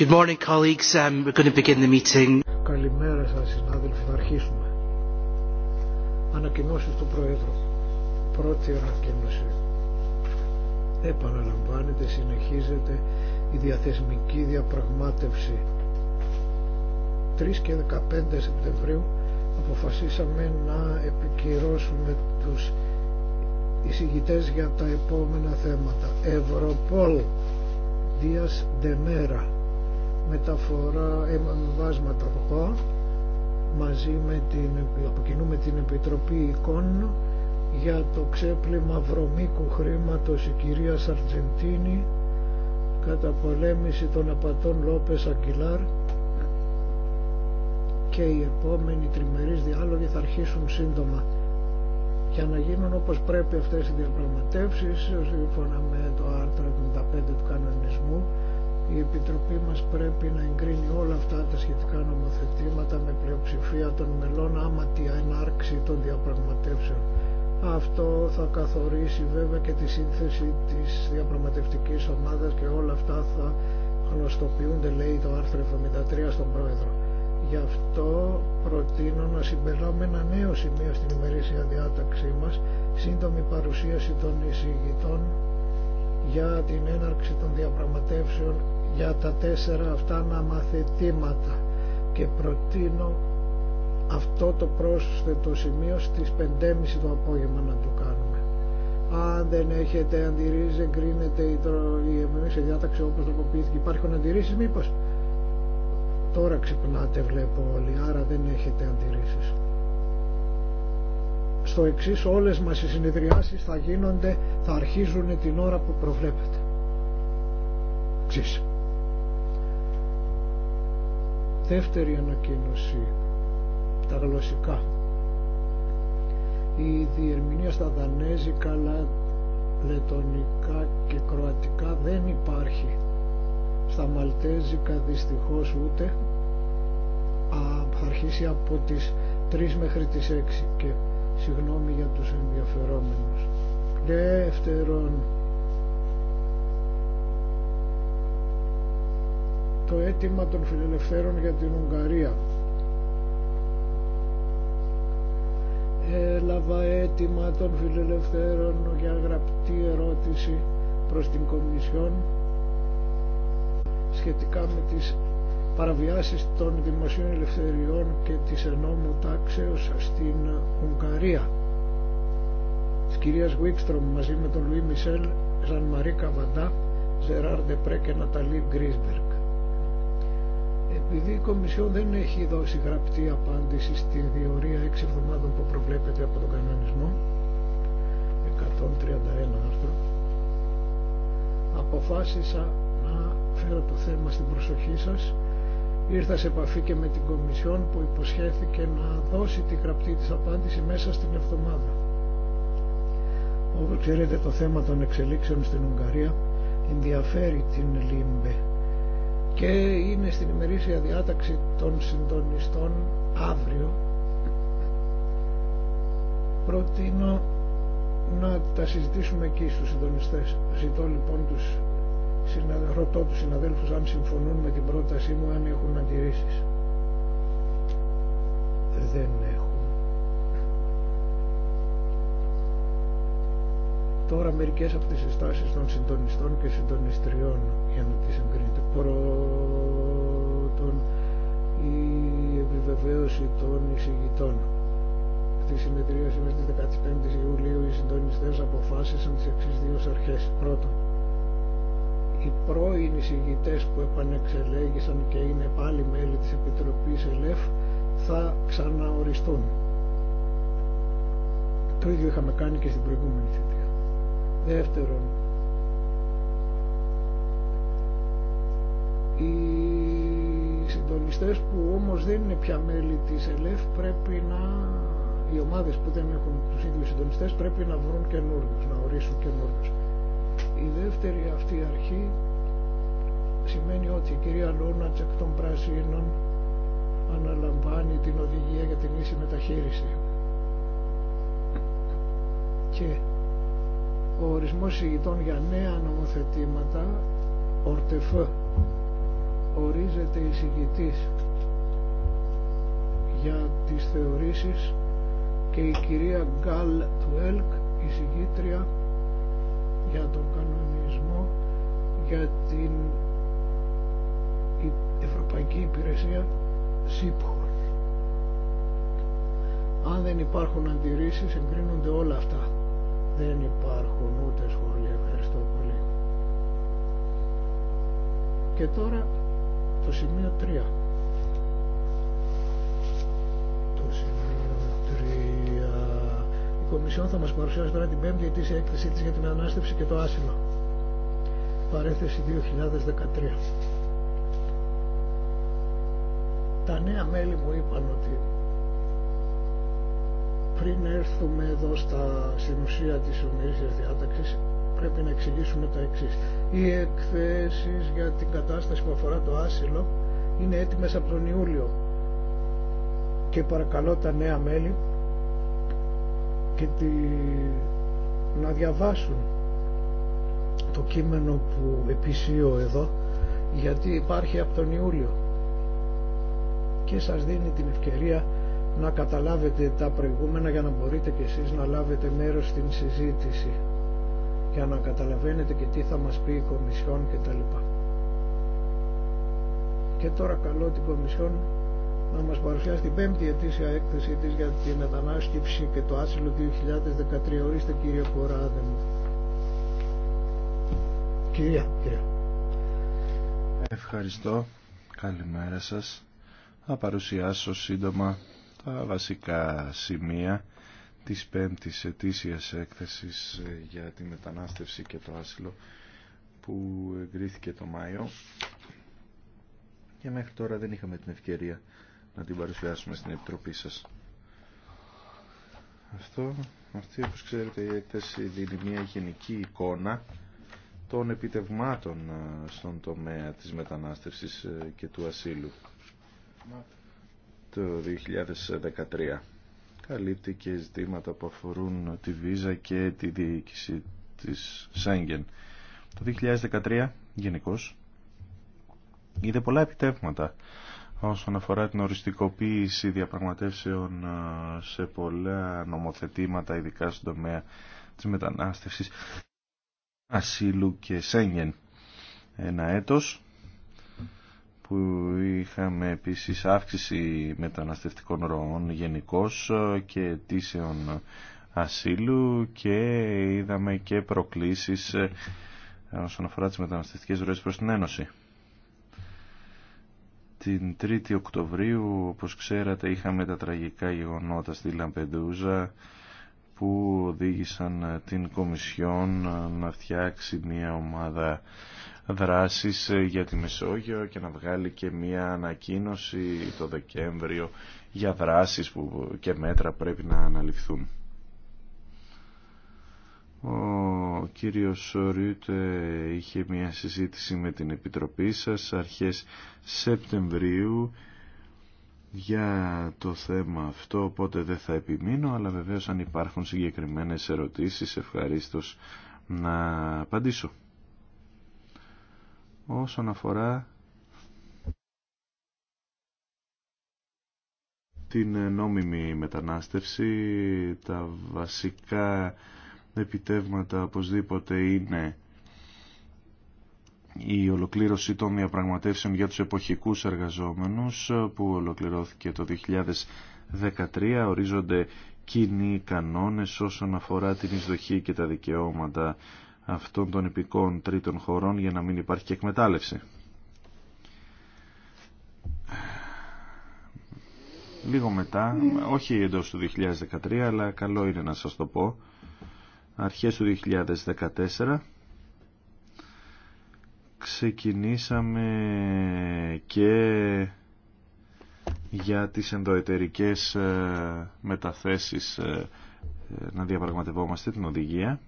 Um, Καλημέρα σας συνάδελφοι, θα αρχίσουμε. Ανακοινώσεις του Προέδρου. Πρώτη ανακοίνωση. Επαναλαμβάνεται, συνεχίζεται η διαθεσμική διαπραγμάτευση. 3 και 15 Σεπτεμβρίου αποφασίσαμε να επικυρώσουμε τους εισηγητές για τα επόμενα θέματα. Ευρωπόλ, Δίας Ντεμέρα, μεταφορά εμβάσματα από μαζί με την, αποκοινούμε την Επιτροπή Εικόνων για το ξέπλυμα βρωμίκου χρήματος η κυρία Σαρτζεντίνη κατά πολέμηση των απατών Λόπες Αγκυλάρ και οι επόμενοι τριμερείς διάλογοι θα αρχίσουν σύντομα για να γίνουν όπως πρέπει αυτές οι διαπραγματεύσεις σύμφωνα με το άρθρο 75 του κανονισμού η Επιτροπή μας πρέπει να εγκρίνει όλα αυτά τα σχετικά νομοθετήματα με πλειοψηφία των μελών άμα τη ενάρξη των διαπραγματεύσεων. Αυτό θα καθορίσει βέβαια και τη σύνθεση της διαπραγματευτικής ομάδας και όλα αυτά θα γνωστοποιούνται λέει το άρθρο 73 στον Πρόεδρο. Γι' αυτό προτείνω να συμπεράμε ένα νέο σημείο στην ημερήσια διάταξή μας, σύντομη παρουσίαση των εισηγητών για την έναρξη των διαπραγματεύσεων για τα τέσσερα αυτά μαθητήματα και προτείνω αυτό το πρόσθετο σημείο στις 5.30 το απόγευμα να το κάνουμε. Αν δεν έχετε αντιρρήσει, εγκρίνεται η, η σε διάταξη όπως τροποποιήθηκε. Υπάρχουν αντιρρήσεις μήπως. Τώρα ξυπνάτε βλέπω όλοι, άρα δεν έχετε αντιρρήσεις. Στο εξή όλες μας οι συνεδριάσεις θα γίνονται, θα αρχίζουν την ώρα που προβλέπετε. Δεύτερη ανακοίνωση, τα γλωσσικά. Η διερμηνία στα δανέζικα, λετονικά και κροατικά δεν υπάρχει. Στα μαλτέζικα δυστυχώς ούτε. Α, αρχίσει από τις 3 μέχρι τις 6 και συγγνώμη για τους ενδιαφερόμενους. Δεύτερον, το αίτημα των φιλελευθέρων για την Ουγγαρία. Έλαβα αίτημα των φιλελευθέρων για γραπτή ερώτηση προς την Κομισιόν σχετικά με τις παραβιάσεις των δημοσίων ελευθεριών και της ενόμου τάξεως στην Ουγγαρία. Της κυρίας μαζί με τον Λουί Μισελ, Ζαν Μαρί Καβαντά, Ζεράρ Ντεπρέ και Ναταλή Γκρίσμπεργκ επειδή η Κομισιόν δεν έχει δώσει γραπτή απάντηση στη διορία 6 εβδομάδων που προβλέπεται από τον κανονισμό 131 άρθρο αποφάσισα να φέρω το θέμα στην προσοχή σας ήρθα σε επαφή και με την Κομισιόν που υποσχέθηκε να δώσει τη γραπτή της απάντηση μέσα στην εβδομάδα όπως ξέρετε το θέμα των εξελίξεων στην Ουγγαρία ενδιαφέρει την Λίμπε και είναι στην ημερήσια διάταξη των συντονιστών αύριο προτείνω να τα συζητήσουμε εκεί στους συντονιστές ζητώ λοιπόν τους ρωτώ τους συναδέλφους αν συμφωνούν με την πρότασή μου αν έχουν αντιρρήσεις δεν έχουν τώρα μερικές από τις συστάσεις των συντονιστών και συντονιστριών για να τις εγκρίνουμε Πρώτον, η επιβεβαίωση των εισηγητών. Στη συνεδρία σήμερα στις 15 Ιουλίου οι συντονιστέ αποφάσισαν τι εξής δύο αρχές. Πρώτον, οι πρώην εισηγητέ που επανεξελέγησαν και είναι πάλι μέλη της Επιτροπής ΕΛΕΦ θα ξαναοριστούν. Το ίδιο είχαμε κάνει και στην προηγούμενη θητεία. Δεύτερον, Οι συντονιστές που όμως δεν είναι πια μέλη της ΕΛΕΦ πρέπει να, οι ομάδες που δεν έχουν τους ίδιους συντονιστές πρέπει να βρουν καινούριους, να ορίσουν καινούριους. Η δεύτερη αυτή αρχή σημαίνει ότι η κυρία Λούνατσεκ των Πράσινων αναλαμβάνει την οδηγία για την ίση μεταχείριση. Και ο ορισμός ηγητών για νέα νομοθετήματα, ορτεφέ, ορίζεται εισηγητής για τις θεωρήσεις και η κυρία Γκάλ του ΕΛΚ, εισηγήτρια για τον κανονισμό για την Ευρωπαϊκή Υπηρεσία ΣΥΠΧΟ. Αν δεν υπάρχουν αντιρρήσεις εγκρίνονται όλα αυτά. Δεν υπάρχουν ούτε σχόλια. Ευχαριστώ πολύ. Και τώρα το σημείο 3. Η Κομισιόν θα μα παρουσιάσει τώρα την πέμπτη ετήσια έκθεσή τη για την Ανάστευση και το άσυλο. Παρέθεση 2013. Τα νέα μέλη μου είπαν ότι πριν έρθουμε εδώ στα, στην ουσία της διάταξη διάταξης πρέπει να εξηγήσουμε τα εξή. Οι εκθέσει για την κατάσταση που αφορά το άσυλο είναι έτοιμε από τον Ιούλιο και παρακαλώ τα νέα μέλη και να διαβάσουν το κείμενο που επισύω εδώ γιατί υπάρχει από τον Ιούλιο και σας δίνει την ευκαιρία να καταλάβετε τα προηγούμενα για να μπορείτε και εσείς να λάβετε μέρος στην συζήτηση για να καταλαβαίνετε και τι θα μας πει η Κομισιόν και τα λοιπά. Και τώρα καλώ την Κομισιόν να μας παρουσιάσει την πέμπτη ετήσια έκθεση της για τη μετανάστευση και το άσυλο 2013. Ορίστε κύριε Κοράδε Κυρία, κυρία. Ευχαριστώ. Καλημέρα σας. Θα παρουσιάσω σύντομα τα βασικά σημεία της πέμπτης ετήσιας έκθεσης ε, για τη μετανάστευση και το άσυλο που εγκρίθηκε το Μάιο και μέχρι τώρα δεν είχαμε την ευκαιρία να την παρουσιάσουμε στην Επιτροπή σας. Αυτό, αυτή όπως ξέρετε η έκθεση δίνει μια γενική εικόνα των επιτευμάτων ε, στον τομέα της μετανάστευσης ε, και του ασύλου το 2013 καλύπτει και ζητήματα που αφορούν τη Βίζα και τη διοίκηση της Σέγγεν. Το 2013 γενικώ είδε πολλά επιτεύγματα όσον αφορά την οριστικοποίηση διαπραγματεύσεων σε πολλά νομοθετήματα, ειδικά στον τομέα της μετανάστευσης ασύλου και Σέγγεν. Ένα έτος που είχαμε επίσης αύξηση μεταναστευτικών ροών γενικώ και αιτήσεων ασύλου και είδαμε και προκλήσεις ε, όσον αφορά τις μεταναστευτικές ροές προς την Ένωση. Την 3η Οκτωβρίου, όπως ξέρατε, είχαμε τα τραγικά γεγονότα στη Λαμπεντούζα που οδήγησαν ε, την Κομισιόν ε, να φτιάξει μια ομάδα δράσεις ε, για τη Μεσόγειο και να βγάλει και μία ανακοίνωση το Δεκέμβριο για δράσεις που και μέτρα πρέπει να αναλυφθούν. Ο κύριος Σορίτ είχε μία συζήτηση με την Επιτροπή σας αρχές Σεπτεμβρίου για το θέμα αυτό, οπότε δεν θα επιμείνω, αλλά βεβαίως αν υπάρχουν συγκεκριμένες ερωτήσεις, ευχαρίστως να απαντήσω όσον αφορά την νόμιμη μετανάστευση, τα βασικά επιτεύγματα οπωσδήποτε είναι η ολοκλήρωση των διαπραγματεύσεων για τους εποχικούς εργαζόμενους που ολοκληρώθηκε το 2013 ορίζονται κοινοί κανόνες όσον αφορά την εισδοχή και τα δικαιώματα αυτών των υπηκών τρίτων χωρών για να μην υπάρχει και εκμετάλλευση. Λίγο μετά, όχι εντός του 2013, αλλά καλό είναι να σας το πω, αρχές του 2014 ξεκινήσαμε και για τις ενδοετερικές ε, μεταθέσεις ε, ε, να διαπραγματευόμαστε την οδηγία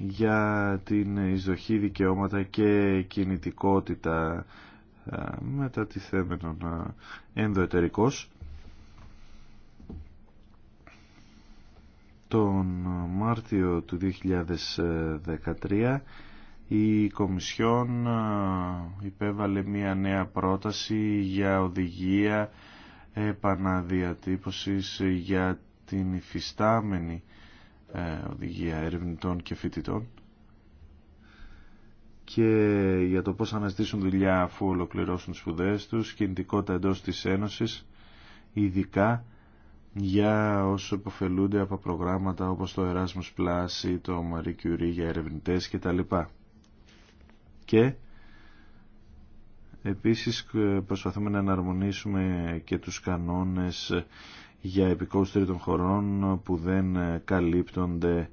για την εισδοχή δικαιώματα και κινητικότητα μετατιθέμενων ενδοετερικός. Τον Μάρτιο του 2013 η Κομισιόν υπέβαλε μία νέα πρόταση για οδηγία επαναδιατύπωσης για την υφιστάμενη ε, οδηγία ερευνητών και φοιτητών και για το πώς αναζητήσουν δουλειά αφού ολοκληρώσουν τις σπουδές τους, κινητικότητα εντός της Ένωσης, ειδικά για όσους υποφελούνται από προγράμματα όπως το Erasmus Plus το Marie Curie για ερευνητές κτλ. Και επίσης ε, προσπαθούμε να αναρμονίσουμε... και τους κανόνες για επικούς τρίτων χωρών που δεν ε, καλύπτονται ε,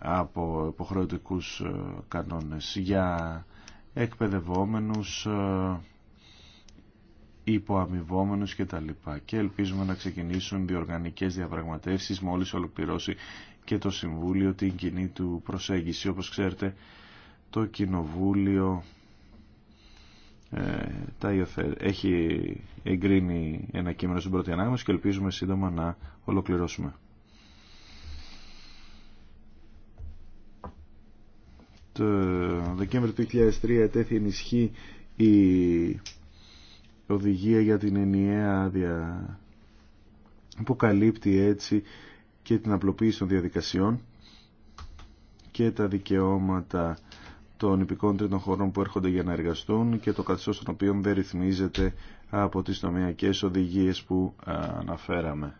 από υποχρεωτικούς ε, κανόνες για εκπαιδευόμενους υποαμοιβόμενους και τα λοιπά. Και ελπίζουμε να ξεκινήσουν διοργανικές διαπραγματεύσεις μόλις ολοκληρώσει και το Συμβούλιο την κοινή του προσέγγιση. Όπως ξέρετε το Κοινοβούλιο ε, τα έχει εγκρίνει ένα κείμενο στην πρώτη ανάγνωση και ελπίζουμε σύντομα να ολοκληρώσουμε. Το Δεκέμβριο του 2003 ετέθη ενισχύ η οδηγία για την ενιαία άδεια που καλύπτει έτσι και την απλοποίηση των διαδικασιών και τα δικαιώματα των υπηκών τρίτων χωρών που έρχονται για να εργαστούν και το καθεστώς των οποίων δεν ρυθμίζεται από τις νομιακές οδηγίες που αναφέραμε.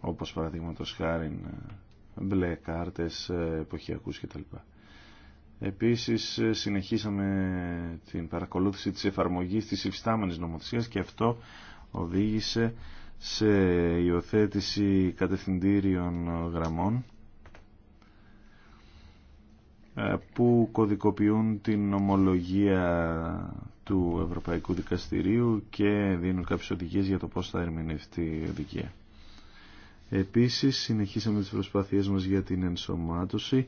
Όπως παραδείγματος χάρη μπλε κάρτες, ε, εποχιακούς κτλ. Επίσης ε, συνεχίσαμε την παρακολούθηση της εφαρμογής της υφιστάμενης νομοθεσίας και αυτό οδήγησε σε υιοθέτηση κατευθυντήριων γραμμών ε, που κωδικοποιούν την ομολογία του Ευρωπαϊκού Δικαστηρίου και δίνουν κάποιες οδηγίες για το πώς θα ερμηνευτεί η οδηγία. Επίσης, συνεχίσαμε τις προσπάθειές μας για την ενσωμάτωση.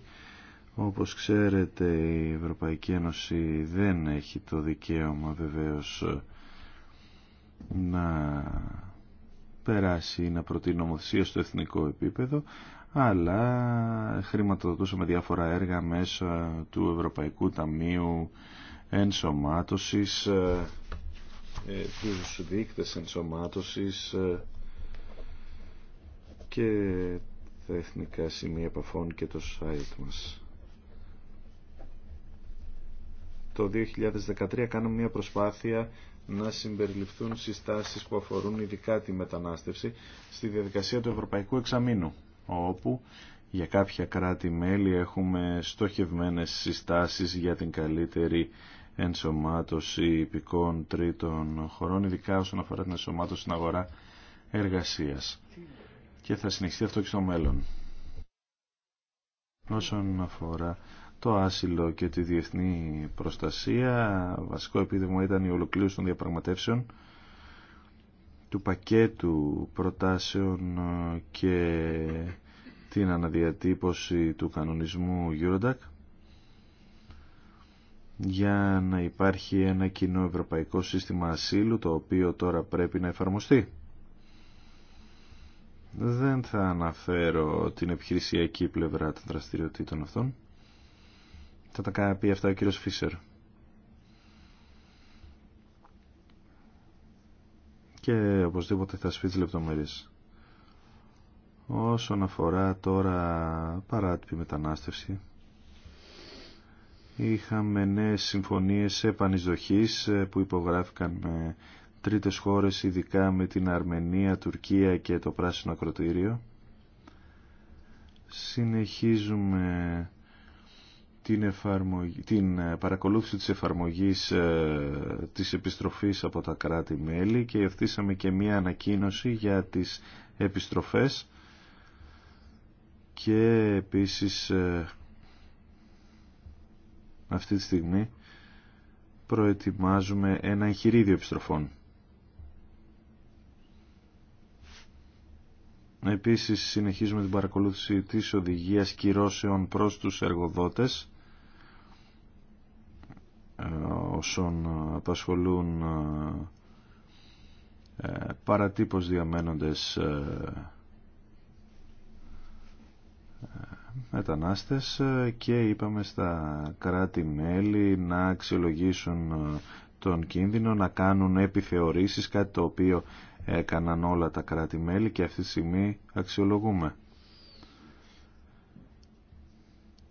Όπως ξέρετε, η Ευρωπαϊκή Ένωση δεν έχει το δικαίωμα βεβαίως να περάσει ή να προτείνει νομοθεσία στο εθνικό επίπεδο αλλά χρηματοδοτούσαμε διάφορα έργα μέσα του Ευρωπαϊκού Ταμείου Ενσωμάτωσης, ε, ε, τους δείκτες ενσωμάτωσης ε, και τα εθνικά σημεία επαφών και το site μας. Το 2013 κάνουμε μια προσπάθεια να συμπεριληφθούν συστάσεις που αφορούν ειδικά τη μετανάστευση στη διαδικασία του Ευρωπαϊκού Εξαμήνου όπου για κάποια κράτη-μέλη έχουμε στοχευμένες συστάσεις για την καλύτερη ενσωμάτωση υπηκών τρίτων χωρών, ειδικά όσον αφορά την ενσωμάτωση στην αγορά εργασίας. Και θα συνεχιστεί αυτό και στο μέλλον. Όσον αφορά το άσυλο και τη διεθνή προστασία, βασικό επίδευμα ήταν η ολοκλήρωση των διαπραγματεύσεων του πακέτου προτάσεων ε, και την αναδιατύπωση του κανονισμού Eurodac για να υπάρχει ένα κοινό ευρωπαϊκό σύστημα ασύλου το οποίο τώρα πρέπει να εφαρμοστεί. Δεν θα αναφέρω την επιχειρησιακή πλευρά των δραστηριοτήτων αυτών. Θα τα πει αυτά ο κύριος Φίσερ. και οπωσδήποτε θα σφίτσει λεπτομέρειε. Όσον αφορά τώρα παράτυπη μετανάστευση, είχαμε νέες συμφωνίες επανεισδοχής ε, που υπογράφηκαν με τρίτες χώρες, ειδικά με την Αρμενία, Τουρκία και το Πράσινο Ακροτήριο. Συνεχίζουμε την, την ε, παρακολούθηση της εφαρμογής ε, της επιστροφής από τα κράτη-μέλη και ευθύσαμε και μία ανακοίνωση για τις επιστροφές και επίσης ε, αυτή τη στιγμή προετοιμάζουμε ένα εγχειρίδιο επιστροφών. Επίσης συνεχίζουμε την παρακολούθηση της οδηγίας κυρώσεων προς τους εργοδότες ε, όσων ε, απασχολούν ε, παρατύπως διαμένοντες μετανάστες και είπαμε στα κράτη-μέλη να αξιολογήσουν τον κίνδυνο, να κάνουν επιθεωρήσεις, κάτι το οποίο έκαναν όλα τα κράτη-μέλη και αυτή τη στιγμή αξιολογούμε.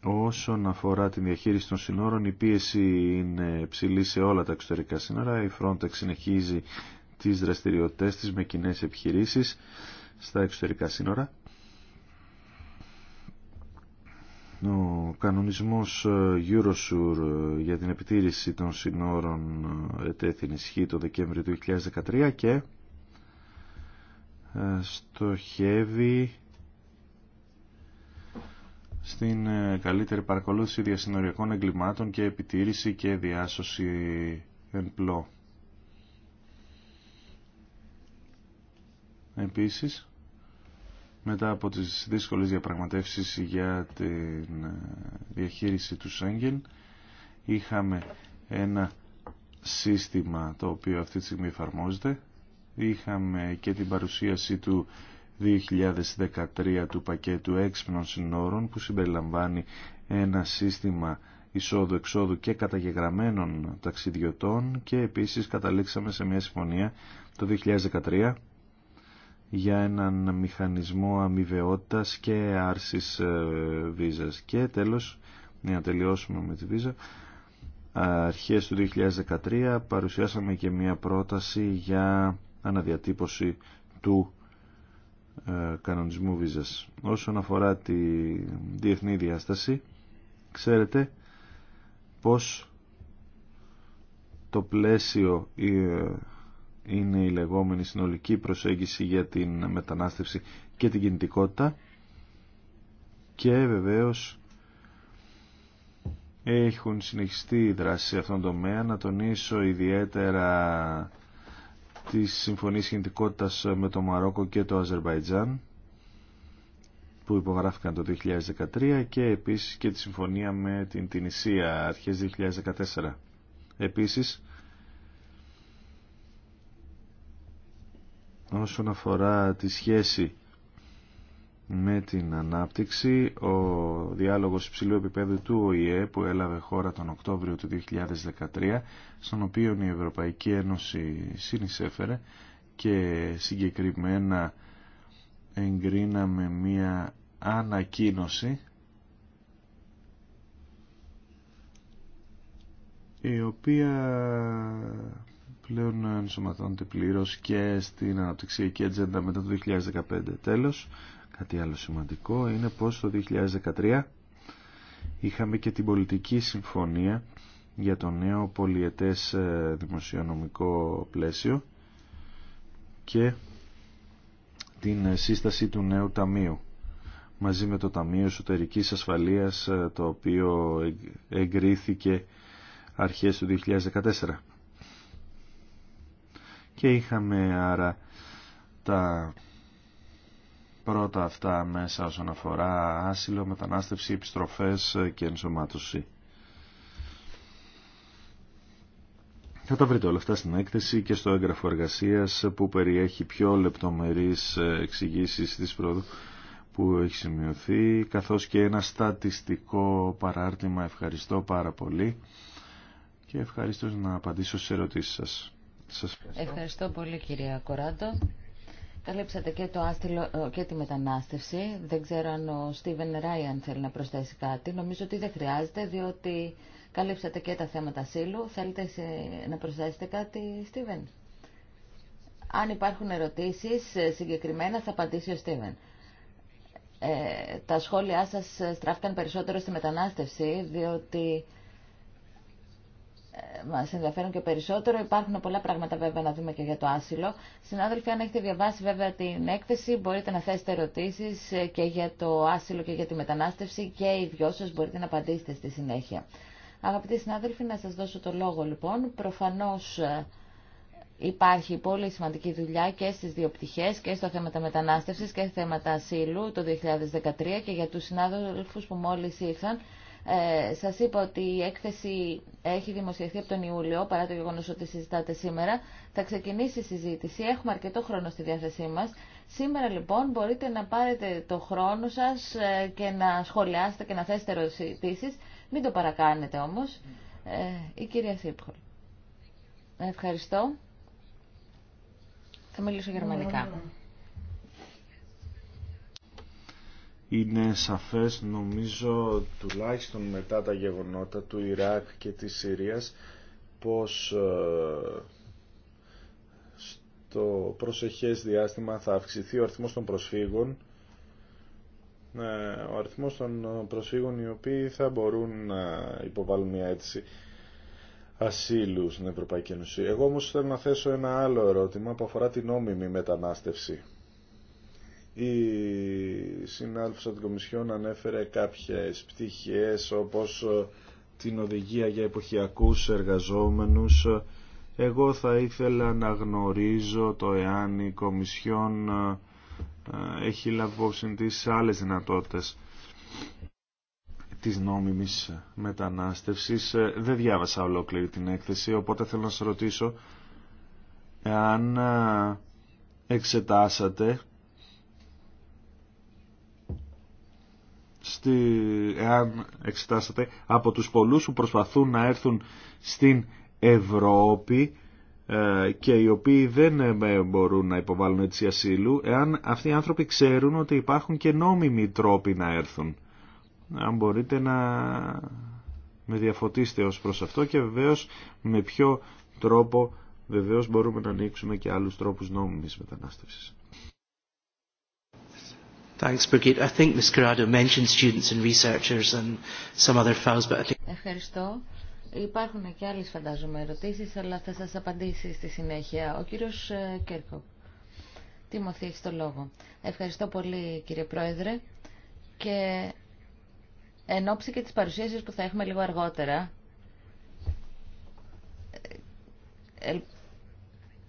Όσον αφορά την διαχείριση των συνόρων, η πίεση είναι ψηλή σε όλα τα εξωτερικά σύνορα. Η Frontex συνεχίζει τις δραστηριότητές της με κοινέ επιχειρήσεις στα εξωτερικά σύνορα. Ο κανονισμός Eurosur για την επιτήρηση των συνόρων ετέθη ισχύ το Δεκέμβριο του 2013 και ε, στοχεύει στην ε, καλύτερη παρακολούθηση διασυνοριακών εγκλημάτων και επιτήρηση και διάσωση εν πλώ. Επίσης, μετά από τις δύσκολες διαπραγματεύσεις για τη ε, διαχείριση του Σέγγεν, είχαμε ένα σύστημα το οποίο αυτή τη στιγμή εφαρμόζεται. Είχαμε και την παρουσίαση του 2013 του πακέτου έξυπνων συνόρων που συμπεριλαμβάνει ένα σύστημα εισόδου-εξόδου και καταγεγραμμένων ταξιδιωτών και επίσης καταλήξαμε σε μια συμφωνία το 2013 για έναν μηχανισμό αμοιβαιότητας και άρσης ε, βίζας. Και τέλος, για να τελειώσουμε με τη βίζα, αρχές του 2013 παρουσιάσαμε και μια πρόταση για αναδιατύπωση του ε, κανονισμού βίζας. Όσον αφορά τη διεθνή διάσταση, ξέρετε πως το πλαίσιο ε, είναι η λεγόμενη συνολική προσέγγιση για την μετανάστευση και την κινητικότητα και βεβαίως έχουν συνεχιστεί οι δράσεις σε αυτόν τον τομέα να τονίσω ιδιαίτερα της Συμφωνίας Κινητικότητας με το Μαρόκο και το Αζερβαϊτζάν που υπογράφηκαν το 2013 και επίσης και τη συμφωνία με την Τινησία αρχές 2014. Επίσης, όσον αφορά τη σχέση με την ανάπτυξη. Ο διάλογος υψηλού επίπεδου του ΟΗΕ που έλαβε χώρα τον Οκτώβριο του 2013, στον οποίο η Ευρωπαϊκή Ένωση συνεισέφερε και συγκεκριμένα εγκρίναμε μία ανακοίνωση η οποία πλέον ενσωματώνεται πλήρως και στην αναπτυξιακή ατζέντα μετά το 2015 τέλος Κάτι άλλο σημαντικό είναι πως το 2013 είχαμε και την πολιτική συμφωνία για το νέο πολιετές ε, δημοσιονομικό πλαίσιο και την ε, σύσταση του νέου ταμείου μαζί με το Ταμείο Εσωτερικής Ασφαλείας ε, το οποίο εγκρίθηκε αρχές του 2014 και είχαμε άρα τα πρώτα αυτά μέσα όσον αφορά άσυλο, μετανάστευση, επιστροφές και ενσωμάτωση. Θα τα βρείτε όλα αυτά στην έκθεση και στο έγγραφο εργασίας που περιέχει πιο λεπτομερείς εξηγήσεις της πρόοδου που έχει σημειωθεί, καθώς και ένα στατιστικό παράρτημα. Ευχαριστώ πάρα πολύ και ευχαριστώ να απαντήσω σε ερωτήσεις σας. ευχαριστώ. Ευχαριστώ πολύ κυρία Κοράντο. Καλύψατε και, το άστυλο ε, και τη μετανάστευση. Δεν ξέρω αν ο Στίβεν Ράιαν θέλει να προσθέσει κάτι. Νομίζω ότι δεν χρειάζεται, διότι καλύψατε και τα θέματα σύλλου. Θέλετε να προσθέσετε κάτι, Στίβεν. Αν υπάρχουν ερωτήσεις ε, συγκεκριμένα θα απαντήσει ο Στίβεν. Ε, τα σχόλιά σας ε, στράφηκαν περισσότερο στη μετανάστευση, διότι μας ενδιαφέρουν και περισσότερο. Υπάρχουν πολλά πράγματα βέβαια να δούμε και για το άσυλο. Συνάδελφοι, αν έχετε διαβάσει βέβαια την έκθεση, μπορείτε να θέσετε ερωτήσεις ε, και για το άσυλο και για τη μετανάστευση και οι δυο μπορείτε να απαντήσετε στη συνέχεια. Αγαπητοί συνάδελφοι, να σας δώσω το λόγο λοιπόν. Προφανώς ε, υπάρχει πολύ σημαντική δουλειά και στις δύο πτυχές και θέμα θέματα μετανάστευσης και θέματα ασύλου το 2013 και για τους συνάδελφους που μόλις ήρθαν ε, σας είπα ότι η έκθεση έχει δημοσιευθεί από τον Ιούλιο, παρά το γεγονός ότι συζητάτε σήμερα. Θα ξεκινήσει η συζήτηση, έχουμε αρκετό χρόνο στη διάθεσή μας. Σήμερα λοιπόν μπορείτε να πάρετε το χρόνο σας ε, και να σχολιάσετε και να θέσετε ερωτήσει. Μην το παρακάνετε όμως. Ε, η κυρία Σύπχολ. Ευχαριστώ. Θα μιλήσω γερμανικά. Ναι, ναι, ναι. είναι σαφές νομίζω τουλάχιστον μετά τα γεγονότα του Ιράκ και της Συρίας πως ε, στο προσεχές διάστημα θα αυξηθεί ο αριθμός των προσφύγων ε, ο αριθμός των προσφύγων οι οποίοι θα μπορούν να υποβάλουν μια αίτηση ασύλου στην Ευρωπαϊκή Ένωση. Εγώ όμως θέλω να θέσω ένα άλλο ερώτημα που αφορά την νόμιμη μετανάστευση. Η συνάλφουσα την Κομισιόν ανέφερε κάποιες πτυχές όπως ε, την οδηγία για εποχιακούς εργαζόμενους. Εγώ θα ήθελα να γνωρίζω το εάν η Κομισιόν ε, ε, έχει λάβει υπόψη τις άλλες δυνατότητες της νόμιμης μετανάστευσης. Δεν διάβασα ολόκληρη την έκθεση, οπότε θέλω να σας ρωτήσω εάν εξετάσατε στη, εάν εξετάσατε από τους πολλούς που προσπαθούν να έρθουν στην Ευρώπη ε, και οι οποίοι δεν ε, μπορούν να υποβάλουν έτσι ασύλου εάν αυτοί οι άνθρωποι ξέρουν ότι υπάρχουν και νόμιμοι τρόποι να έρθουν αν μπορείτε να με διαφωτίσετε ως προς αυτό και βεβαίως με ποιο τρόπο βεβαίως μπορούμε να ανοίξουμε και άλλους τρόπους νόμιμης μετανάστευσης Thanks, I think Ms. mentioned students and researchers and some other but Ευχαριστώ. Υπάρχουν και άλλες φαντάζομαι ερωτήσεις, αλλά θα σας απαντήσει στη συνέχεια. Ο κύριος ε, Κέρκο. Τι το λόγο. Ευχαριστώ πολύ κύριε Πρόεδρε και εν ώψη και της παρουσίασης που θα έχουμε λίγο αργότερα ε,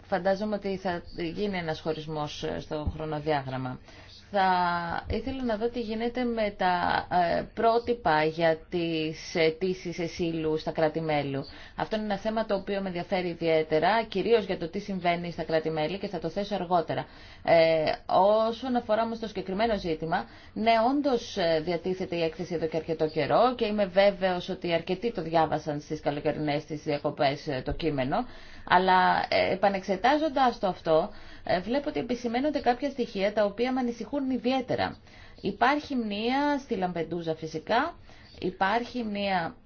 φαντάζομαι ότι θα γίνει ένας χωρισμός ε, στο χρονοδιάγραμμα θα ήθελα να δω τι γίνεται με τα ε, πρότυπα για τις αιτήσει εσύλου στα κρατη μελου Αυτό είναι ένα θέμα το οποίο με ενδιαφέρει ιδιαίτερα, κυρίως για το τι συμβαίνει στα κράτη-μέλη και θα το θέσω αργότερα. Ε, όσον αφορά όμως το συγκεκριμένο ζήτημα, ναι, όντως ε, διατίθεται η έκθεση εδώ και αρκετό καιρό και είμαι βέβαιος ότι αρκετοί το διάβασαν στις καλοκαιρινές τις διακοπές ε, το κείμενο, αλλά επανεξετάζοντας το αυτό, ε, βλέπω ότι επισημαίνονται κάποια στοιχεία τα οποία με ανησυχούν ιδιαίτερα. Υπάρχει μνήμα στη Λαμπεντούζα φυσικά, υπάρχει μνήμα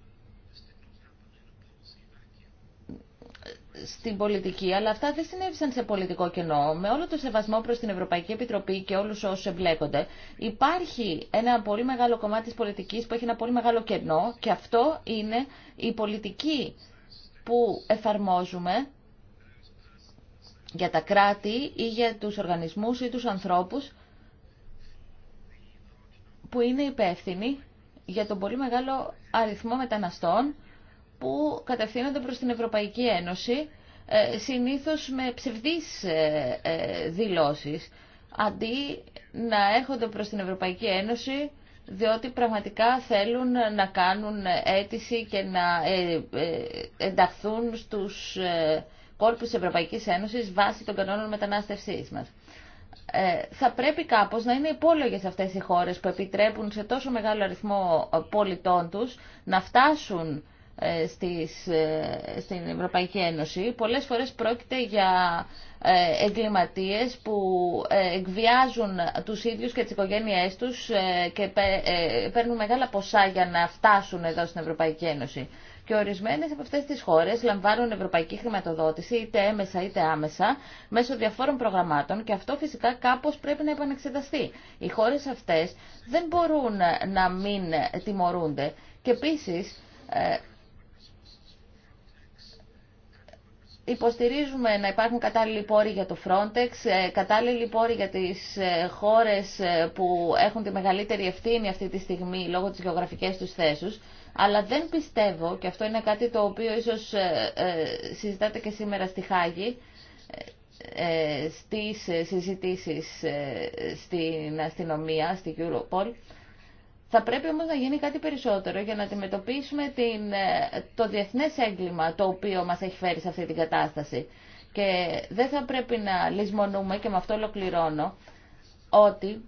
στην πολιτική, αλλά αυτά δεν συνέβησαν σε πολιτικό κενό. Με όλο το σεβασμό προς την Ευρωπαϊκή Επιτροπή και όλους όσους εμπλέκονται, υπάρχει ένα πολύ μεγάλο κομμάτι της πολιτικής που έχει ένα πολύ μεγάλο κενό και αυτό είναι η πολιτική που εφαρμόζουμε για τα κράτη ή για τους οργανισμούς ή τους ανθρώπους που είναι υπεύθυνοι για τον πολύ μεγάλο αριθμό μεταναστών που κατευθύνονται προς την Ευρωπαϊκή Ένωση ε, συνήθως με ψευδείς ε, ε, δηλώσεις αντί να έρχονται προς την Ευρωπαϊκή Ένωση διότι πραγματικά θέλουν να κάνουν αίτηση και να ενταχθούν στους κόλπου τη Ευρωπαϊκής Ένωσης βάσει των κανόνων μετανάστευσής μας. Ε, θα πρέπει κάπω να είναι υπόλογε αυτέ οι χώρε που επιτρέπουν σε τόσο μεγάλο αριθμό ε, πολιτών του να φτάσουν ε, στις, στην Ευρωπαϊκή Ένωση. Πολλέ φορέ πρόκειται για εγκληματίες που εκβιάζουν τους ίδιους και τις οικογένειές τους και παίρνουν μεγάλα ποσά για να φτάσουν εδώ στην Ευρωπαϊκή Ένωση. Και ορισμένε από αυτές τις χώρες λαμβάνουν ευρωπαϊκή χρηματοδότηση, είτε έμεσα είτε άμεσα, μέσω διαφόρων προγραμμάτων και αυτό φυσικά κάπως πρέπει να επανεξεταστεί. Οι χώρες αυτές δεν μπορούν να μην τιμωρούνται. Και επίσης, ε, Υποστηρίζουμε να υπάρχουν κατάλληλοι πόροι για το Frontex, ε, κατάλληλοι πόροι για τις ε, χώρες που έχουν τη μεγαλύτερη ευθύνη αυτή τη στιγμή λόγω της γεωγραφικής τους θέσης αλλά δεν πιστεύω, και αυτό είναι κάτι το οποίο ίσως ε, ε, συζητάτε και σήμερα στη Χάγη, ε, στις συζητήσεις στην αστυνομία, στη Europol, θα πρέπει όμως να γίνει κάτι περισσότερο για να αντιμετωπίσουμε την, το διεθνές έγκλημα το οποίο μας έχει φέρει σε αυτή την κατάσταση. Και δεν θα πρέπει να λησμονούμε, και με αυτό ολοκληρώνω, ότι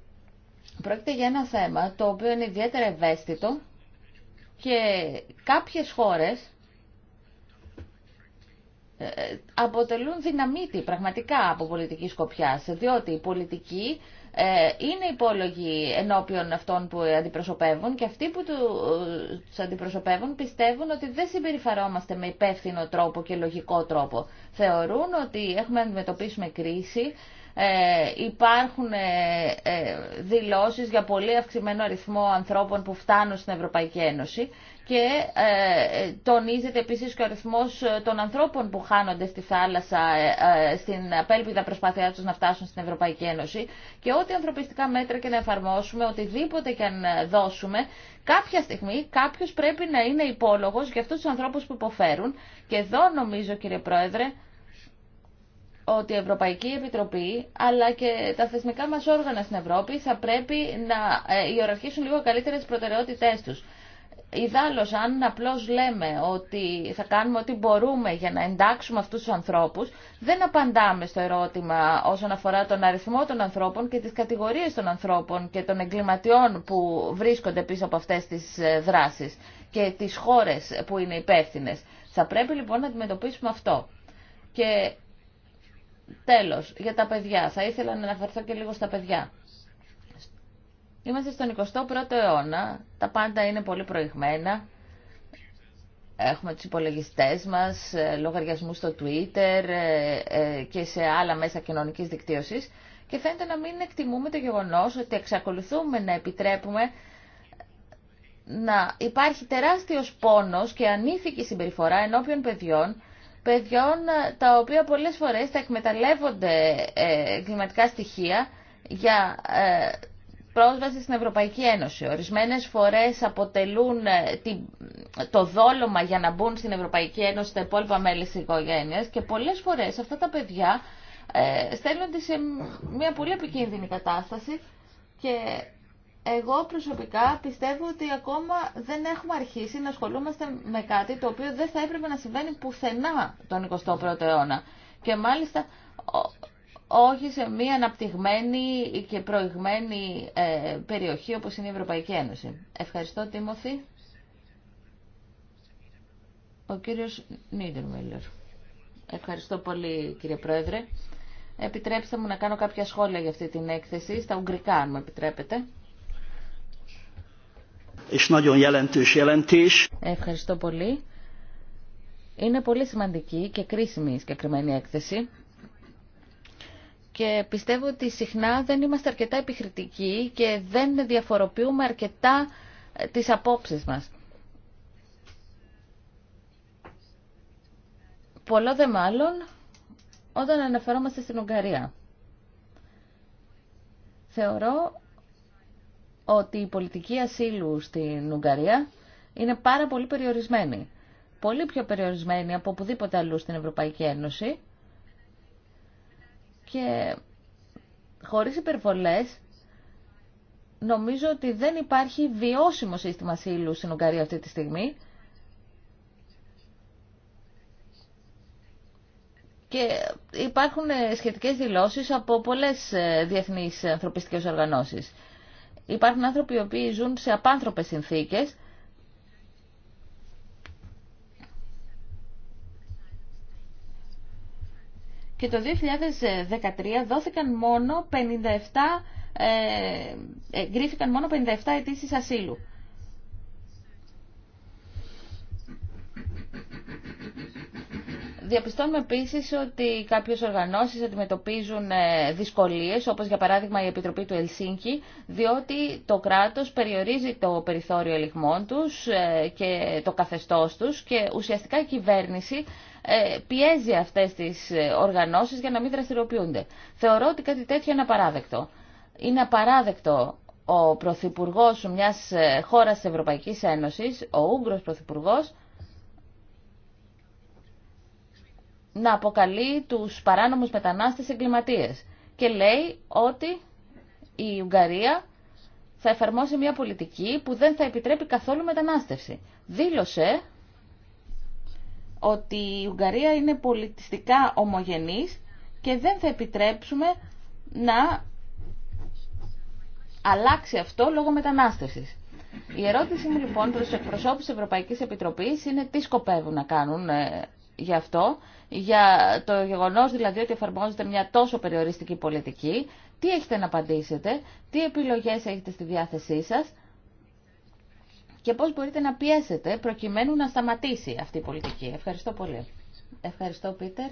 πρόκειται για ένα θέμα το οποίο είναι ιδιαίτερα ευαίσθητο και κάποιες χώρες ε, αποτελούν δυναμίτη πραγματικά από πολιτική σκοπιά, διότι η πολιτική ε, είναι υπόλογη ενώπιον αυτών που αντιπροσωπεύουν και αυτοί που τους αντιπροσωπεύουν πιστεύουν ότι δεν συμπεριφερόμαστε με υπεύθυνο τρόπο και λογικό τρόπο. Θεωρούν ότι έχουμε να αντιμετωπίσουμε κρίση ε, υπάρχουν ε, ε, δηλώσεις για πολύ αυξημένο αριθμό ανθρώπων που φτάνουν στην Ευρωπαϊκή Ένωση και τονίζεται επίσης και ο αριθμός των ανθρώπων που χάνονται στη θάλασσα στην απέλπιδα προσπάθειά τους να φτάσουν στην Ευρωπαϊκή Ένωση και ό,τι ανθρωπιστικά μέτρα και να εφαρμόσουμε, οτιδήποτε και αν δώσουμε, κάποια στιγμή κάποιος πρέπει να είναι υπόλογος για αυτούς τους ανθρώπους που υποφέρουν και εδώ νομίζω κύριε Πρόεδρε ότι η Ευρωπαϊκή Επιτροπή αλλά και τα θεσμικά μας όργανα στην Ευρώπη θα πρέπει να ε, ιεραρχήσουν λίγο καλύτερα τις προτεραιότητές τους. Ιδάλλως, αν απλώς λέμε ότι θα κάνουμε ό,τι μπορούμε για να εντάξουμε αυτούς τους ανθρώπους, δεν απαντάμε στο ερώτημα όσον αφορά τον αριθμό των ανθρώπων και τις κατηγορίες των ανθρώπων και των εγκληματιών που βρίσκονται πίσω από αυτές τις ε, δράσεις και τις χώρες που είναι υπεύθυνε. Θα πρέπει λοιπόν να αντιμετωπίσουμε αυτό. Και Τέλος, για τα παιδιά. Θα ήθελα να αναφερθώ και λίγο στα παιδιά. Είμαστε στον 21ο αιώνα, τα πάντα είναι πολύ προηγμένα. Έχουμε τους υπολογιστές μας, ε, λογαριασμούς στο Twitter ε, ε, και σε άλλα μέσα κοινωνικής δικτύωσης και φαίνεται να μην εκτιμούμε το γεγονός ότι εξακολουθούμε να επιτρέπουμε να υπάρχει τεράστιος πόνος και ανήθικη συμπεριφορά ενώπιον παιδιών παιδιών ε, τα οποία πολλές φορές τα εκμεταλλεύονται ε, κλιματικά στοιχεία για ε, πρόσβαση στην Ευρωπαϊκή Ένωση. Ορισμένες φορές αποτελούν το δόλωμα για να μπουν στην Ευρωπαϊκή Ένωση τα υπόλοιπα μέλη της οικογένειας και πολλές φορές αυτά τα παιδιά στέλνονται σε μια πολύ επικίνδυνη κατάσταση και εγώ προσωπικά πιστεύω ότι ακόμα δεν έχουμε αρχίσει να ασχολούμαστε με κάτι το οποίο δεν θα έπρεπε να συμβαίνει πουθενά τον 21ο αιώνα. Και μάλιστα όχι σε μία αναπτυγμένη και προηγμένη ε, περιοχή όπως είναι η Ευρωπαϊκή Ένωση. Ευχαριστώ, Τίμωθη. Ο κύριος Νίδερμιλερ. προηγμενη περιοχη οπως πολύ, κύριε κυριος Μιλλερ. ευχαριστω πολυ Επιτρέψτε μου να κάνω κάποια σχόλια για αυτή την έκθεση, στα ουγγρικά, αν μου επιτρέπετε. Ευχαριστώ πολύ. Είναι πολύ σημαντική και κρίσιμη η συγκεκριμένη έκθεση και πιστεύω ότι συχνά δεν είμαστε αρκετά επιχρητικοί και δεν διαφοροποιούμε αρκετά ε, τις απόψεις μας. Πολλό δε μάλλον όταν αναφερόμαστε στην Ουγγαρία. Θεωρώ ότι η πολιτική ασύλου στην Ουγγαρία είναι πάρα πολύ περιορισμένη. Πολύ πιο περιορισμένη από οπουδήποτε αλλού στην Ευρωπαϊκή Ένωση και χωρίς υπερβολές νομίζω ότι δεν υπάρχει βιώσιμο σύστημα ασύλου στην Ουγγαρία αυτή τη στιγμή και υπάρχουν σχετικές δηλώσεις από πολλές ε, διεθνείς ανθρωπιστικές οργανώσεις. Υπάρχουν άνθρωποι οι οποίοι ζουν σε απάνθρωπες συνθήκες και το 2013 δόθηκαν μόνο 57, ε, ε μόνο 57 αιτήσει ασύλου. Διαπιστώνουμε επίσης ότι κάποιε οργανώσεις αντιμετωπίζουν ε, δυσκολίες, όπως για παράδειγμα η Επιτροπή του Ελσίνκη, διότι το κράτος περιορίζει το περιθώριο ελιγμών τους ε, και το καθεστώς τους και ουσιαστικά η κυβέρνηση ε, πιέζει αυτές τις οργανώσεις για να μην δραστηριοποιούνται. Θεωρώ ότι κάτι τέτοιο είναι απαράδεκτο. Είναι απαράδεκτο ο Πρωθυπουργό μια χώρα τη Ευρωπαϊκή Ένωση, ο Ούγγρος Πρωθυπουργό, να αποκαλεί τους παράνομους μετανάστες εγκληματίες και λέει ότι η Ουγγαρία θα εφαρμόσει μια πολιτική που δεν θα επιτρέπει καθόλου μετανάστευση. Δήλωσε ότι η Ουγγαρία είναι πολιτιστικά ομογενής και δεν θα επιτρέψουμε να αλλάξει αυτό λόγω μετανάστευσης. Η ερώτηση μου λοιπόν προς τους εκπροσώπους της Ευρωπαϊκής Επιτροπής είναι τι σκοπεύουν να κάνουν ε, γι' αυτό, για το γεγονός δηλαδή ότι εφαρμόζεται μια τόσο περιοριστική πολιτική. Τι έχετε να απαντήσετε, τι επιλογές έχετε στη διάθεσή σας και πώς μπορείτε να πιέσετε προκειμένου να σταματήσει αυτή η πολιτική. Ευχαριστώ πολύ. Ευχαριστώ Πίτερ.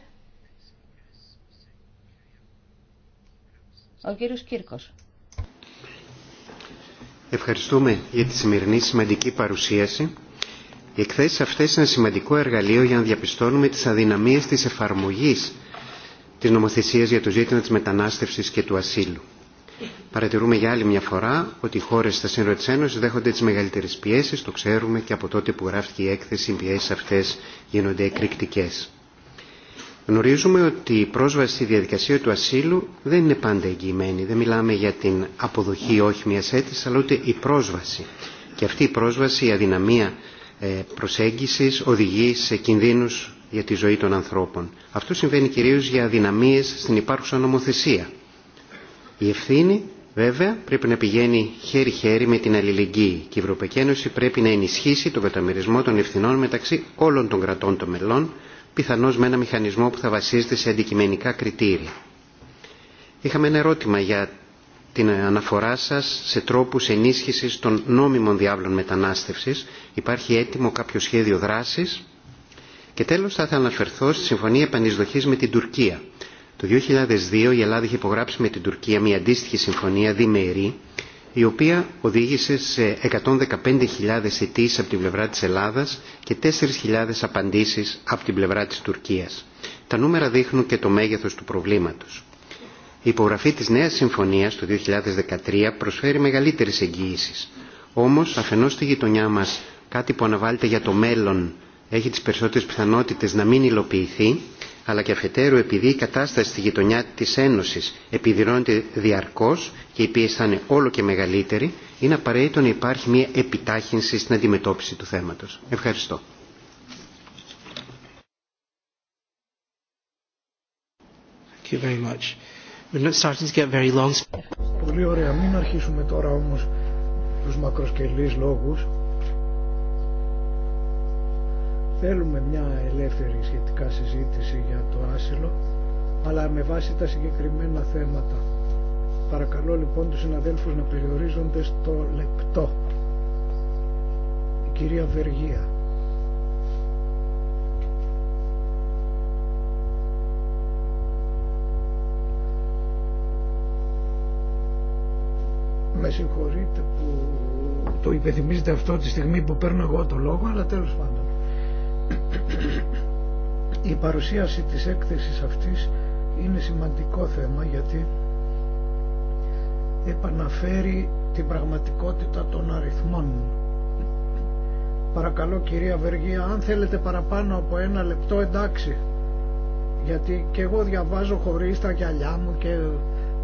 Ο κύριος Κύρκος. Ευχαριστούμε για τη σημερινή σημαντική παρουσίαση. Οι εκθέσει αυτέ είναι σημαντικό εργαλείο για να διαπιστώνουμε τι αδυναμίε τη εφαρμογή τη νομοθεσία για το ζήτημα τη μετανάστευση και του ασύλου. Παρατηρούμε για άλλη μια φορά ότι οι χώρε στα σύνορα τη Ένωση δέχονται τι μεγαλύτερε πιέσει, το ξέρουμε και από τότε που γράφτηκε η έκθεση, οι πιέσει αυτέ γίνονται εκρηκτικέ. Γνωρίζουμε ότι η πρόσβαση στη διαδικασία του ασύλου δεν είναι πάντα εγγυημένη. Δεν μιλάμε για την αποδοχή ή όχι μια αίτηση, αλλά ούτε πρόσβαση. Και αυτή η πρόσβαση, η αδυναμία ε, προσέγγισης οδηγεί σε κινδύνους για τη ζωή των ανθρώπων. Αυτό συμβαίνει κυρίως για αδυναμίες στην υπάρχουσα νομοθεσία. Η ευθύνη βέβαια πρέπει να πηγαίνει χέρι-χέρι με την αλληλεγγύη και η Ευρωπαϊκή Ένωση πρέπει να ενισχύσει τον καταμερισμό των ευθυνών μεταξύ όλων των κρατών των μελών, πιθανώς με ένα μηχανισμό που θα βασίζεται σε αντικειμενικά κριτήρια. Είχαμε ένα ερώτημα για την αναφορά σας σε τρόπους ενίσχυσης των νόμιμων διάβλων μετανάστευσης. Υπάρχει έτοιμο κάποιο σχέδιο δράσης. Και τέλος θα ήθελα να αναφερθώ στη Συμφωνία Επανεισδοχής με την Τουρκία. Το 2002 η Ελλάδα είχε υπογράψει με την Τουρκία μια αντίστοιχη συμφωνία διμερή η οποία οδήγησε σε 115.000 αιτήσει από την πλευρά της Ελλάδας και 4.000 απαντήσεις από την πλευρά της Τουρκίας. Τα νούμερα δείχνουν και το μέγεθος του προβλήματος. Η υπογραφή της νέας συμφωνίας του 2013 προσφέρει μεγαλύτερες εγγύησεις. Όμως, αφενός στη γειτονιά μας κάτι που αναβάλλεται για το μέλλον έχει τις περισσότερες πιθανότητες να μην υλοποιηθεί, αλλά και αφετέρου επειδή η κατάσταση στη γειτονιά της Ένωσης επιδεινώνεται διαρκώς και η πίεση θα είναι όλο και μεγαλύτερη, είναι απαραίτητο να υπάρχει μια επιτάχυνση στην αντιμετώπιση του θέματος. Ευχαριστώ. Πολύ ωραία. Μην αρχίσουμε τώρα όμως τους μακροσκελείς λόγους. Θέλουμε μια ελεύθερη σχετικά συζήτηση για το άσυλο, αλλά με βάση τα συγκεκριμένα θέματα. Παρακαλώ λοιπόν τους συναδέλφους να περιορίζονται στο λεπτό. Η κυρία Βεργία. με συγχωρείτε που το υπενθυμίζετε αυτό τη στιγμή που παίρνω εγώ το λόγο αλλά τέλος πάντων η παρουσίαση της έκθεσης αυτής είναι σημαντικό θέμα γιατί επαναφέρει την πραγματικότητα των αριθμών παρακαλώ κυρία Βεργία αν θέλετε παραπάνω από ένα λεπτό εντάξει γιατί και εγώ διαβάζω χωρίς τα γυαλιά μου και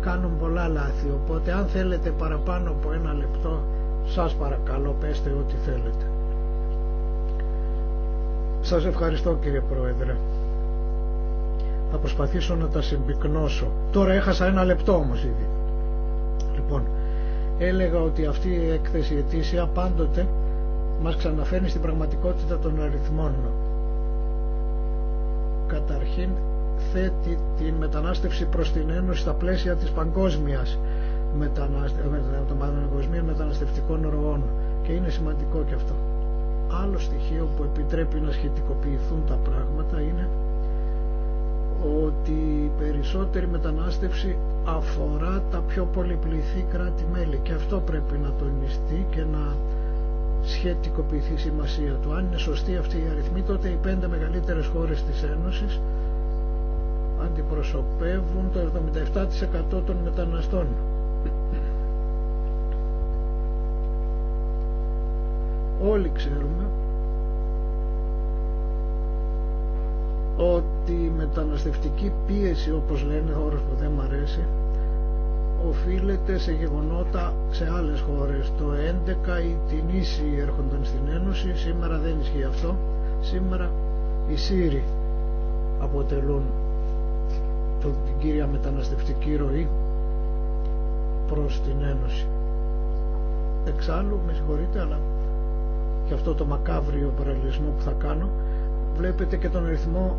κάνουν πολλά λάθη, οπότε αν θέλετε παραπάνω από ένα λεπτό, σας παρακαλώ πέστε ό,τι θέλετε. Σας ευχαριστώ κύριε Πρόεδρε. Θα προσπαθήσω να τα συμπυκνώσω. Τώρα έχασα ένα λεπτό όμως ήδη. Λοιπόν, έλεγα ότι αυτή η έκθεση ετήσια πάντοτε μας ξαναφέρνει στην πραγματικότητα των αριθμών. Καταρχήν θέτει την μετανάστευση προς την Ένωση στα πλαίσια της παγκόσμιας ε, μεταναστευτικών ροών και είναι σημαντικό και αυτό. Άλλο στοιχείο που επιτρέπει να σχετικοποιηθούν τα πράγματα είναι ότι η περισσότερη μετανάστευση αφορά τα πιο πολυπληθή κράτη-μέλη και αυτό πρέπει να τονιστεί και να σχετικοποιηθεί η σημασία του. Αν είναι σωστή αυτή η αριθμή τότε οι πέντε μεγαλύτερες χώρες της Ένωσης αντιπροσωπεύουν το 77% των μεταναστών. Όλοι ξέρουμε ότι η μεταναστευτική πίεση, όπως λένε, όρος που δεν μ' αρέσει, οφείλεται σε γεγονότα σε άλλες χώρες. Το 11 την Ίση έρχονταν στην Ένωση, σήμερα δεν ισχύει αυτό, σήμερα οι Σύριοι αποτελούν την κύρια μεταναστευτική ροή προς την Ένωση. Εξάλλου, με συγχωρείτε, αλλά και αυτό το μακάβριο παραλληλισμό που θα κάνω, βλέπετε και τον ρυθμό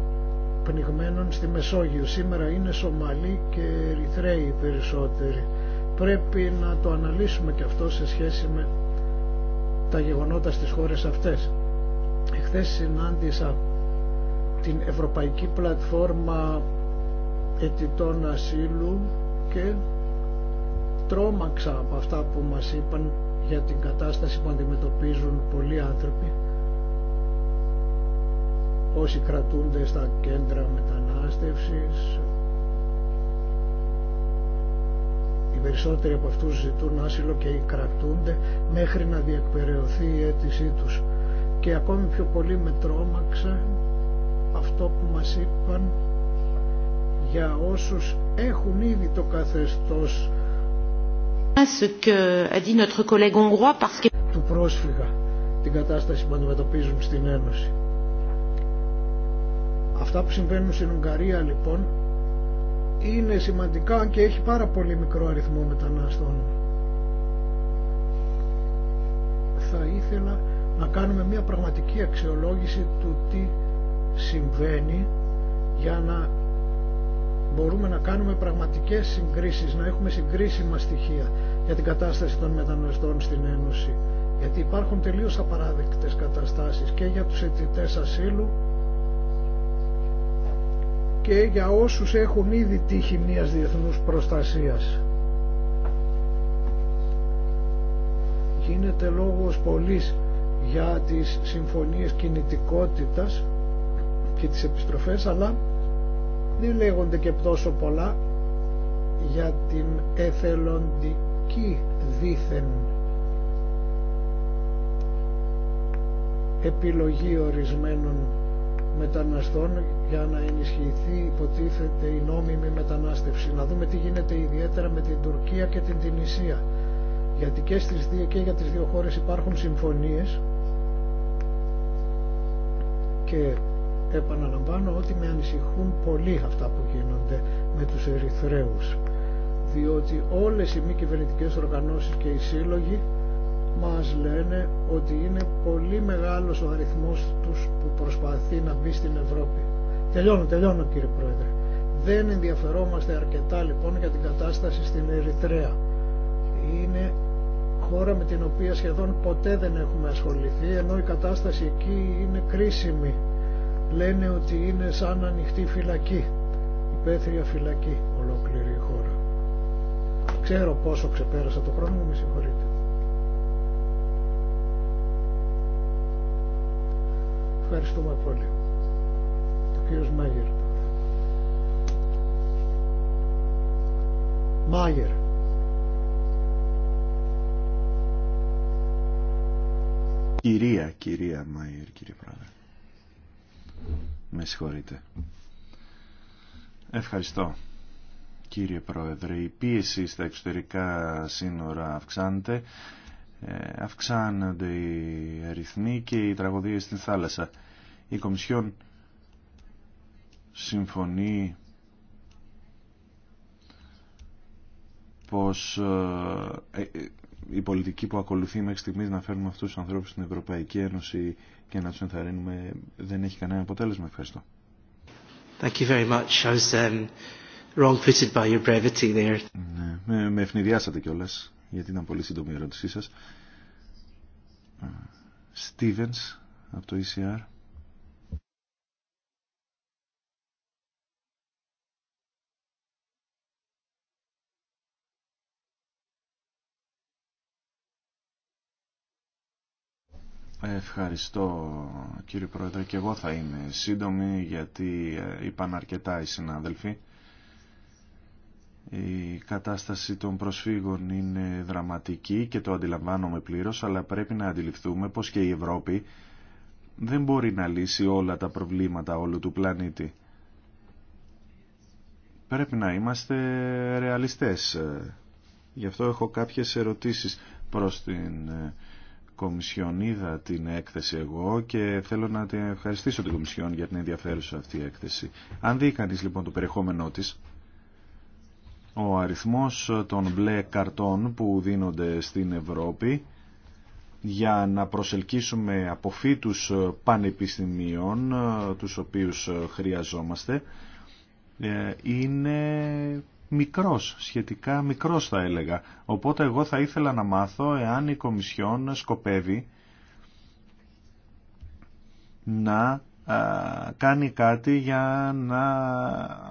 πνιγμένων στη Μεσόγειο. Σήμερα είναι Σομαλοί και Ερυθρέοι περισσότεροι. Πρέπει να το αναλύσουμε και αυτό σε σχέση με τα γεγονότα στις χώρες αυτές. Εχθές συνάντησα την Ευρωπαϊκή Πλατφόρμα αιτητών ασύλου και τρόμαξα από αυτά που μας είπαν για την κατάσταση που αντιμετωπίζουν πολλοί άνθρωποι όσοι κρατούνται στα κέντρα μετανάστευσης οι περισσότεροι από αυτούς ζητούν άσυλο και κρατούνται μέχρι να διεκπαιρεωθεί η αίτησή τους και ακόμη πιο πολύ με τρόμαξα αυτό που μας είπαν για όσους έχουν ήδη το καθεστώς του πρόσφυγα την κατάσταση που αντιμετωπίζουν στην Ένωση. Αυτά που συμβαίνουν στην Ουγγαρία λοιπόν είναι σημαντικά και έχει πάρα πολύ μικρό αριθμό μεταναστών. Θα ήθελα να κάνουμε μια πραγματική αξιολόγηση του τι συμβαίνει για να μπορούμε να κάνουμε πραγματικές συγκρίσεις, να έχουμε συγκρίσιμα στοιχεία για την κατάσταση των μεταναστών στην Ένωση. Γιατί υπάρχουν τελείως απαράδεκτες καταστάσεις και για τους αιτητές ασύλου και για όσους έχουν ήδη τύχει μιας διεθνούς προστασίας. Γίνεται λόγος πολλής για τις συμφωνίες κινητικότητας και τις επιστροφές, αλλά δεν λέγονται και τόσο πολλά για την εθελοντική δίθεν επιλογή ορισμένων μεταναστών για να ενισχυθεί υποτίθεται η νόμιμη μετανάστευση. Να δούμε τι γίνεται ιδιαίτερα με την Τουρκία και την Τινησία. Γιατί και, στις δύο, και για τις δύο χώρες υπάρχουν συμφωνίες και επαναλαμβάνω ότι με ανησυχούν πολύ αυτά που γίνονται με τους Ερυθρέους διότι όλες οι μη κυβερνητικές οργανώσεις και οι σύλλογοι μας λένε ότι είναι πολύ μεγάλος ο αριθμός τους που προσπαθεί να μπει στην Ευρώπη. Τελειώνω, τελειώνω κύριε Πρόεδρε. Δεν ενδιαφερόμαστε αρκετά λοιπόν για την κατάσταση στην Ερυθρέα. Είναι χώρα με την οποία σχεδόν ποτέ δεν έχουμε ασχοληθεί ενώ η κατάσταση εκεί είναι κρίσιμη λένε ότι είναι σαν ανοιχτή φυλακή, υπαίθρια φυλακή ολόκληρη η χώρα. Ξέρω πόσο ξεπέρασα το χρόνο μου, με συγχωρείτε. Ευχαριστούμε πολύ. Ο κύριος Μάγερ. Μάγερ. Κυρία, κυρία Μάγερ, κύριε Πρόεδρε. Με συγχωρείτε. Ευχαριστώ. Κύριε Πρόεδρε, η πίεση στα εξωτερικά σύνορα αυξάνεται, ε, αυξάνονται οι αριθμοί και οι τραγωδίες στην θάλασσα. Η Κομισιόν συμφωνεί πως ε, ε, η πολιτική που ακολουθεί μέχρι στιγμής να φέρνουμε αυτούς τους ανθρώπους στην Ευρωπαϊκή Ένωση και να τους ενθαρρύνουμε δεν έχει κανένα αποτέλεσμα. Ευχαριστώ. Thank you very much. I was, um, wrong footed by your brevity there. Ναι, με, με ευνηδιάσατε κιόλας, γιατί ήταν πολύ σύντομη η ερώτησή σας. Stevens, από το ECR. Ευχαριστώ κύριε Πρόεδρε και εγώ θα είμαι σύντομη γιατί ε, είπαν αρκετά οι συνάδελφοι. Η κατάσταση των προσφύγων είναι δραματική και το αντιλαμβάνομαι πλήρως αλλά πρέπει να αντιληφθούμε πως και η Ευρώπη δεν μπορεί να λύσει όλα τα προβλήματα όλου του πλανήτη. Πρέπει να είμαστε ρεαλιστές. Γι' αυτό έχω κάποιες ερωτήσεις προς την ε, Κομισιονίδα την έκθεση εγώ και θέλω να την ευχαριστήσω την Κομισιόν για την ενδιαφέρουσα αυτή η έκθεση. Αν δει κανείς λοιπόν το περιεχόμενό της, ο αριθμός των μπλε καρτών που δίνονται στην Ευρώπη για να προσελκύσουμε αποφύτους πανεπιστημίων ε, τους οποίους ε, χρειαζόμαστε ε, είναι μικρός, σχετικά μικρός θα έλεγα. Οπότε εγώ θα ήθελα να μάθω εάν η Κομισιόν σκοπεύει να κάνει κάτι για να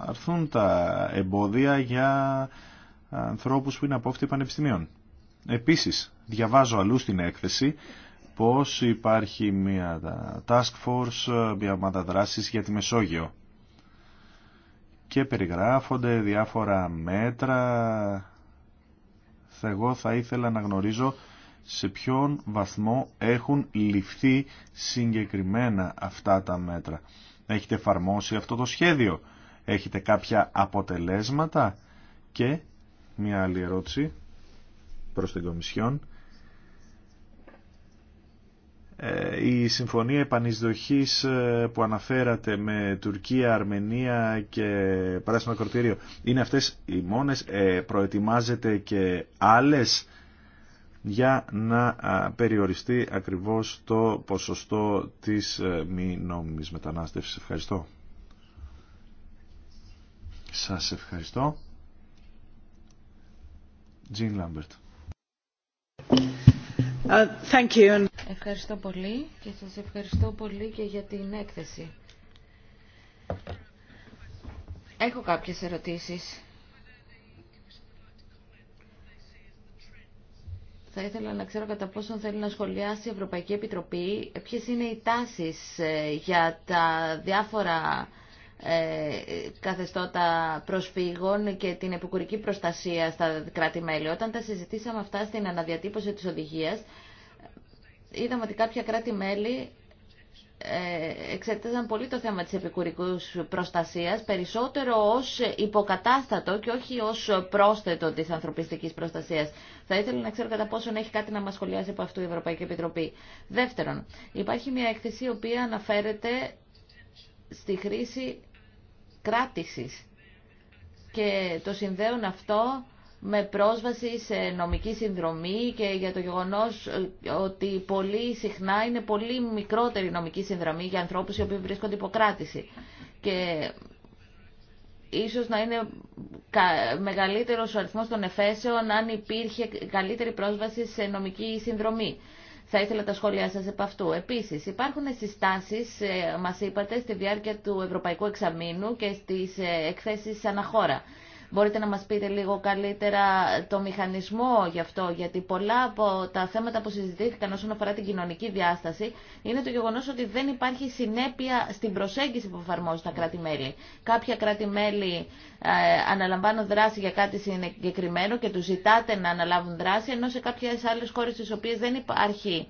αρθούν τα εμπόδια για ανθρώπους που είναι απόφτη πανεπιστημίων. Επίσης, διαβάζω αλλού στην έκθεση πως υπάρχει μια task force, μια ομάδα για τη Μεσόγειο και περιγράφονται διάφορα μέτρα. εγώ θα ήθελα να γνωρίζω σε ποιον βαθμό έχουν ληφθεί συγκεκριμένα αυτά τα μέτρα. Έχετε εφαρμόσει αυτό το σχέδιο. Έχετε κάποια αποτελέσματα. Και μια άλλη ερώτηση προς την Κομισιόν. Ε, η συμφωνία επανεισδοχής ε, που αναφέρατε με Τουρκία, Αρμενία και Πράσινο Κορτήριο είναι αυτές οι μόνες, ε, προετοιμάζεται και άλλες για να περιοριστεί ακριβώς το ποσοστό της μη νόμιμης μετανάστευσης. Ευχαριστώ. Σας ευχαριστώ. Τζιν Λάμπερτ. Uh, ευχαριστώ πολύ και σας ευχαριστώ πολύ και για την έκθεση. Έχω κάποιες ερωτήσεις. Θα ήθελα να ξέρω κατά πόσον θέλει να σχολιάσει η Ευρωπαϊκή Επιτροπή ε, ποιες είναι οι τάσεις ε, για τα διάφορα ε, καθεστώτα προσφύγων και την επικουρική προστασία στα κράτη-μέλη. Όταν τα συζητήσαμε αυτά στην αναδιατύπωση της οδηγίας, είδαμε ότι κάποια κράτη-μέλη ε, εξέταζαν πολύ το θέμα της επικουρικής προστασίας, περισσότερο ως υποκατάστατο και όχι ως πρόσθετο της ανθρωπιστικής προστασίας. Θα ήθελα να ξέρω κατά πόσον έχει κάτι να μας σχολιάσει από αυτού η Ευρωπαϊκή Επιτροπή. Δεύτερον, υπάρχει μια έκθεση η οποία αναφέρεται στη χρήση κράτησης και το συνδέουν αυτό με πρόσβαση σε νομική συνδρομή και για το γεγονός ε, ότι πολύ συχνά είναι πολύ μικρότερη νομική συνδρομή για ανθρώπους οι οποίοι βρίσκονται υποκράτηση. Και ίσως να είναι μεγαλύτερος ο αριθμός των εφέσεων αν υπήρχε καλύτερη πρόσβαση σε νομική συνδρομή. Θα ήθελα τα σχόλιά σας επ' αυτού. Επίσης, υπάρχουν συστάσεις, ε, μας είπατε, στη διάρκεια του Ευρωπαϊκού Εξαμήνου και στις ε, εκθέσεις αναχώρα. Μπορείτε να μας πείτε λίγο καλύτερα το μηχανισμό γι' αυτό, γιατί πολλά από τα θέματα που συζητήθηκαν όσον αφορά την κοινωνική διάσταση είναι το γεγονός ότι δεν υπάρχει συνέπεια στην προσέγγιση που εφαρμόζουν τα κράτη-μέλη. Κάποια κράτη-μέλη ε, αναλαμβάνουν δράση για κάτι συγκεκριμένο και τους ζητάτε να αναλάβουν δράση, ενώ σε κάποιες άλλες χώρες στις οποίες δεν υπάρχει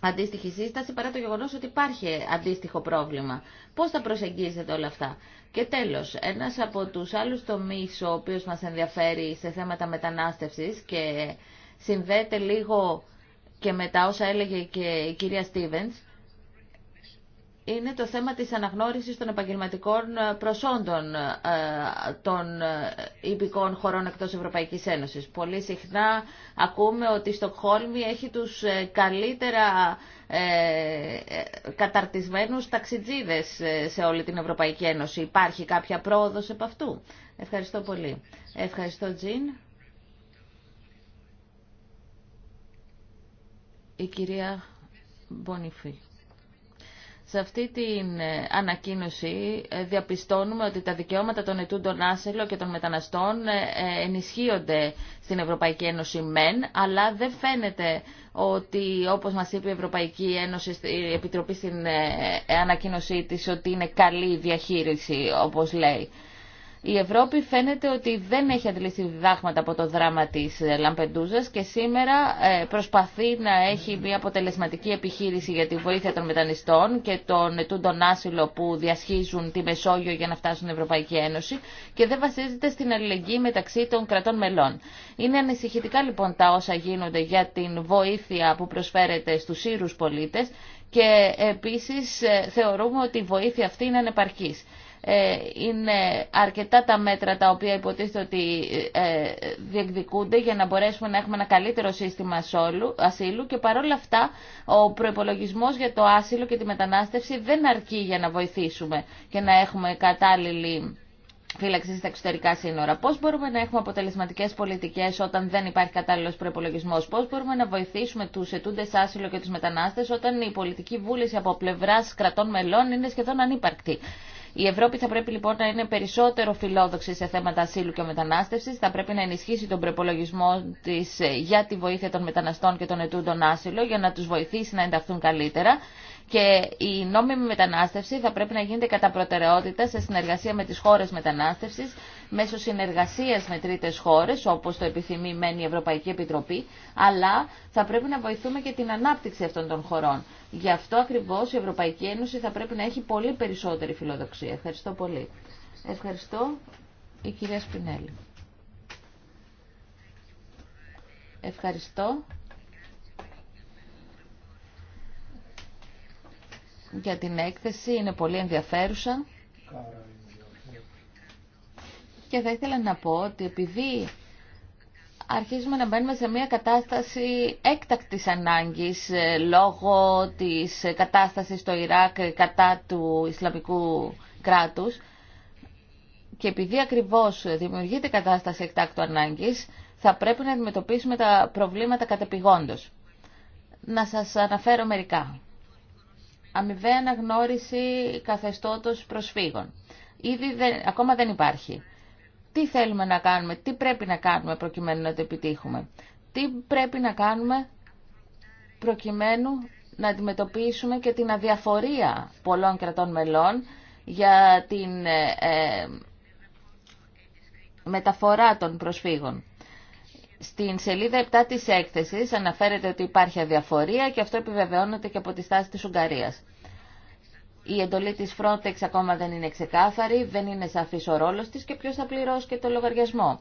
αντίστοιχη σύσταση παρά το γεγονός ότι υπάρχει αντίστοιχο πρόβλημα. Πώς θα προσεγγίζετε όλα αυτά. Και τέλος, ένας από τους άλλους τομείς ο οποίος μας ενδιαφέρει σε θέματα μετανάστευσης και συνδέεται λίγο και μετά όσα έλεγε και η κυρία Στίβενς, είναι το θέμα της αναγνώρισης των επαγγελματικών προσόντων ε, των ε, υπηκών χωρών εκτός Ευρωπαϊκής Ένωσης. Πολύ συχνά ακούμε ότι η Στοκχόλμη έχει τους ε, καλύτερα καταρτισμένους ταξιτζίδες σε όλη την Ευρωπαϊκή Ένωση. Υπάρχει κάποια πρόοδος επ' αυτού. Ευχαριστώ πολύ. Ευχαριστώ Τζιν. Η κυρία Μπονιφή. Σε αυτή την ε, ανακοίνωση ε, διαπιστώνουμε ότι τα δικαιώματα των ετούντων άσυλο και των μεταναστών ε, ενισχύονται στην Ευρωπαϊκή Ένωση μεν, αλλά δεν φαίνεται ότι όπως μας είπε η Ευρωπαϊκή Ένωση, η Επιτροπή στην ανακοίνωσή της, ότι είναι καλή διαχείριση όπως λέει η Ευρώπη φαίνεται ότι δεν έχει αντιληφθεί διδάγματα από το δράμα της ε, Λαμπεντούζας και σήμερα ε, προσπαθεί να έχει μια αποτελεσματική επιχείρηση για τη βοήθεια των μετανιστών και των ετούντων άσυλο που διασχίζουν τη Μεσόγειο για να φτάσουν στην Ευρωπαϊκή Ένωση και δεν βασίζεται στην αλληλεγγύη μεταξύ των κρατών μελών. Είναι ανησυχητικά λοιπόν τα όσα γίνονται για την βοήθεια που προσφέρεται στους Σύρους πολίτες και επίσης ε, θεωρούμε ότι η βοήθεια αυτή είναι ανεπαρκής. Ε, είναι αρκετά τα μέτρα τα οποία υποτίθεται ότι ε, διεκδικούνται για να μπορέσουμε να έχουμε ένα καλύτερο σύστημα ασύλου και παρόλα αυτά ο προπολογισμό για το άσυλο και τη μετανάστευση δεν αρκεί για να βοηθήσουμε και να έχουμε κατάλληλη φύλαξη στα εξωτερικά σύνορα. Πώ μπορούμε να έχουμε αποτελεσματικέ πολιτικέ όταν δεν υπάρχει κατάλληλο προπολογισμό. Πώ μπορούμε να βοηθήσουμε του ετούντε άσυλο και του μετανάστε όταν η πολιτική βούληση από πλευρά κρατών μελών είναι σχεδόν ανύπαρκτη. Η Ευρώπη θα πρέπει λοιπόν να είναι περισσότερο φιλόδοξη σε θέματα ασύλου και μετανάστευση. Θα πρέπει να ενισχύσει τον προπολογισμό τη ε, για τη βοήθεια των μεταναστών και των ετούντων άσυλο για να του βοηθήσει να ενταχθούν καλύτερα και η νόμιμη μετανάστευση θα πρέπει να γίνεται κατά προτεραιότητα σε συνεργασία με τις χώρες μετανάστευσης, μέσω συνεργασίας με τρίτες χώρες, όπως το επιθυμεί η Ευρωπαϊκή Επιτροπή, αλλά θα πρέπει να βοηθούμε και την ανάπτυξη αυτών των χωρών. Γι' αυτό ακριβώς η Ευρωπαϊκή Ένωση θα πρέπει να έχει πολύ περισσότερη φιλοδοξία. Ευχαριστώ πολύ. Ευχαριστώ η κυρία Σπινέλη. Ευχαριστώ. για την έκθεση. Είναι πολύ ενδιαφέρουσα. Και θα ήθελα να πω ότι επειδή αρχίζουμε να μπαίνουμε σε μια κατάσταση έκτακτης ανάγκης ε, λόγω της ε, κατάστασης στο Ιράκ ε, κατά του Ισλαμικού κράτους και επειδή ακριβώς δημιουργείται κατάσταση εκτάκτου ανάγκης θα πρέπει να αντιμετωπίσουμε τα προβλήματα κατεπηγόντως. Να σας αναφέρω μερικά αμοιβαία αναγνώριση καθεστώτος προσφύγων. Ήδη ακόμα δεν υπάρχει. Τι θέλουμε να κάνουμε, τι πρέπει να κάνουμε προκειμένου να το επιτύχουμε. Τι πρέπει να κάνουμε προκειμένου να αντιμετωπίσουμε και την αδιαφορία πολλών κρατών μελών για την ε, ε, μεταφορά των προσφύγων. Στην σελίδα 7 της έκθεσης αναφέρεται ότι υπάρχει αδιαφορία και αυτό επιβεβαιώνεται και από τη στάση της Ουγγαρίας. Η εντολή της Frontex ακόμα δεν είναι ξεκάθαρη, δεν είναι σαφής ο ρόλος της και ποιος θα πληρώσει και το λογαριασμό.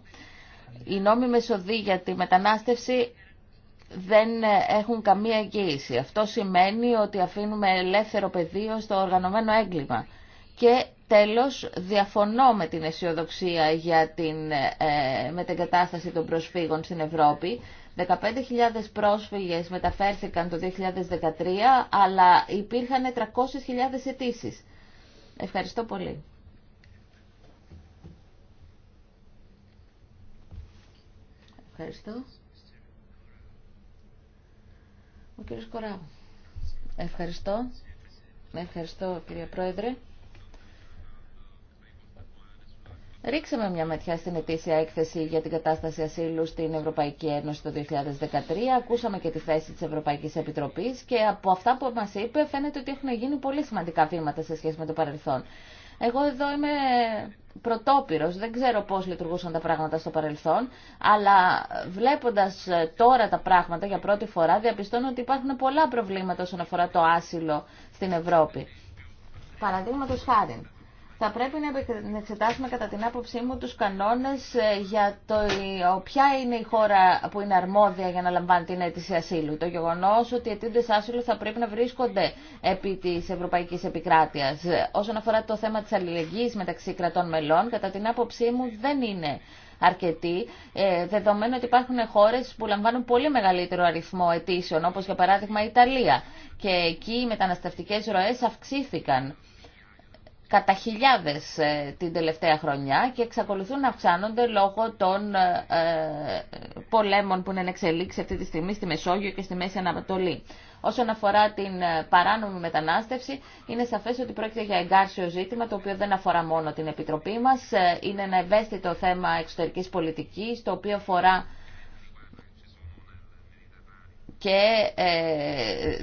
Οι νόμοι μεσοδοί για τη μετανάστευση δεν έχουν καμία εγγύηση. Αυτό σημαίνει ότι αφήνουμε ελεύθερο πεδίο στο οργανωμένο έγκλημα. Και Τέλος, διαφωνώ με την αισιοδοξία για την ε, μετεγκατάσταση των προσφύγων στην Ευρώπη. 15.000 πρόσφυγες μεταφέρθηκαν το 2013, αλλά υπήρχαν 300.000 αιτήσει. Ευχαριστώ πολύ. Ευχαριστώ. Ο κύριος Κοράου. Ευχαριστώ. Ευχαριστώ κύριε Πρόεδρε. Ρίξαμε μια ματιά στην ετήσια έκθεση για την κατάσταση ασύλου στην Ευρωπαϊκή Ένωση το 2013. Ακούσαμε και τη θέση της Ευρωπαϊκής Επιτροπής και από αυτά που μας είπε φαίνεται ότι έχουν γίνει πολύ σημαντικά βήματα σε σχέση με το παρελθόν. Εγώ εδώ είμαι πρωτόπυρος, δεν ξέρω πώς λειτουργούσαν τα πράγματα στο παρελθόν, αλλά βλέποντας τώρα τα πράγματα για πρώτη φορά διαπιστώνω ότι υπάρχουν πολλά προβλήματα όσον αφορά το άσυλο στην Ευρώπη. Παραδείγματο χάρη, θα πρέπει να εξετάσουμε κατά την άποψή μου τους κανόνες ε, για το ποια είναι η χώρα που είναι αρμόδια για να λαμβάνει την αίτηση ασύλου. Το γεγονός ότι οι αιτήντες άσυλου θα πρέπει να βρίσκονται επί της ευρωπαϊκής επικράτειας. Ε, όσον αφορά το θέμα της αλληλεγγύης μεταξύ κρατών μελών, κατά την άποψή μου δεν είναι αρκετοί, ε, δεδομένου ότι υπάρχουν χώρε που λαμβάνουν πολύ μεγαλύτερο αριθμό αιτήσεων, όπω για παράδειγμα η Ιταλία. Και εκεί οι μεταναστευτικέ ροέ αυξήθηκαν κατά χιλιάδες ε, την τελευταία χρονιά και εξακολουθούν να αυξάνονται λόγω των ε, ε, πολέμων που είναι εξελίξει αυτή τη στιγμή στη Μεσόγειο και στη Μέση Ανατολή. Όσον αφορά την παράνομη μετανάστευση, είναι σαφές ότι πρόκειται για εγκάρσιο ζήτημα, το οποίο δεν αφορά μόνο την Επιτροπή μας. Είναι ένα ευαίσθητο θέμα εξωτερικής πολιτικής, το οποίο αφορά και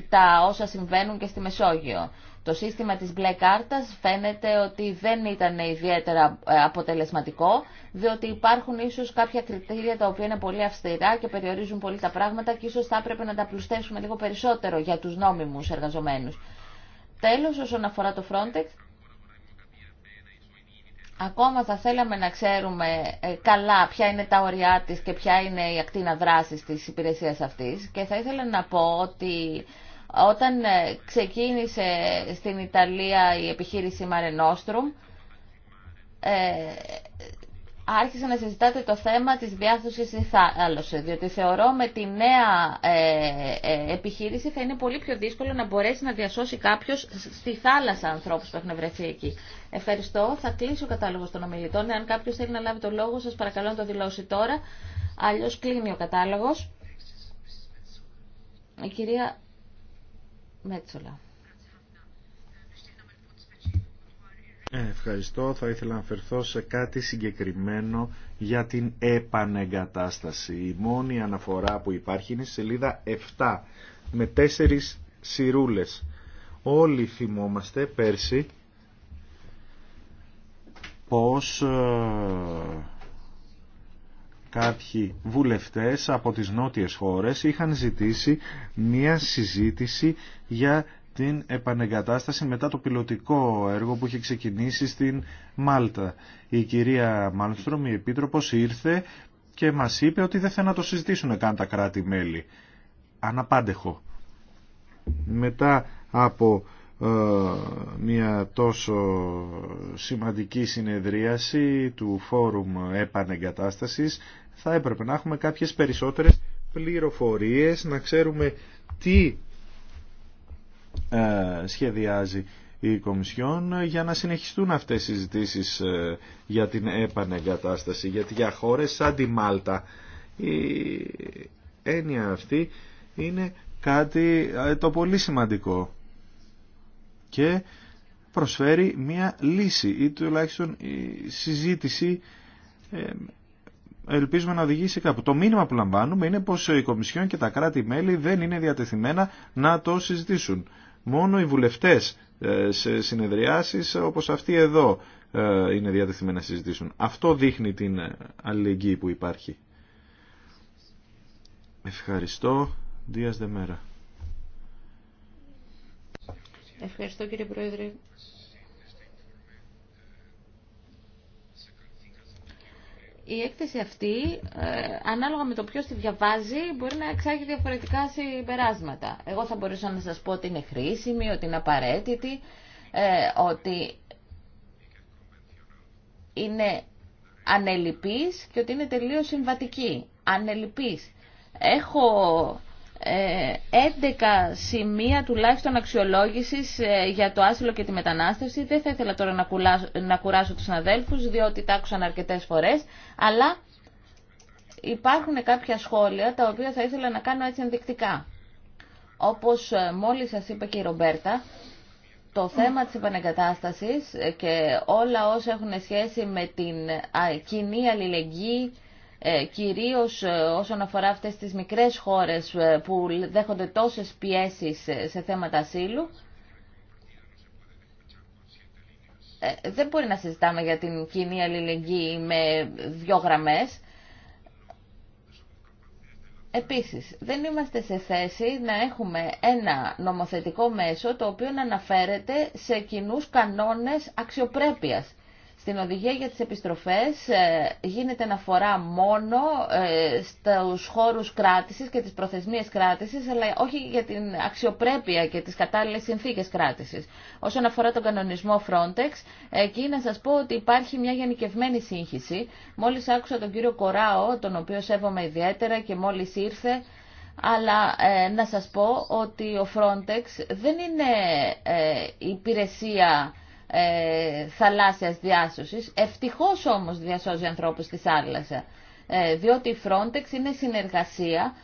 τα όσα συμβαίνουν και στη Μεσόγειο. Το σύστημα της μπλε κάρτας φαίνεται ότι δεν ήταν ιδιαίτερα ε, αποτελεσματικό, διότι υπάρχουν ίσως κάποια κριτήρια τα οποία είναι πολύ αυστηρά και περιορίζουν πολύ τα πράγματα και ίσως θα έπρεπε να τα πλουστέψουμε λίγο περισσότερο για τους νόμιμους εργαζομένους. Τέλος, όσον αφορά το Frontex, Ακόμα θα θέλαμε να ξέρουμε ε, καλά ποια είναι τα ωριά της και ποια είναι η ακτίνα δράσης της υπηρεσίας αυτής και θα ήθελα να πω ότι όταν ε, ξεκίνησε στην Ιταλία η επιχείρηση Mare Nostrum, ε, άρχισε να συζητάτε το θέμα της διάθεσης στη θάλασσα, διότι θεωρώ με τη νέα ε, επιχείρηση θα είναι πολύ πιο δύσκολο να μπορέσει να διασώσει κάποιος στη θάλασσα ανθρώπους που έχουν βρεθεί εκεί. Ευχαριστώ. Θα κλείσω ο κατάλογος των ομιλητών. αν κάποιος θέλει να λάβει το λόγο, σας παρακαλώ να το δηλώσει τώρα. Αλλιώς κλείνει ο κατάλογος. Η κυρία ε, ευχαριστώ. Θα ήθελα να αφαιρθώ σε κάτι συγκεκριμένο για την επανεγκατάσταση. Η μόνη αναφορά που υπάρχει είναι στη σελίδα 7 με τέσσερις σιρούλες. Όλοι θυμόμαστε πέρσι πως ε, κάποιοι βουλευτές από τις νότιες χώρες είχαν ζητήσει μία συζήτηση για την επανεγκατάσταση μετά το πιλωτικό έργο που είχε ξεκινήσει στην Μάλτα. Η κυρία Μάλστρομ, η Επίτροπος, ήρθε και μας είπε ότι δεν θέλουν να το συζητήσουν καν τα κράτη-μέλη. Αναπάντεχο. Μετά από ε, μια τόσο σημαντική συνεδρίαση του Φόρουμ Επανεγκατάστασης θα έπρεπε να έχουμε κάποιες περισσότερες πληροφορίες, να ξέρουμε τι ε, σχεδιάζει η Κομισιόν για να συνεχιστούν αυτές οι συζητήσεις ε, για την επανεγκατάσταση γιατί για χώρες σαν τη Μάλτα η έννοια αυτή είναι κάτι το πολύ σημαντικό και προσφέρει μια λύση ή τουλάχιστον η συζήτηση ε, ελπίζουμε να οδηγήσει κάπου. Το μήνυμα που λαμβάνουμε είναι πως η Κομισιόν και τα κράτη-μέλη δεν είναι διατεθειμένα να το συζητήσουν. Μόνο οι βουλευτές ε, σε συνεδριάσεις όπως αυτή εδώ ε, είναι διατεθειμένα να συζητήσουν. Αυτό δείχνει την αλληλεγγύη που υπάρχει. Ευχαριστώ. Δίας Δεμέρα. Ευχαριστώ κύριε Πρόεδρε. η έκθεση αυτή, ε, ανάλογα με το ποιο τη διαβάζει, μπορεί να εξάγει διαφορετικά συμπεράσματα. Εγώ θα μπορούσα να σας πω ότι είναι χρήσιμη, ότι είναι απαραίτητη, ε, ότι είναι ανελιπής και ότι είναι τελείως συμβατική. Ανελιπής. Έχω 11 σημεία τουλάχιστον αξιολόγησης ε, για το άσυλο και τη μετανάστευση. Δεν θα ήθελα τώρα να, να κουράσω τους αδέλφους, διότι τα άκουσαν αρκετές φορές, αλλά υπάρχουν κάποια σχόλια τα οποία θα ήθελα να κάνω έτσι ενδεικτικά. Όπως ε, μόλις σας είπε και η Ρομπέρτα, το θέμα της επανεγκατάστασης ε, και όλα όσα έχουν σχέση με την κοινή αλληλεγγύη ε, κυρίως ε, όσον αφορά αυτές τις μικρές χώρες ε, που δέχονται τόσες πιέσεις σε θέματα ασύλου, δεν μπορεί να συζητάμε για την κοινή αλληλεγγύη με δυο γραμμές. Επίσης, δεν είμαστε σε θέση να έχουμε ένα νομοθετικό μέσο το οποίο να αναφέρεται σε κοινούς κανόνες αξιοπρέπειας. Στην οδηγία για τις επιστροφές ε, γίνεται αναφορά μόνο ε, στους χώρους κράτησης και τις προθεσμίες κράτησης, αλλά όχι για την αξιοπρέπεια και τις κατάλληλες συνθήκες κράτησης. Όσον αφορά τον κανονισμό Frontex, εκεί να σας πω ότι υπάρχει μια γενικευμένη σύγχυση. Μόλις άκουσα τον κύριο Κοράο, τον οποίο σέβομαι ιδιαίτερα και μόλις ήρθε, αλλά ε, να σας πω ότι ο Frontex δεν είναι υπηρεσία ε, θαλάσσιας διάσωσης. Ευτυχώς όμως διασώζει ανθρώπους στη θάλασσα, ε, διότι η Frontex είναι συνεργασία,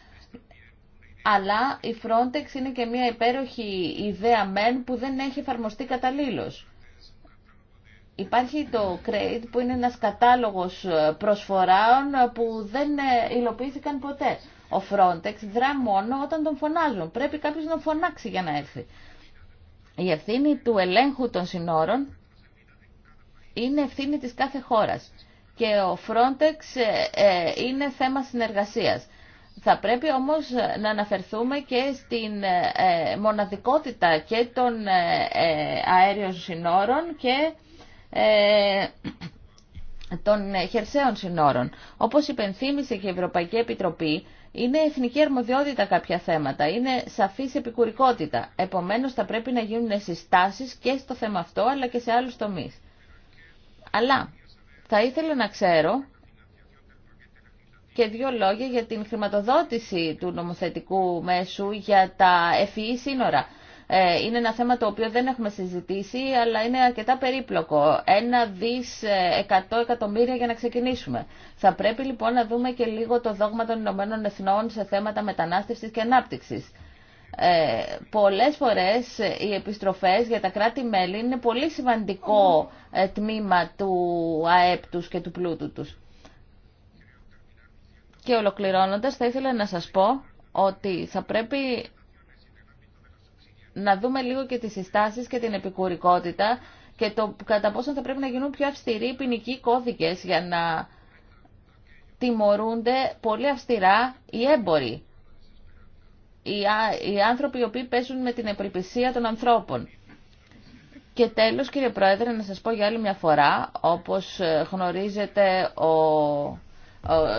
αλλά η Frontex είναι και μια υπέροχη ιδέα μεν που δεν έχει εφαρμοστεί καταλήλως. Υπάρχει το CRADE που είναι ένας κατάλογος ε, προσφοράων ε, που δεν ε, υλοποιήθηκαν ποτέ. Ο Frontex δρά μόνο όταν τον φωνάζουν. Πρέπει κάποιος να φωνάξει για να έρθει η ευθύνη του ελέγχου των συνόρων είναι ευθύνη της κάθε χώρας και ο Frontex ε, ε, είναι θέμα συνεργασίας. Θα πρέπει όμως να αναφερθούμε και στην ε, μοναδικότητα και των αέριων συνόρων και των χερσαίων συνόρων. Όπως υπενθύμησε και η Ευρωπαϊκή Επιτροπή, είναι εθνική αρμοδιότητα κάποια θέματα, είναι σαφής επικουρικότητα. Επομένως θα πρέπει να γίνουν συστάσεις και στο θέμα αυτό αλλά και σε άλλους τομείς. Αλλά θα ήθελα να ξέρω και δύο λόγια για την χρηματοδότηση του νομοθετικού μέσου για τα FEE e σύνορα. Ε, είναι ένα θέμα το οποίο δεν έχουμε συζητήσει, αλλά είναι αρκετά περίπλοκο. Ένα δις ε, εκατό εκατομμύρια για να ξεκινήσουμε. Θα πρέπει λοιπόν να δούμε και λίγο το δόγμα των Ηνωμένων Εθνών σε θέματα μετανάστευσης και ανάπτυξης. Ε, πολλές φορές ε, οι επιστροφές για τα κράτη-μέλη είναι πολύ σημαντικό τμήμα του ΑΕΠ τους και του πλούτου τους. Και ολοκληρώνοντας θα ήθελα να σας πω ότι θα πρέπει να δούμε λίγο και τις συστάσεις και την επικουρικότητα και το κατά πόσο θα πρέπει να γίνουν πιο αυστηροί ποινικοί κώδικες για να τιμωρούνται πολύ αυστηρά οι έμποροι, οι άνθρωποι οι οποίοι παίζουν με την επιπλησία των ανθρώπων. Και τέλος, κύριε Πρόεδρε, να σας πω για άλλη μια φορά, όπως ε, γνωρίζετε ο, ο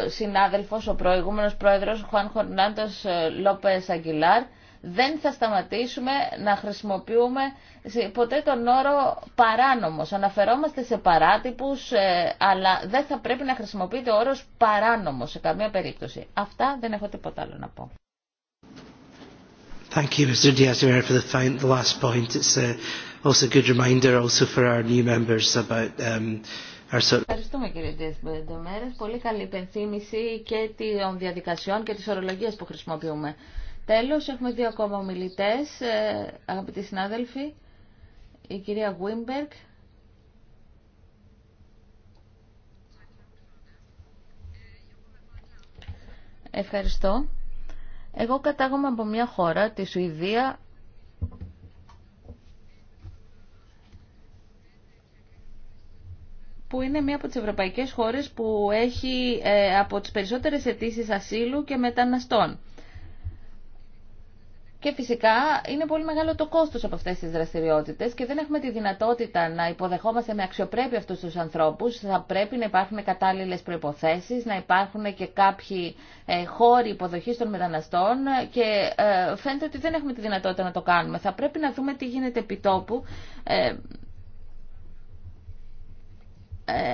συνάδελφος, ο προηγούμενος πρόεδρος Χουάν Χορνάντος ε, Λόπες Αγγιλάρ, δεν θα σταματήσουμε να χρησιμοποιούμε ποτέ τον όρο παράνομος. Αναφερόμαστε σε παράτυπους, ε, αλλά δεν θα πρέπει να χρησιμοποιείται ο όρος παράνομος σε καμία περίπτωση. Αυτά δεν έχω τίποτα άλλο να πω. Thank you, Mr. Diaz for the, the last point. It's uh, also a good reminder also for our new members about um, Ευχαριστούμε κύριε Μέρες. Πολύ καλή υπενθύμηση και των διαδικασιών και της ορολογίας που χρησιμοποιούμε. Τέλος, έχουμε δύο ακόμα ομιλητές, ε, αγαπητοί συνάδελφοι, η κυρία Γουίμπεργκ Ευχαριστώ. Εγώ κατάγομαι από μια χώρα, τη Σουηδία, που είναι μία από τις ευρωπαϊκές χώρες που έχει ε, από τις περισσότερες αιτήσει ασύλου και μεταναστών. Και φυσικά είναι πολύ μεγάλο το κόστος από αυτές τις δραστηριότητε και δεν έχουμε τη δυνατότητα να υποδεχόμαστε με αξιοπρέπεια αυτούς τους ανθρώπους. Θα πρέπει να υπάρχουν κατάλληλες προποθέσει, να υπάρχουν και κάποιοι ε, χώροι υποδοχής των μεταναστών και ε, φαίνεται ότι δεν έχουμε τη δυνατότητα να το κάνουμε. Θα πρέπει να δούμε τι γίνεται επί τόπου ε, ε,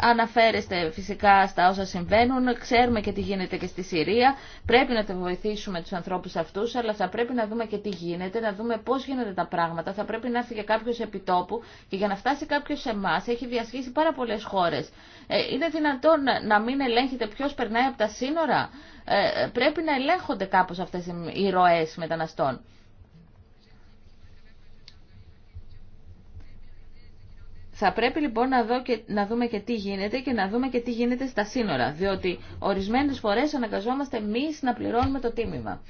αναφέρεστε φυσικά στα όσα συμβαίνουν, ξέρουμε και τι γίνεται και στη Συρία, πρέπει να το βοηθήσουμε τους ανθρώπους αυτούς, αλλά θα πρέπει να δούμε και τι γίνεται, να δούμε πώς γίνονται τα πράγματα, θα πρέπει να έρθει και κάποιος επιτόπου και για να φτάσει κάποιος σε εμά έχει διασχίσει πάρα πολλές χώρες. Ε, είναι δυνατόν να μην ελέγχεται ποιο περνάει από τα σύνορα, ε, πρέπει να ελέγχονται κάπως αυτές οι ροές μεταναστών. Θα πρέπει λοιπόν να, δω και, να δούμε και τι γίνεται και να δούμε και τι γίνεται στα σύνορα, διότι ορισμένες φορές αναγκαζόμαστε εμεί να πληρώνουμε το τίμημα.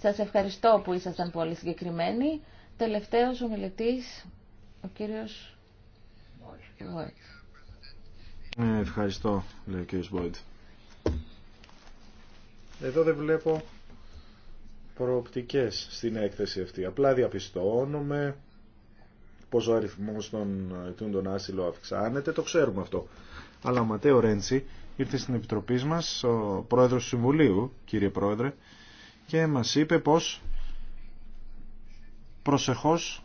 Σας ευχαριστώ που ήσασταν πολύ συγκεκριμένοι. Τελευταίος ο μιλητής, ο κύριος ε, Ευχαριστώ, λέει ο κύριος Εδώ δεν βλέπω προοπτικές στην έκθεση αυτή. Απλά διαπιστώνουμε πως ο αριθμό των ετούντων άσυλο αυξάνεται, το ξέρουμε αυτό. Αλλά ο Ματέο Ρέντσι ήρθε στην επιτροπή μας, ο πρόεδρος του Συμβουλίου, κύριε πρόεδρε, και μας είπε πως προσεχώς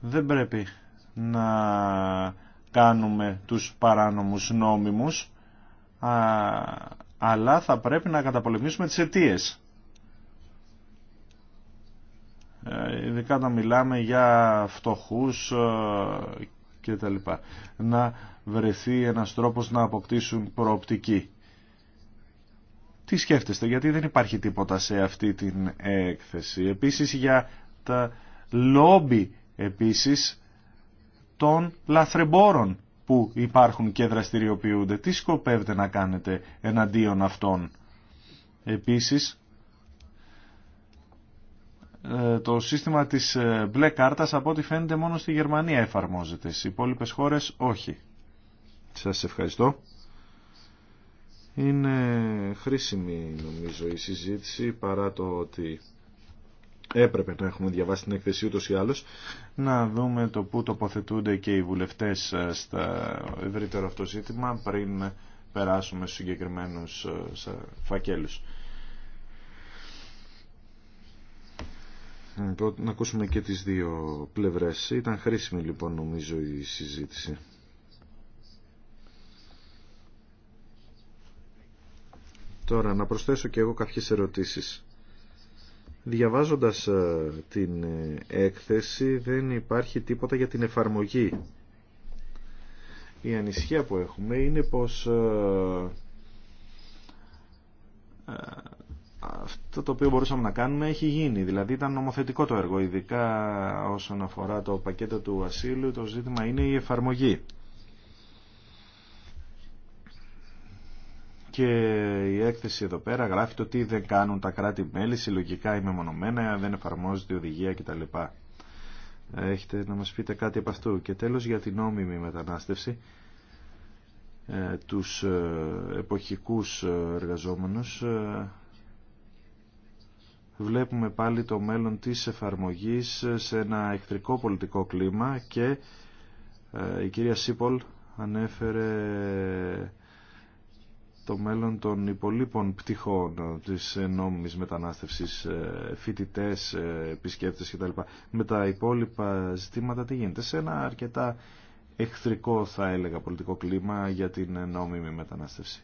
δεν πρέπει να κάνουμε τους παράνομους νόμιμους, αλλά θα πρέπει να καταπολεμήσουμε τις αιτίες. Ε, ειδικά να μιλάμε για φτωχούς ε, και τα λοιπά. Να βρεθεί ένας τρόπος να αποκτήσουν προοπτική. Τι σκέφτεστε, γιατί δεν υπάρχει τίποτα σε αυτή την έκθεση. Επίσης για τα λόμπι επίσης των λαθρεμπόρων που υπάρχουν και δραστηριοποιούνται. Τι σκοπεύετε να κάνετε εναντίον αυτών. Επίσης, ε, το σύστημα της ε, μπλε κάρτας από ό,τι φαίνεται μόνο στη Γερμανία εφαρμόζεται. Στις υπόλοιπες χώρες όχι. Σας ευχαριστώ. Είναι χρήσιμη νομίζω η συζήτηση παρά το ότι έπρεπε να έχουμε διαβάσει την εκθεσή ούτως ή άλλως να δούμε το που τοποθετούνται και οι βουλευτές ε, στα ευρύτερο αυτό ζήτημα πριν περάσουμε στους συγκεκριμένους φακέλους. να ακούσουμε και τις δύο πλευρές. Ήταν χρήσιμη λοιπόν νομίζω η συζήτηση. Τώρα να προσθέσω και εγώ κάποιες ερωτήσεις. Διαβάζοντας ε, την ε, έκθεση δεν υπάρχει τίποτα για την εφαρμογή. Η ανησυχία που έχουμε είναι πως ε, αυτό το οποίο μπορούσαμε να κάνουμε έχει γίνει. Δηλαδή ήταν νομοθετικό το έργο, ειδικά όσον αφορά το πακέτο του ασύλου, το ζήτημα είναι η εφαρμογή. Και η έκθεση εδώ πέρα γράφει το τι δεν κάνουν τα κράτη-μέλη, συλλογικά ή μεμονωμένα, δεν εφαρμόζεται η οδηγία κτλ. Έχετε να μας πείτε κάτι από αυτού. Και τέλος για την νόμιμη μετανάστευση ε, τους ε, εποχικούς ε, εργαζόμενους βλέπουμε πάλι το μέλλον της εφαρμογής σε ένα εχθρικό πολιτικό κλίμα και ε, η κυρία Σίπολ ανέφερε το μέλλον των υπολείπων πτυχών ε, της ε, νόμιμης μετανάστευσης, φοιτητές, επισκέπτες κτλ. Με τα υπόλοιπα ζητήματα τι γίνεται. Σε ένα αρκετά εχθρικό θα έλεγα πολιτικό κλίμα για την νόμιμη μετανάστευση.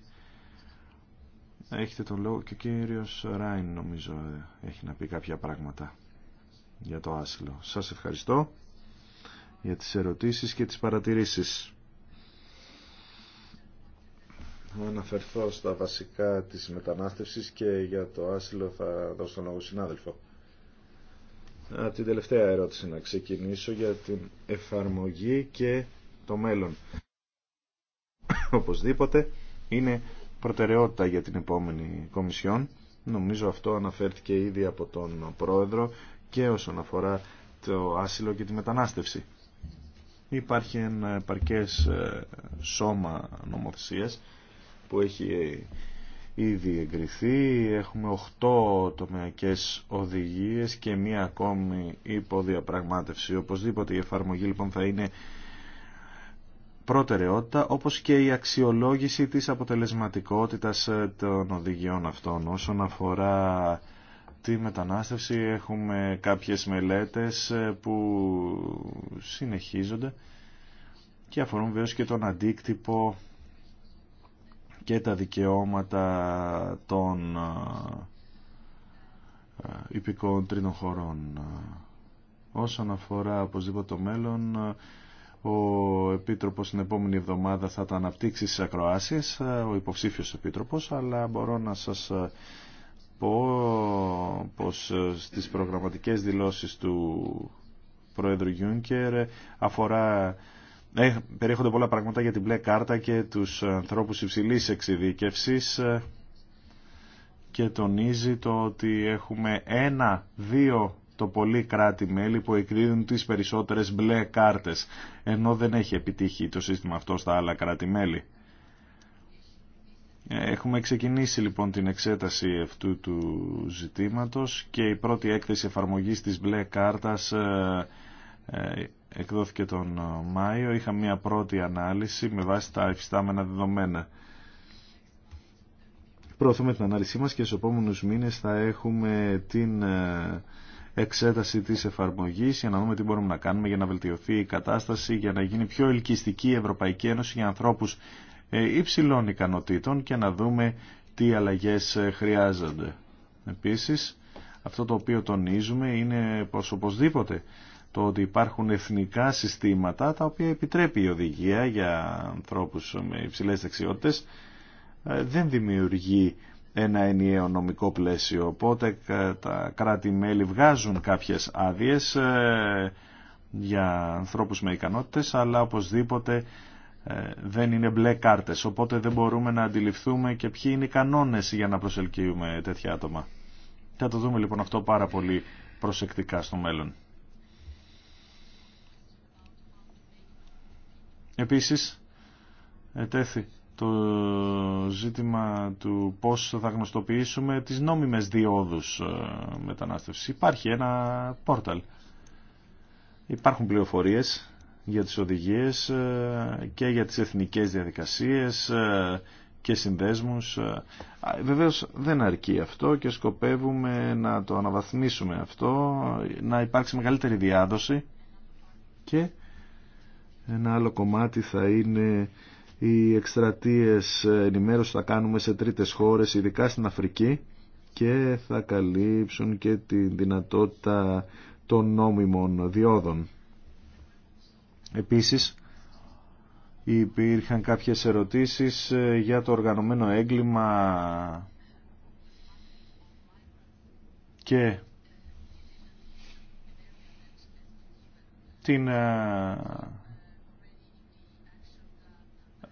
Έχετε τον λόγο και ο κύριος Ράιν νομίζω έχει να πει κάποια πράγματα για το άσυλο. Σας ευχαριστώ για τις ερωτήσεις και τις παρατηρήσεις. Θα αναφερθώ στα βασικά της μετανάστευσης και για το άσυλο θα δώσω τον λόγο συνάδελφο. Από την τελευταία ερώτηση να ξεκινήσω για την εφαρμογή και το μέλλον. Οπωσδήποτε είναι προτεραιότητα για την επόμενη Κομισιόν. Νομίζω αυτό αναφέρθηκε ήδη από τον Πρόεδρο και όσον αφορά το άσυλο και τη μετανάστευση. Υπάρχει ένα επαρκές ε, σώμα νομοθεσίας που έχει ε, ήδη εγκριθεί. Έχουμε 8 τομεακές οδηγίες και μία ακόμη υποδιαπραγμάτευση. Οπωσδήποτε η εφαρμογή λοιπόν θα είναι προτεραιότητα όπως και η αξιολόγηση της αποτελεσματικότητας ε, των οδηγιών αυτών. Όσον αφορά τη μετανάστευση έχουμε κάποιες μελέτες ε, που συνεχίζονται και αφορούν βέβαια και τον αντίκτυπο και τα δικαιώματα των ε, υπηκών τρίτων χωρών. Όσον αφορά οπωσδήποτε το μέλλον, ο Επίτροπος την επόμενη εβδομάδα θα τα αναπτύξει στις ακροάσεις, ε, ο υποψήφιος Επίτροπος, αλλά μπορώ να σας ε, πω πως ε, στις προγραμματικές δηλώσεις του Πρόεδρου Γιούνκερ αφορά... Ε, περιέχονται πολλά πράγματα για την μπλε κάρτα και τους ανθρώπους υψηλής εξειδίκευσης και τονίζει το ότι έχουμε ένα, δύο το πολύ κράτη-μέλη που εκδίδουν τις περισσότερες μπλε κάρτες, ενώ δεν έχει επιτύχει το σύστημα αυτό στα άλλα κράτη-μέλη. Έχουμε ξεκινήσει λοιπόν την εξέταση αυτού του ζητήματος και η πρώτη έκθεση εφαρμογής της μπλε κάρτας ε, ε, εκδόθηκε τον Μάιο. Είχα μια πρώτη ανάλυση με βάση τα εφιστάμενα δεδομένα. Προωθούμε την ανάλυση μας και στους επόμενους μήνες θα έχουμε την ε, εξέταση της εφαρμογής για να δούμε τι μπορούμε να κάνουμε για να βελτιωθεί η κατάσταση, για να γίνει πιο ελκυστική η Ευρωπαϊκή Ένωση για ανθρώπους ε, υψηλών ικανοτήτων και να δούμε τι αλλαγές ε, χρειάζονται. Επίσης, αυτό το οποίο τονίζουμε είναι πως οπωσδήποτε το ότι υπάρχουν εθνικά συστήματα τα οποία επιτρέπει η οδηγία για ανθρώπους με υψηλές δεξιότητες ε, δεν δημιουργεί ένα ενιαίο νομικό πλαίσιο. Οπότε τα κράτη-μέλη βγάζουν κάποιες άδειες ε, για ανθρώπους με ικανότητες, αλλά οπωσδήποτε ε, δεν είναι μπλε κάρτες, οπότε δεν μπορούμε να αντιληφθούμε και ποιοι είναι οι κανόνες για να προσελκύουμε τέτοια άτομα. Θα το δούμε λοιπόν αυτό πάρα πολύ προσεκτικά στο μέλλον. Επίσης, ετέθη το ζήτημα του πώς θα γνωστοποιήσουμε τις νόμιμες διόδους ε, μετανάστευσης. Υπάρχει ένα πόρταλ. Υπάρχουν πληροφορίες για τις οδηγίες ε, και για τις εθνικές διαδικασίες ε, και συνδέσμους. Βεβαίως δεν αρκεί αυτό και σκοπεύουμε να το αναβαθμίσουμε αυτό, να υπάρξει μεγαλύτερη διάδοση και ένα άλλο κομμάτι θα είναι οι εκστρατείες ενημέρωση θα κάνουμε σε τρίτες χώρες, ειδικά στην Αφρική και θα καλύψουν και τη δυνατότητα των νόμιμων διόδων. Επίσης, υπήρχαν κάποιες ερωτήσεις ε, για το οργανωμένο έγκλημα και την ε,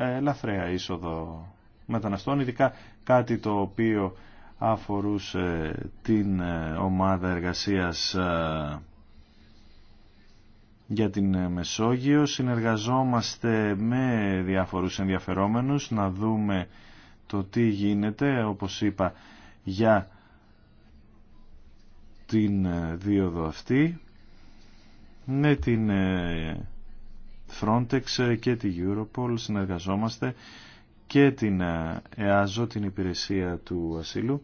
ελαφρέα είσοδο μεταναστών, ειδικά κάτι το οποίο αφορούσε την ε, ομάδα εργασίας ε, για την ε, Μεσόγειο. Συνεργαζόμαστε με διάφορους ενδιαφερόμενους να δούμε το τι γίνεται, όπως είπα, για την δίωδο αυτή με την Frontex και τη Europol συνεργαζόμαστε και την ε, ΕΑΖΟ, την υπηρεσία του ασύλου,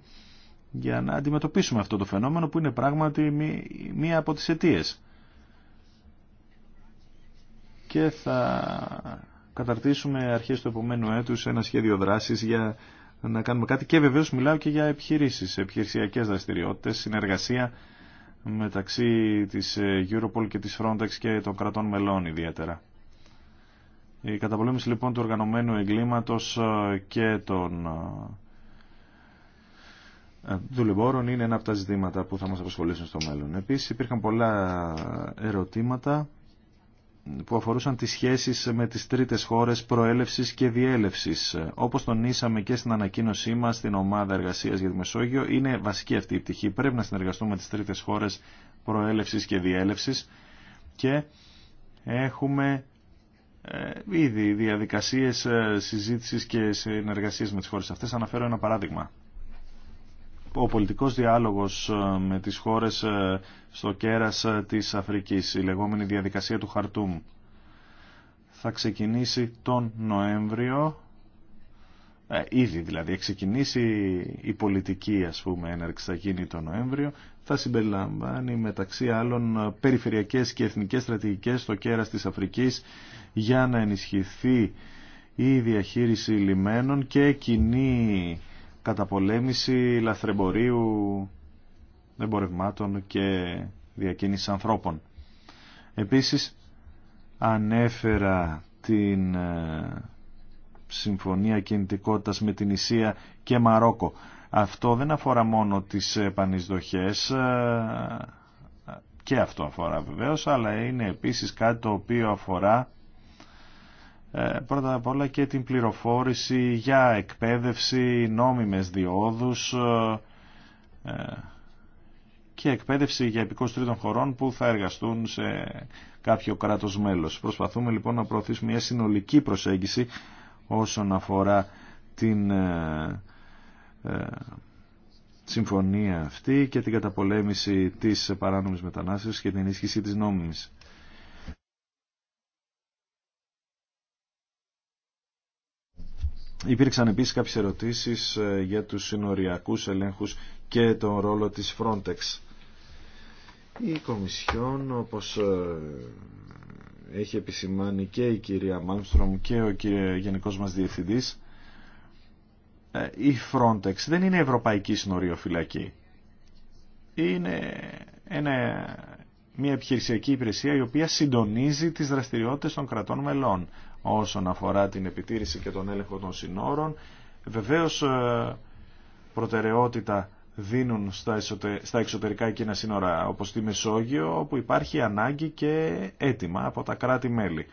για να αντιμετωπίσουμε αυτό το φαινόμενο που είναι πράγματι μία από τις αιτίε. Και θα καταρτήσουμε αρχές του επομένου έτους ένα σχέδιο δράσης για να κάνουμε κάτι και βεβαίως μιλάω και για επιχειρήσεις, επιχειρησιακές δραστηριότητες, συνεργασία μεταξύ της ε, Europol και της Frontex και των κρατών μελών ιδιαίτερα. Η καταπολέμηση λοιπόν του οργανωμένου εγκλήματος ε, και των ε, δουλεμπόρων είναι ένα από τα ζητήματα που θα μας απασχολήσουν στο μέλλον. Επίσης υπήρχαν πολλά ερωτήματα που αφορούσαν τις σχέσεις με τις τρίτες χώρες προέλευσης και διέλευσης. Όπως τονίσαμε και στην ανακοίνωσή μας στην ομάδα εργασίας για τη Μεσόγειο, είναι βασική αυτή η πτυχή. Πρέπει να συνεργαστούμε με τις τρίτες χώρες προέλευσης και διέλευσης και έχουμε ε, ήδη διαδικασίες ε, συζήτησης και συνεργασίες με τις χώρες αυτές. Αναφέρω ένα παράδειγμα. Ο πολιτικός διάλογος ε, με τις χώρες στο κέρας της Αφρικής, η λεγόμενη διαδικασία του Χαρτούμ, θα ξεκινήσει τον Νοέμβριο ε, ήδη δηλαδή, ξεκινήσει η πολιτική ας πούμε έναρξη θα γίνει το Νοέμβριο, θα συμπεριλαμβάνει μεταξύ άλλων περιφερειακές και εθνικές στρατηγικές στο κέρας της Αφρικής για να ενισχυθεί η διαχείριση λιμένων και κοινή καταπολέμηση λαθρεμπορίου εμπορευμάτων και διακίνηση ανθρώπων. Επίσης ανέφερα την ε, συμφωνία κινητικότητας με την Ισία και Μαρόκο. Αυτό δεν αφορά μόνο τις επανεισδοχές, ε, και αυτό αφορά βεβαίως, αλλά είναι επίσης κάτι το οποίο αφορά ε, πρώτα απ' όλα και την πληροφόρηση για εκπαίδευση, νόμιμες διόδους ε, και εκπαίδευση για επικοστρίτων τρίτων χωρών που θα εργαστούν σε κάποιο κράτος μέλος. Προσπαθούμε λοιπόν να προωθήσουμε μια συνολική προσέγγιση όσον αφορά την ε, ε, συμφωνία αυτή και την καταπολέμηση της παράνομης μετανάστευσης και την ενίσχυση της νόμιμης. Υπήρξαν επίσης κάποιες ερωτήσεις ε, για τους συνοριακούς ελέγχους και τον ρόλο της Frontex. Η Κομισιόν, όπως έχει επισημάνει και η κυρία Μάλμστρομ και ο κύριε Γενικός μας Διευθυντής, ε, η Frontex δεν είναι ευρωπαϊκή συνοριοφυλακή. Είναι ένα, μια επιχειρησιακή υπηρεσία η οποία συντονίζει τις δραστηριότητες των κρατών μελών όσον αφορά την επιτήρηση και τον έλεγχο των συνόρων. Βεβαίως ε, προτεραιότητα δίνουν στα εξωτερικά εκείνα σύνορα όπως τη Μεσόγειο όπου υπάρχει ανάγκη και έτοιμα από τα κράτη-μέλη.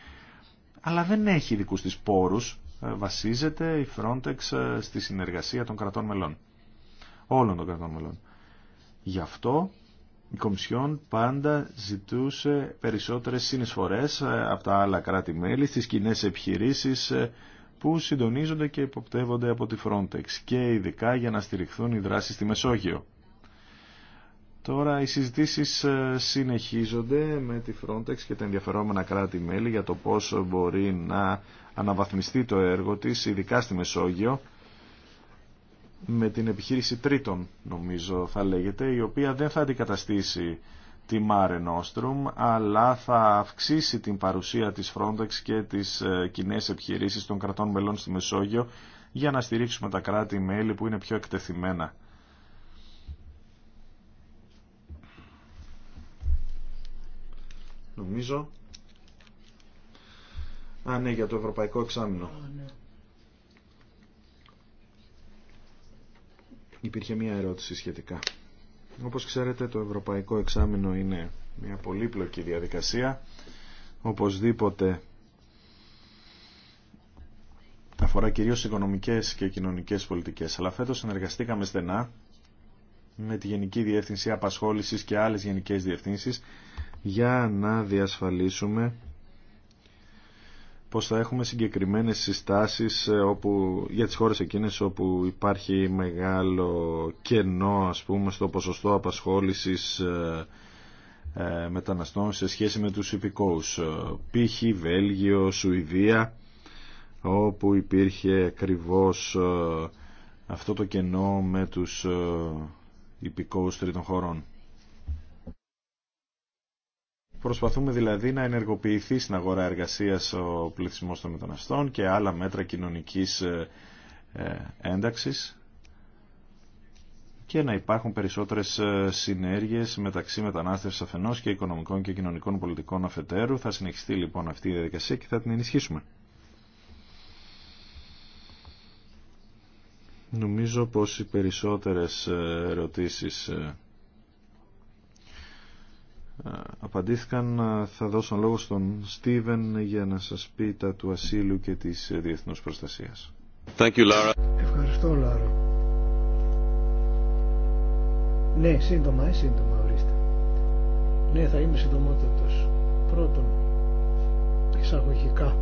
Αλλά δεν έχει δίκου της πόρους, ε, βασίζεται η Frontex ε, στη συνεργασία των κρατών μελών. Όλων των κρατών μελών. Γι' αυτό η Κομισιόν πάντα ζητούσε περισσότερες συνεισφορές ε, από τα άλλα κράτη-μέλη στις κοινέ επιχειρήσεις που συντονίζονται και υποπτεύονται από τη Frontex και ειδικά για να στηριχθούν οι δράσεις στη Μεσόγειο. Τώρα οι συζητήσεις ε, συνεχίζονται με τη Frontex και τα ενδιαφερόμενα κράτη-μέλη για το πόσο μπορεί να αναβαθμιστεί το έργο της, ειδικά στη Μεσόγειο, με την επιχείρηση τρίτων, νομίζω θα λέγεται, η οποία δεν θα αντικαταστήσει τη Mare Nostrum, αλλά θα αυξήσει την παρουσία της Frontex και τις ε, κοινέ επιχειρήσεις των κρατών μελών στη Μεσόγειο για να στηρίξουμε τα κράτη-μέλη που είναι πιο εκτεθειμένα. Νομίζω. Α, ναι, για το Ευρωπαϊκό Εξάμεινο. Ναι. Υπήρχε μία ερώτηση σχετικά. Όπως ξέρετε το Ευρωπαϊκό Εξάμεινο είναι μια πολύπλοκη διαδικασία. Οπωσδήποτε αφορά κυρίως οικονομικές και κοινωνικές πολιτικές. Αλλά φέτος συνεργαστήκαμε στενά με τη Γενική Διεύθυνση Απασχόλησης και άλλες γενικές διευθύνσεις για να διασφαλίσουμε πως θα έχουμε συγκεκριμένες συστάσεις ε, όπου, για τις χώρες εκείνες όπου υπάρχει μεγάλο κενό ας πούμε στο ποσοστό απασχόλησης ε, ε, μεταναστών σε σχέση με τους υπηκόους π.χ. Βέλγιο, Σουηδία όπου υπήρχε ακριβώ αυτό το κενό με τους υπηκόους τρίτων χωρών Προσπαθούμε δηλαδή να ενεργοποιηθεί στην αγορά εργασίας ο πληθυσμός των μεταναστών και άλλα μέτρα κοινωνικής ε, ε, ένταξης και να υπάρχουν περισσότερες ε, συνέργειες μεταξύ μετανάστευσης αφενός και οικονομικών και κοινωνικών πολιτικών αφετέρου. Θα συνεχιστεί λοιπόν αυτή η διαδικασία και θα την ενισχύσουμε. Νομίζω πως οι περισσότερες ερωτήσεις απαντήθηκαν. Θα δώσω λόγο στον Στίβεν για να σας πει τα του ασύλου και της ε, διεθνούς προστασίας. Thank you, Lara. Ευχαριστώ, Λάρα. Ναι, σύντομα, ε, σύντομα, ορίστε. Ναι, θα είμαι συντομότατος. Πρώτον, εισαγωγικά.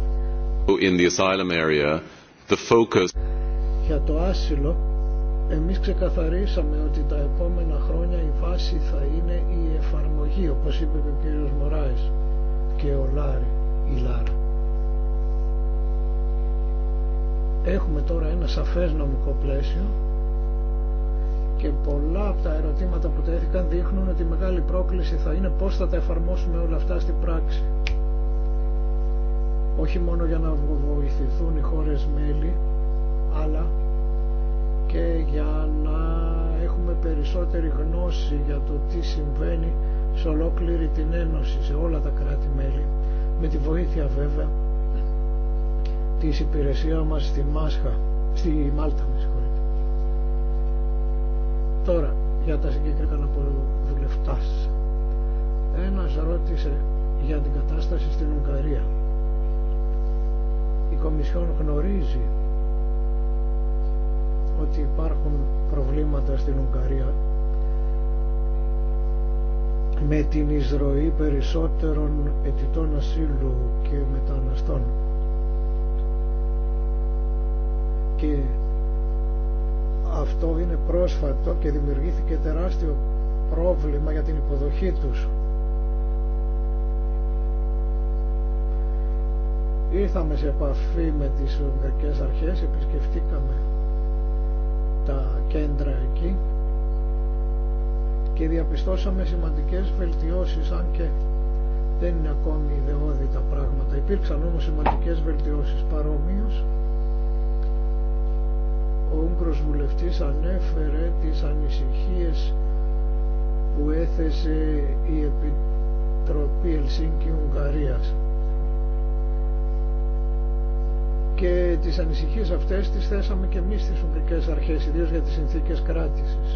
In the area, the focus... Για το άσυλο, εμείς ξεκαθαρίσαμε ότι τα επόμενα χρόνια η βάση θα είναι η εφαρμογή, όπως είπε και ο κύριος Μωράης και ο Λάρη, η Λάρα. Έχουμε τώρα ένα σαφές νομικό πλαίσιο και πολλά από τα ερωτήματα που τέθηκαν δείχνουν ότι η μεγάλη πρόκληση θα είναι πώς θα τα εφαρμόσουμε όλα αυτά στην πράξη. Όχι μόνο για να βοηθηθούν οι χώρες μέλη, αλλά και για να έχουμε περισσότερη γνώση για το τι συμβαίνει σε ολόκληρη την Ένωση, σε όλα τα κράτη-μέλη, με τη βοήθεια βέβαια της υπηρεσία μας στη Μάσχα, στη Μάλτα, με συγχωρείτε. Τώρα, για τα συγκεκριμένα από δουλευτάς Ένας ρώτησε για την κατάσταση στην Ουγγαρία. Η Κομισιόν γνωρίζει ότι υπάρχουν προβλήματα στην Ουγγαρία με την εισρωή περισσότερων αιτητών ασύλου και μεταναστών. Και αυτό είναι πρόσφατο και δημιουργήθηκε τεράστιο πρόβλημα για την υποδοχή τους. Ήρθαμε σε επαφή με τις Ουγγαρικές αρχές, επισκεφτήκαμε κέντρα εκεί και διαπιστώσαμε σημαντικές βελτιώσεις αν και δεν είναι ακόμη ιδεώδη τα πράγματα. Υπήρξαν όμως σημαντικές βελτιώσεις παρομοίως. Ο Ούγκρος βουλευτής ανέφερε τις ανησυχίες που έθεσε η Επιτροπή Ελσίνκη Ουγγαρίας. και τις ανησυχίες αυτές τις θέσαμε και εμείς στις Ουγγρικές Αρχές, ιδίως για τις συνθήκες κράτησης.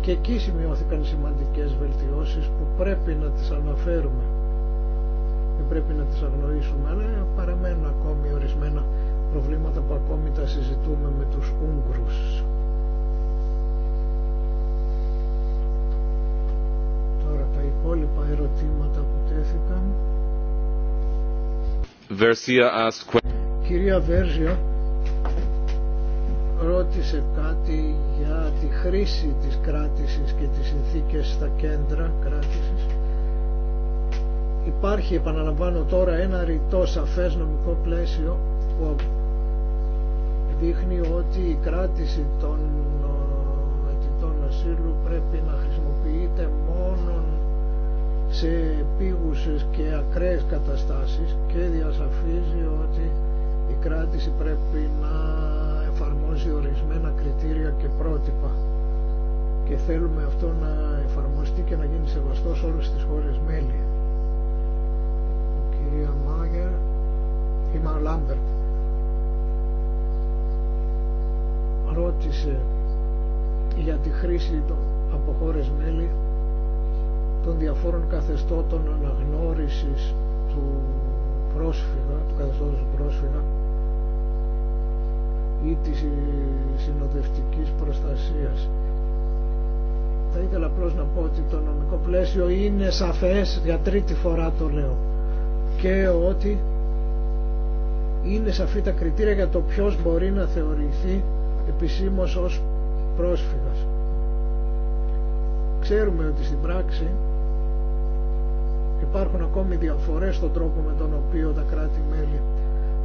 Και εκεί σημειώθηκαν σημαντικές βελτιώσεις που πρέπει να τις αναφέρουμε. Δεν πρέπει να τις αγνοήσουμε, αλλά παραμένουν ακόμη ορισμένα προβλήματα που ακόμη τα συζητούμε με τους Ούγγρους. Τώρα τα υπόλοιπα ερωτήματα που τέθηκαν. Versia asked κυρία Βέρζιο ρώτησε κάτι για τη χρήση της κράτησης και τις συνθήκες στα κέντρα κράτησης. Υπάρχει, επαναλαμβάνω τώρα, ένα ρητό σαφές νομικό πλαίσιο που δείχνει ότι η κράτηση των ε, αιτητών ασύλου πρέπει να χρησιμοποιείται μόνο σε επίγουσες και ακραίες καταστάσεις και διασαφίζει ότι η κράτηση πρέπει να εφαρμόζει ορισμένα κριτήρια και πρότυπα και θέλουμε αυτό να εφαρμοστεί και να γίνει σεβαστό σε όλες τις χώρες μέλη. Η κυρία Μάγερ, η Μα Λάμπερτ, ρώτησε για τη χρήση των, από χώρες μέλη των διαφόρων καθεστώτων αναγνώρισης του πρόσφυγα, του καθεστώτος του πρόσφυγα ή της συνοδευτικής προστασίας. Θα ήθελα απλώ να πω ότι το νομικό πλαίσιο είναι σαφές, για τρίτη φορά το λέω, και ότι είναι σαφή τα κριτήρια για το ποιος μπορεί να θεωρηθεί επισήμως ως πρόσφυγας. Ξέρουμε ότι στην πράξη υπάρχουν ακόμη διαφορές στον τρόπο με τον οποίο τα κράτη-μέλη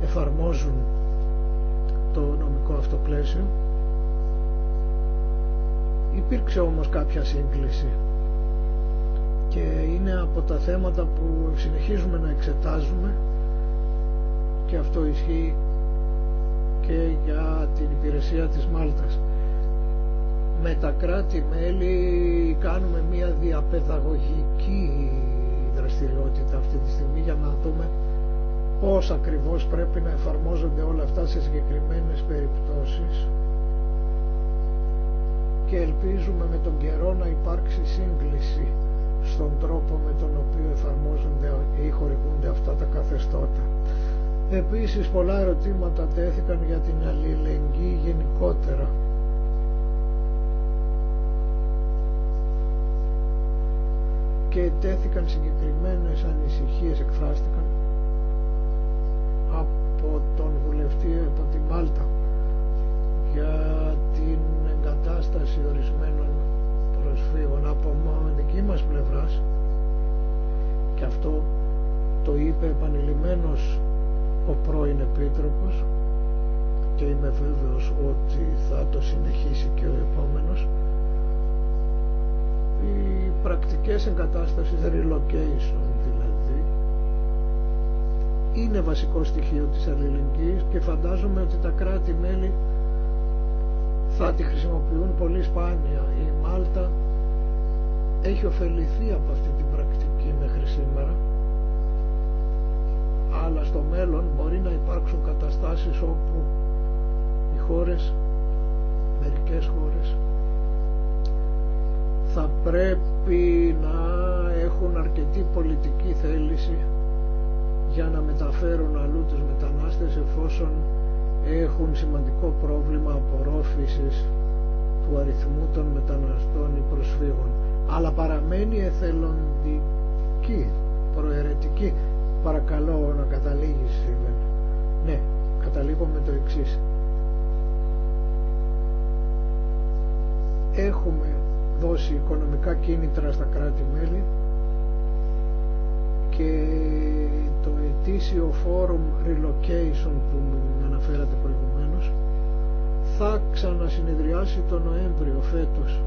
εφαρμόζουν το νομικό αυτό Υπήρξε όμως κάποια σύγκληση και είναι από τα θέματα που συνεχίζουμε να εξετάζουμε και αυτό ισχύει και για την υπηρεσία της Μάλτας. Με τα κράτη-μέλη κάνουμε μια διαπαιδαγωγική δραστηριότητα αυτή τη στιγμή για να δούμε πώς ακριβώς πρέπει να εφαρμόζονται όλα αυτά σε συγκεκριμένες περιπτώσεις και ελπίζουμε με τον καιρό να υπάρξει σύγκληση στον τρόπο με τον οποίο εφαρμόζονται ή χορηγούνται αυτά τα καθεστώτα. Επίσης πολλά ερωτήματα τέθηκαν για την αλληλεγγύη γενικότερα. και τέθηκαν συγκεκριμένες ανησυχίες, εκφράστηκαν από τον βουλευτή από την Μάλτα για την εγκατάσταση ορισμένων προσφύγων από δική μας πλευράς και αυτό το είπε επανειλημμένος ο πρώην Επίτροπος και είμαι βέβαιος ότι θα το συνεχίσει και ο επόμενος οι πρακτικές εγκατάστασης relocation είναι βασικό στοιχείο της αλληλεγγύης και φαντάζομαι ότι τα κράτη-μέλη θα τη χρησιμοποιούν πολύ σπάνια. Η Μάλτα έχει ωφεληθεί από αυτή την πρακτική μέχρι σήμερα αλλά στο μέλλον μπορεί να υπάρξουν καταστάσεις όπου οι χώρες, μερικές χώρες, θα πρέπει να έχουν αρκετή πολιτική θέληση για να μεταφέρουν αλλού τους μετανάστες εφόσον έχουν σημαντικό πρόβλημα απορρόφησης του αριθμού των μεταναστών ή προσφύγων. Αλλά παραμένει εθελοντική, προαιρετική. Παρακαλώ να καταλήγεις, Σίβεν. Ναι, καταλήγω με το εξής. Έχουμε δώσει οικονομικά κίνητρα στα κράτη-μέλη και το ετήσιο forum relocation που αναφέρατε προηγουμένως θα ξανασυνεδριάσει το Νοέμβριο φέτος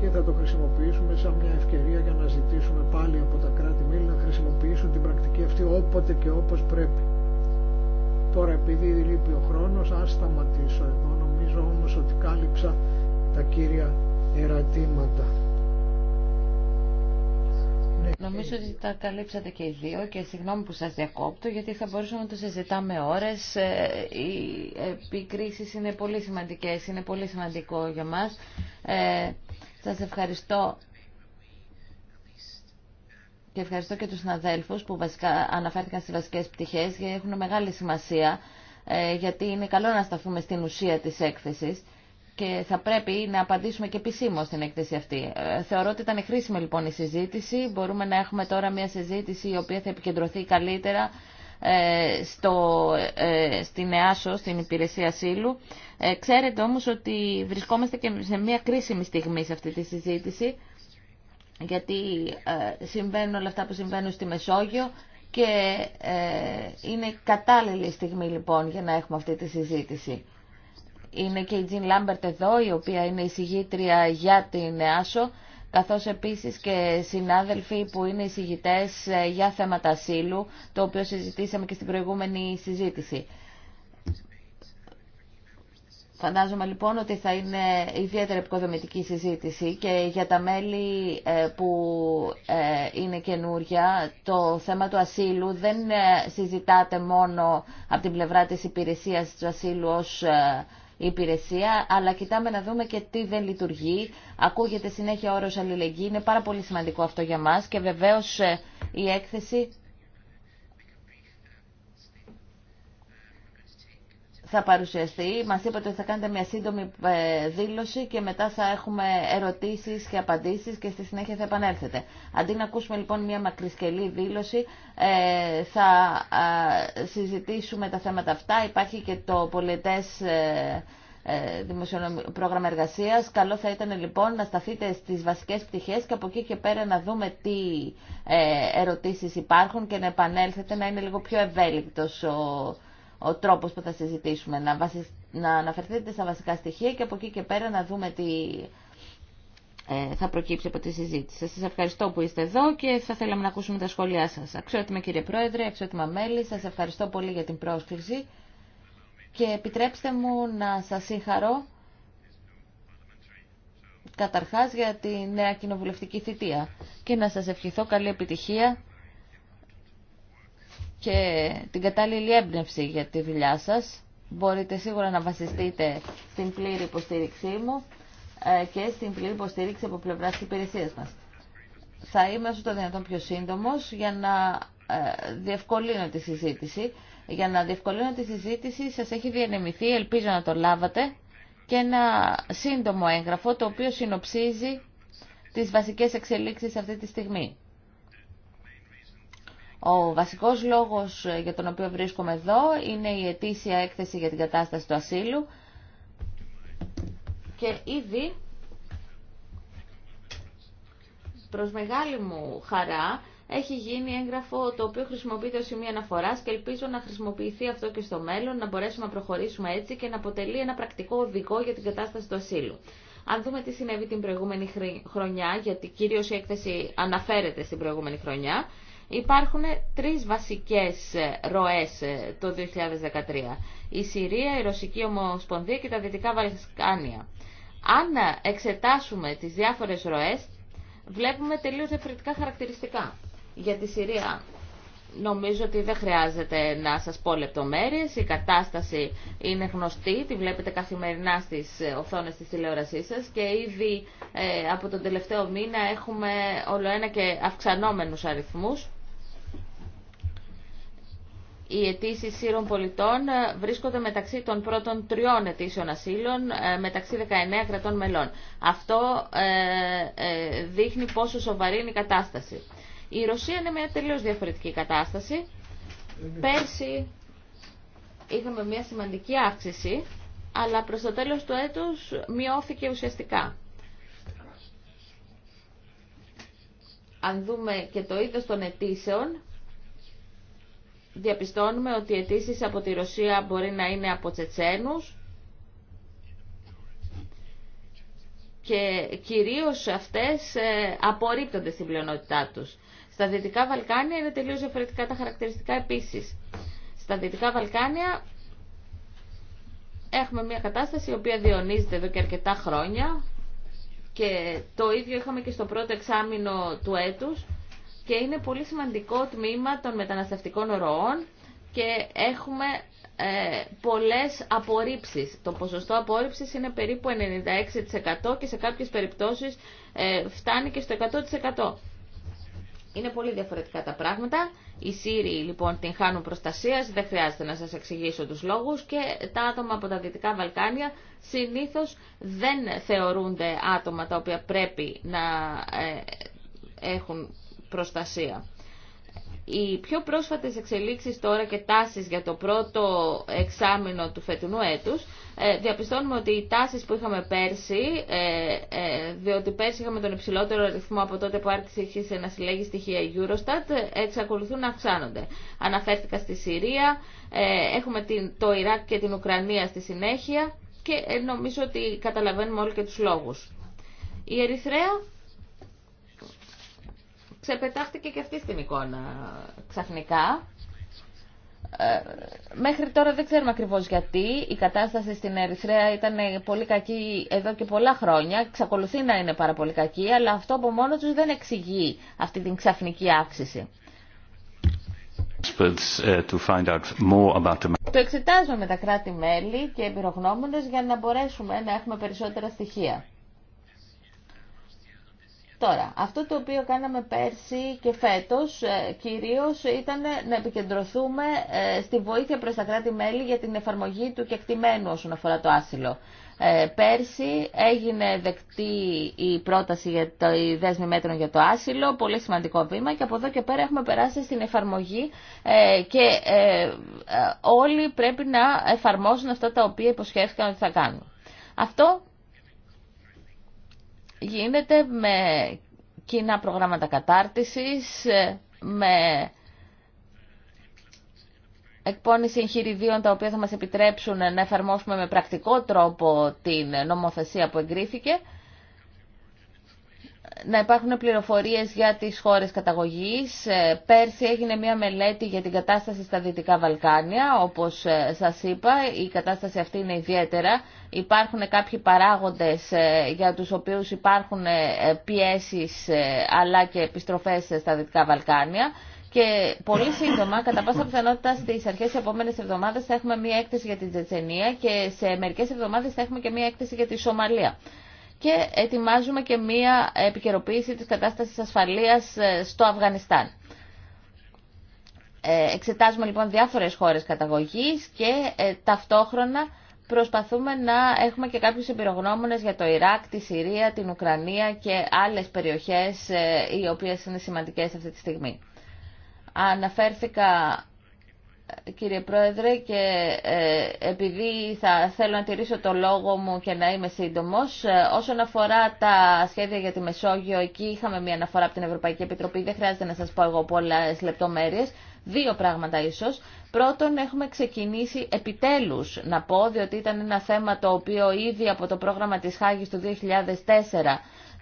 και θα το χρησιμοποιήσουμε σαν μια ευκαιρία για να ζητήσουμε πάλι από τα κράτη-μέλη να χρησιμοποιήσουν την πρακτική αυτή όποτε και όπως πρέπει. Τώρα επειδή λείπει ο χρόνος ας σταματήσω εδώ νομίζω όμως ότι κάλυψα τα κύρια ερατήματα. Νομίζω ότι τα καλύψατε και οι δύο και συγγνώμη που σας διακόπτω γιατί θα μπορούσαμε να το συζητάμε ώρες. Ε, οι επικρίσεις είναι πολύ σημαντικές, είναι πολύ σημαντικό για μας. Ε, σας ευχαριστώ και ευχαριστώ και τους συναδέλφους που βασικά αναφέρθηκαν στις βασικές πτυχές γιατί έχουν μεγάλη σημασία ε, γιατί είναι καλό να σταθούμε στην ουσία της έκθεσης και θα πρέπει να απαντήσουμε και επισήμω στην έκθεση αυτή. Ε, θεωρώ ότι ήταν χρήσιμη λοιπόν η συζήτηση. Μπορούμε να έχουμε τώρα μια συζήτηση η οποία θα επικεντρωθεί καλύτερα ε, στο, ε, στην ΕΑΣΟ, στην Υπηρεσία Σύλλου. ξέρετε όμως ότι βρισκόμαστε και σε μια κρίσιμη στιγμή σε αυτή τη συζήτηση γιατί συμβαίνουν όλα αυτά που συμβαίνουν στη Μεσόγειο και είναι κατάλληλη στιγμή λοιπόν για να έχουμε αυτή τη συζήτηση. Είναι και η Τζιν Λάμπερτ εδώ, η οποία είναι η για την ΕΑΣΟ, καθώς επίσης και συνάδελφοι που είναι εισηγητές ε, για θέματα ασύλου, το οποίο συζητήσαμε και στην προηγούμενη συζήτηση. Φαντάζομαι λοιπόν ότι θα είναι ιδιαίτερα επικοδομητική συζήτηση και για τα μέλη ε, που ε, είναι καινούρια το θέμα του ασύλου δεν συζητάται μόνο από την πλευρά της υπηρεσίας του ασύλου ως υπηρεσία, αλλά κοιτάμε να δούμε και τι δεν λειτουργεί. Ακούγεται συνέχεια όρος αλληλεγγύη, είναι πάρα πολύ σημαντικό αυτό για μας και βεβαίως ε, η έκθεση θα παρουσιαστεί. Μας είπατε ότι θα κάνετε μια σύντομη ε, δήλωση και μετά θα έχουμε ερωτήσεις και απαντήσεις και στη συνέχεια θα επανέλθετε. Αντί να ακούσουμε λοιπόν μια μακρισκελή δήλωση, ε, θα ε, συζητήσουμε τα θέματα αυτά. Υπάρχει και το πολιτές πρόγραμμα εργασίας. Καλό θα ήταν λοιπόν να σταθείτε στις βασικές πτυχές και από εκεί και πέρα να δούμε τι ερωτήσεις υπάρχουν και να επανέλθετε, να είναι λίγο πιο ευέλικτος ο ο τρόπος που θα συζητήσουμε. Να, βασι... να αναφερθείτε στα βασικά στοιχεία και από εκεί και πέρα να δούμε τι ε, θα προκύψει από τη συζήτηση. Σας ευχαριστώ που είστε εδώ και θα θέλαμε να ακούσουμε τα σχόλιά σας. Αξιότιμα κύριε Πρόεδρε, αξιότιμα μέλη, σας ευχαριστώ πολύ για την πρόσκληση και επιτρέψτε μου να σας συγχαρώ καταρχάς για τη νέα κοινοβουλευτική θητεία και να σας ευχηθώ καλή επιτυχία και την κατάλληλη έμπνευση για τη δουλειά σας. Μπορείτε σίγουρα να βασιστείτε στην πλήρη υποστήριξή μου ε, και στην πλήρη υποστήριξη από πλευρά της υπηρεσίας μας. Θα είμαι όσο το δυνατόν πιο σύντομος για να ε, διευκολύνω τη συζήτηση. Για να διευκολύνω τη συζήτηση σας έχει διανεμηθεί, ελπίζω να το λάβατε, και ένα σύντομο έγγραφο το οποίο συνοψίζει τις βασικές εξελίξεις αυτή τη στιγμή. Ο βασικός λόγος ε, για τον οποίο βρίσκομαι εδώ είναι η ετήσια έκθεση για την κατάσταση του ασύλου και ήδη προς μεγάλη μου χαρά έχει γίνει έγγραφο το οποίο χρησιμοποιείται ως σημείο αναφοράς και ελπίζω να χρησιμοποιηθεί αυτό και στο μέλλον, να μπορέσουμε να προχωρήσουμε έτσι και να αποτελεί ένα πρακτικό οδηγό για την κατάσταση του ασύλου. Αν δούμε τι συνέβη την προηγούμενη χρονιά, γιατί κυρίως η έκθεση αναφέρεται στην προηγούμενη χρονιά, Υπάρχουν τρεις βασικές ροές ε, το 2013. Η Συρία, η Ρωσική Ομοσπονδία και τα Δυτικά Βαλκάνια. Αν εξετάσουμε τις διάφορες ροές, βλέπουμε τελείως διαφορετικά χαρακτηριστικά. Για τη Συρία νομίζω ότι δεν χρειάζεται να σας πω λεπτομέρειες. Η κατάσταση είναι γνωστή, τη βλέπετε καθημερινά στις οθόνες της τηλεόρασής σας και ήδη ε, από τον τελευταίο μήνα έχουμε όλο ένα και αυξανόμενους αριθμούς οι αιτήσει σύρων πολιτών ε, βρίσκονται μεταξύ των πρώτων τριών αιτήσεων ασύλων ε, μεταξύ 19 κρατών μελών. Αυτό ε, δείχνει πόσο σοβαρή είναι η κατάσταση. Η Ρωσία είναι μια τελείως διαφορετική κατάσταση. Πέρσι είχαμε μια σημαντική αύξηση, αλλά προς το τέλος του έτους μειώθηκε ουσιαστικά. Αν δούμε και το είδος των αιτήσεων, διαπιστώνουμε ότι οι αιτήσει από τη Ρωσία μπορεί να είναι από Τσετσένους και κυρίως αυτές ε, απορρίπτονται στην πλειονότητά τους. Στα Δυτικά Βαλκάνια είναι τελείως διαφορετικά τα χαρακτηριστικά επίσης. Στα Δυτικά Βαλκάνια έχουμε μια κατάσταση η οποία διονύζεται εδώ και αρκετά χρόνια και το ίδιο είχαμε και στο πρώτο εξάμεινο του έτους και είναι πολύ σημαντικό τμήμα των μεταναστευτικών ροών και έχουμε ε, πολλές απορρίψεις. Το ποσοστό απορρίψης είναι περίπου 96% και σε κάποιες περιπτώσεις ε, φτάνει και στο 100%. Είναι πολύ διαφορετικά τα πράγματα. Οι Σύριοι λοιπόν την χάνουν προστασίας, δεν χρειάζεται να σας εξηγήσω τους λόγους και τα άτομα από τα Δυτικά Βαλκάνια συνήθως δεν θεωρούνται άτομα τα οποία πρέπει να ε, έχουν προστασία. Οι πιο πρόσφατες εξελίξεις τώρα και τάσεις για το πρώτο εξάμεινο του φετινού έτους ε, διαπιστώνουμε ότι οι τάσεις που είχαμε πέρσι, ε, ε, διότι πέρσι είχαμε τον υψηλότερο αριθμό από τότε που άρχισε να συλλέγει στοιχεία η Eurostat, εξακολουθούν να αυξάνονται. Αναφέρθηκα στη Συρία, έχουμε το Ιράκ και την Ουκρανία στη συνέχεια και νομίζω ότι καταλαβαίνουμε όλοι και τους λόγους. Η Ερυθρέα ξεπετάχτηκε και αυτή στην εικόνα ξαφνικά. Ε, μέχρι τώρα δεν ξέρουμε ακριβώς γιατί. Η κατάσταση στην Ερυθρέα ήταν πολύ κακή εδώ και πολλά χρόνια. Ξακολουθεί να είναι πάρα πολύ κακή, αλλά αυτό από μόνο τους δεν εξηγεί αυτή την ξαφνική αύξηση. Ε, Το εξετάζουμε με τα κράτη-μέλη και εμπειρογνώμονες για να μπορέσουμε να έχουμε περισσότερα στοιχεία. Τώρα, αυτό το οποίο κάναμε πέρσι και φέτος ε, κυρίως ήταν να επικεντρωθούμε ε, στη βοήθεια προς τα κράτη-μέλη για την εφαρμογή του κεκτημένου όσον αφορά το άσυλο. Ε, πέρσι έγινε δεκτή η πρόταση για το η δέσμη μέτρων για το άσυλο, πολύ σημαντικό βήμα και από εδώ και πέρα έχουμε περάσει στην εφαρμογή και όλοι πρέπει να εφαρμόσουν αυτά τα οποία υποσχέθηκαν ότι θα κάνουν. Αυτό γίνεται με κοινά προγράμματα κατάρτισης, με εκπόνηση εγχειριδίων τα οποία θα μας επιτρέψουν να εφαρμόσουμε με πρακτικό τρόπο την νομοθεσία που εγκρίθηκε να υπάρχουν πληροφορίες για τις χώρες καταγωγής. Ε, πέρσι έγινε μια μελέτη για την κατάσταση στα Δυτικά Βαλκάνια. Όπως ε, σας είπα, η κατάσταση αυτή είναι ιδιαίτερα. Υπάρχουν κάποιοι παράγοντες ε, για τους οποίους υπάρχουν πιέσεις αλλά και επιστροφές στα Δυτικά Βαλκάνια. Και πολύ σύντομα, κατά πάσα πιθανότητα στι αρχέ τη επόμενη εβδομάδα θα έχουμε μία έκθεση για την Τσετσενία και σε μερικέ εβδομάδε θα έχουμε και μία έκθεση για τη Σομαλία και ετοιμάζουμε και μία επικαιροποίηση της κατάστασης ασφαλείας ε, στο Αφγανιστάν. Ε, εξετάζουμε λοιπόν διάφορες χώρες καταγωγής και ε, ταυτόχρονα προσπαθούμε να έχουμε και κάποιους εμπειρογνώμονες για το Ιράκ, τη Συρία, την Ουκρανία και άλλες περιοχές οι οποίες είναι σημαντικές αυτή τη στιγμή. Αναφέρθηκα κύριε Πρόεδρε και ε, επειδή θα θέλω να τηρήσω το λόγο μου και να είμαι σύντομος, ε, όσον αφορά τα σχέδια για τη Μεσόγειο, εκεί είχαμε μια αναφορά από την Ευρωπαϊκή Επιτροπή, δεν χρειάζεται να σας πω εγώ πολλές λεπτομέρειες, δύο πράγματα ίσως. Πρώτον, έχουμε ξεκινήσει επιτέλους να πω, διότι ήταν ένα θέμα το οποίο ήδη από το πρόγραμμα της Χάγης του 2004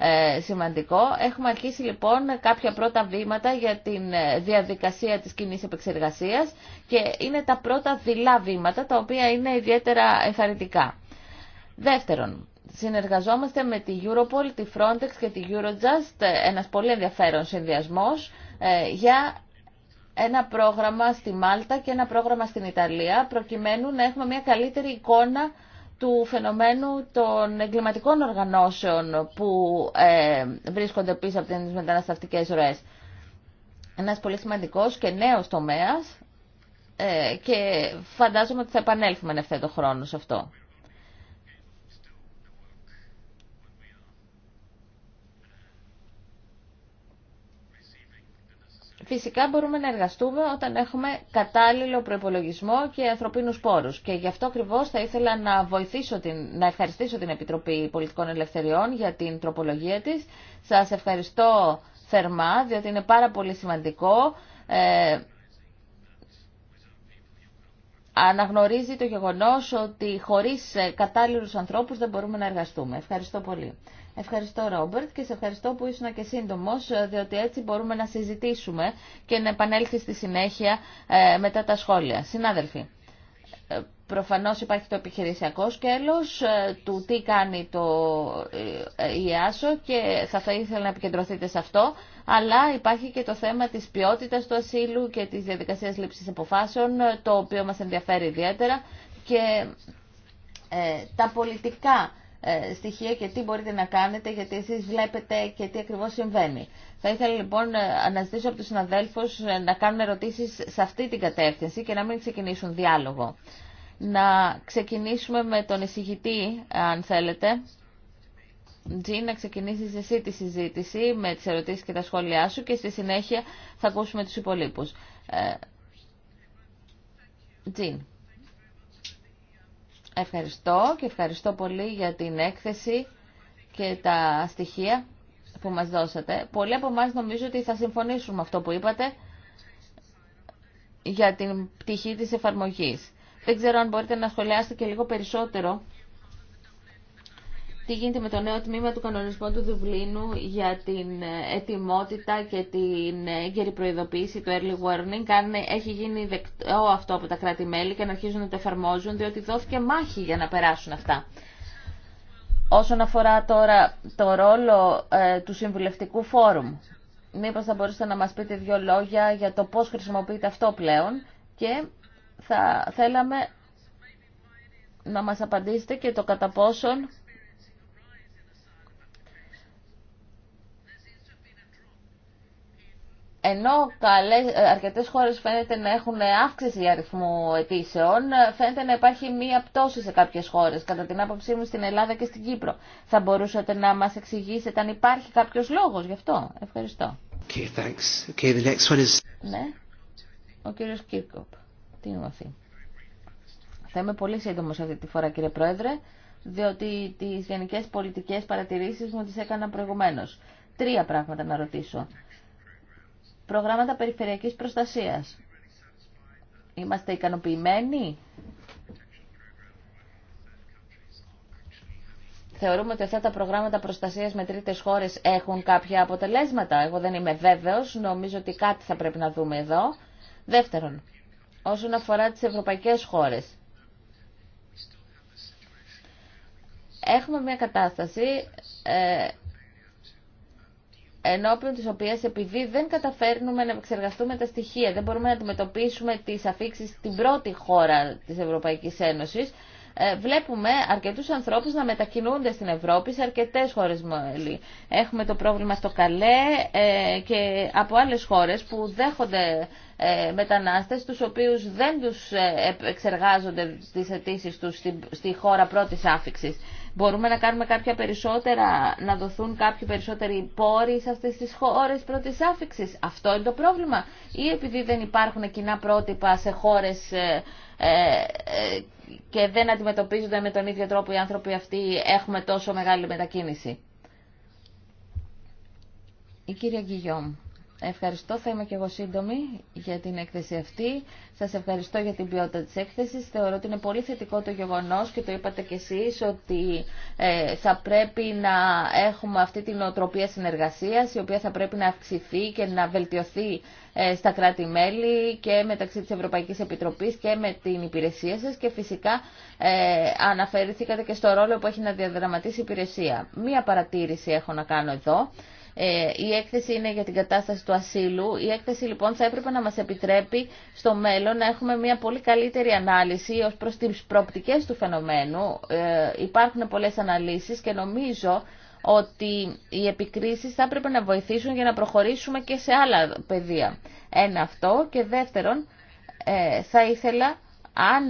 ε, σημαντικό. Έχουμε αρχίσει λοιπόν κάποια πρώτα βήματα για την ε, διαδικασία της κοινή επεξεργασίας και είναι τα πρώτα δειλά βήματα τα οποία είναι ιδιαίτερα εθαρρυντικά. Δεύτερον, συνεργαζόμαστε με τη Europol, τη Frontex και τη Eurojust, ε, ένας πολύ ενδιαφέρον συνδυασμός, για ένα πρόγραμμα στη Μάλτα και ένα πρόγραμμα στην Ιταλία, προκειμένου να έχουμε μια καλύτερη εικόνα του φαινομένου των εγκληματικών οργανώσεων που ε, βρίσκονται πίσω από τις μεταναστευτικές ροές. Ένας πολύ σημαντικός και νέος τομέας ε, και φαντάζομαι ότι θα επανέλθουμε εν ευθέτω χρόνο σε αυτό. Φυσικά μπορούμε να εργαστούμε όταν έχουμε κατάλληλο προπολογισμό και ανθρωπίνου πόρου. Και γι' αυτό ακριβώ θα ήθελα να, βοηθήσω την, να ευχαριστήσω την Επιτροπή Πολιτικών Ελευθεριών για την τροπολογία τη. Σα ευχαριστώ θερμά, διότι είναι πάρα πολύ σημαντικό. Ε, αναγνωρίζει το γεγονός ότι χωρίς ε, κατάλληλους ανθρώπους δεν μπορούμε να εργαστούμε. Ευχαριστώ πολύ. Ευχαριστώ Ρόμπερτ και σε ευχαριστώ που ήσουν και σύντομο, διότι έτσι μπορούμε να συζητήσουμε και να επανέλθει στη συνέχεια ε, μετά τα σχόλια. Συνάδελφοι, ε, προφανώς υπάρχει το επιχειρησιακό σκέλος ε, του τι κάνει το ΙΑΣΟ και θα ήθελα να επικεντρωθείτε σε αυτό, αλλά υπάρχει και το θέμα της ποιότητας του ασύλου και της διαδικασίας λήψης αποφάσεων, το οποίο μας ενδιαφέρει ιδιαίτερα και τα πολιτικά ε, στοιχεία και τι μπορείτε να κάνετε, γιατί εσείς βλέπετε και τι ακριβώς συμβαίνει. Θα ήθελα λοιπόν ε, να ζητήσω από τους συναδέλφους ε, να κάνουν ερωτήσεις σε αυτή την κατεύθυνση και να μην ξεκινήσουν διάλογο. Να ξεκινήσουμε με τον εισηγητή, αν θέλετε. Τζιν, να ξεκινήσεις εσύ τη συζήτηση με τις ερωτήσεις και τα σχόλιά σου και στη συνέχεια θα ακούσουμε τους υπολείπους. Τζιν. Ευχαριστώ και ευχαριστώ πολύ για την έκθεση και τα στοιχεία που μας δώσατε. Πολλοί από εμά νομίζω ότι θα συμφωνήσουν με αυτό που είπατε για την πτυχή της εφαρμογής. Δεν ξέρω αν μπορείτε να σχολιάσετε και λίγο περισσότερο τι γίνεται με το νέο τμήμα του κανονισμού του Δουβλίνου για την ε, ετοιμότητα και την ε, έγκαιρη προειδοποίηση του early warning. Αν ε, έχει γίνει δεκτό αυτό από τα κράτη-μέλη και να αρχίζουν να το εφαρμόζουν, διότι δόθηκε μάχη για να περάσουν αυτά. Όσον αφορά τώρα το ρόλο του Συμβουλευτικού Φόρουμ, μήπως θα μπορούσατε να μας πείτε δύο λόγια για το πώς χρησιμοποιείται αυτό πλέον και θα θέλαμε να μας απαντήσετε και το κατά πόσον Ενώ καλές, ε, αρκετές χώρες φαίνεται να έχουν αύξηση αριθμού αιτήσεων, φαίνεται να υπάρχει μία πτώση σε κάποιες χώρες, κατά την άποψή μου στην Ελλάδα και στην Κύπρο. Θα μπορούσατε να μας εξηγήσετε αν υπάρχει κάποιος λόγος γι' αυτό. Ευχαριστώ. Okay, thanks. Okay, the next one is... Ναι, ο κύριος Κίρκοπ. Τι αυτή. Θα είμαι πολύ σύντομο αυτή τη φορά κύριε Πρόεδρε, διότι τις γενικές πολιτικές παρατηρήσεις μου τις έκανα προηγουμένως. Τρία πράγματα να ρωτήσω προγράμματα περιφερειακής προστασίας. Είμαστε ικανοποιημένοι. Θεωρούμε ότι αυτά τα προγράμματα προστασίας με τρίτες χώρες έχουν κάποια αποτελέσματα. Εγώ δεν είμαι βέβαιος. Νομίζω ότι κάτι θα πρέπει να δούμε εδώ. Δεύτερον, όσον αφορά τις ευρωπαϊκές χώρες. Έχουμε μια κατάσταση ε, ενώπιον της οποίας επειδή δεν καταφέρνουμε να επεξεργαστούμε τα στοιχεία, δεν μπορούμε να αντιμετωπίσουμε τις αφήξεις στην πρώτη χώρα της Ευρωπαϊκής Ένωσης, ε, βλέπουμε αρκετούς ανθρώπους να μετακινούνται στην Ευρώπη σε αρκετές χώρες Έχουμε το πρόβλημα στο Καλέ ε, και από άλλες χώρες που δέχονται ε, μετανάστες τους οποίους δεν τους εξεργάζονται τις αιτήσει τους στη, χώρα πρώτης άφηξης. Μπορούμε να κάνουμε κάποια περισσότερα, να δοθούν κάποιοι περισσότεροι πόροι σε αυτές τις χώρες πρώτης άφηξης. Αυτό είναι το πρόβλημα. Ή επειδή δεν υπάρχουν κοινά πρότυπα σε χώρες ε, ε, ε και δεν αντιμετωπίζονται με τον ίδιο τρόπο οι άνθρωποι αυτοί, έχουμε τόσο μεγάλη μετακίνηση. Η κυρία Γκυγιόμ. Ευχαριστώ, θα είμαι και εγώ σύντομη για την έκθεση αυτή. Σα ευχαριστώ για την ποιότητα τη έκθεση. Θεωρώ ότι είναι πολύ θετικό το γεγονό και το είπατε κι εσείς ότι ε, θα πρέπει να έχουμε αυτή την οτροπία συνεργασία, η οποία θα πρέπει να αυξηθεί και να βελτιωθεί ε, στα κράτη-μέλη και μεταξύ τη Ευρωπαϊκή Επιτροπή και με την υπηρεσία σα. και φυσικά ε, αναφερθήκατε και στο ρόλο που έχει να διαδραματίσει η υπηρεσία. Μία παρατήρηση έχω να κάνω εδώ. Ε, η έκθεση είναι για την κατάσταση του ασύλου. Η έκθεση λοιπόν θα έπρεπε να μας επιτρέπει στο μέλλον να έχουμε μια πολύ καλύτερη ανάλυση ως προς τις προοπτικές του φαινομένου. Ε, υπάρχουν πολλές αναλύσεις και νομίζω ότι οι επικρίσεις θα έπρεπε να βοηθήσουν για να προχωρήσουμε και σε άλλα πεδία. Ένα αυτό και δεύτερον ε, θα ήθελα αν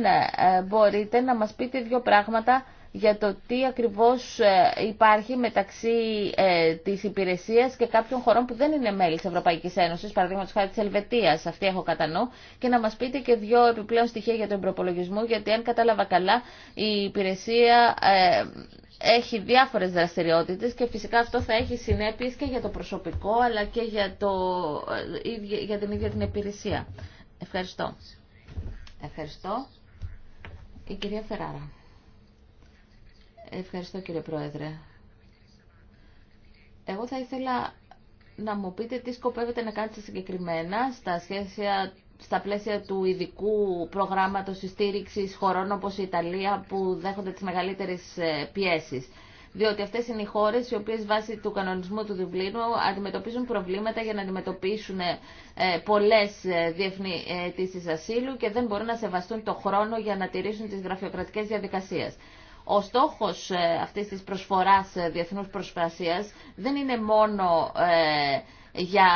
μπορείτε να μας πείτε δύο πράγματα για το τι ακριβώς ε, υπάρχει μεταξύ ε, της υπηρεσίας και κάποιων χωρών που δεν είναι μέλη της Ευρωπαϊκής Ένωσης, παραδείγματος χάρη της Ελβετίας, αυτή έχω κατά νου, και να μας πείτε και δύο επιπλέον στοιχεία για τον προπολογισμό, γιατί αν κατάλαβα καλά η υπηρεσία ε, έχει διάφορες δραστηριότητες και φυσικά αυτό θα έχει συνέπειες και για το προσωπικό αλλά και για, το, για την ίδια την υπηρεσία. Ευχαριστώ. Ευχαριστώ. Η κυρία Φεράρα. Ευχαριστώ κύριε Πρόεδρε. Εγώ θα ήθελα να μου πείτε τι σκοπεύετε να κάνετε συγκεκριμένα στα σχέσια στα πλαίσια του ειδικού προγράμματος στήριξης χωρών όπως η Ιταλία που δέχονται τις μεγαλύτερες ε, πιέσεις. Διότι αυτές είναι οι χώρες οι οποίες βάσει του κανονισμού του Δουβλίνου αντιμετωπίζουν προβλήματα για να αντιμετωπίσουν ε, πολλές ε, διεθνεί αιτήσεις ασύλου και δεν μπορούν να σεβαστούν το χρόνο για να τηρήσουν τις γραφειοκρατικές διαδικασίες. Ο στόχος ε, αυτής της προσφοράς ε, διεθνούς προσπασίας δεν είναι μόνο ε, για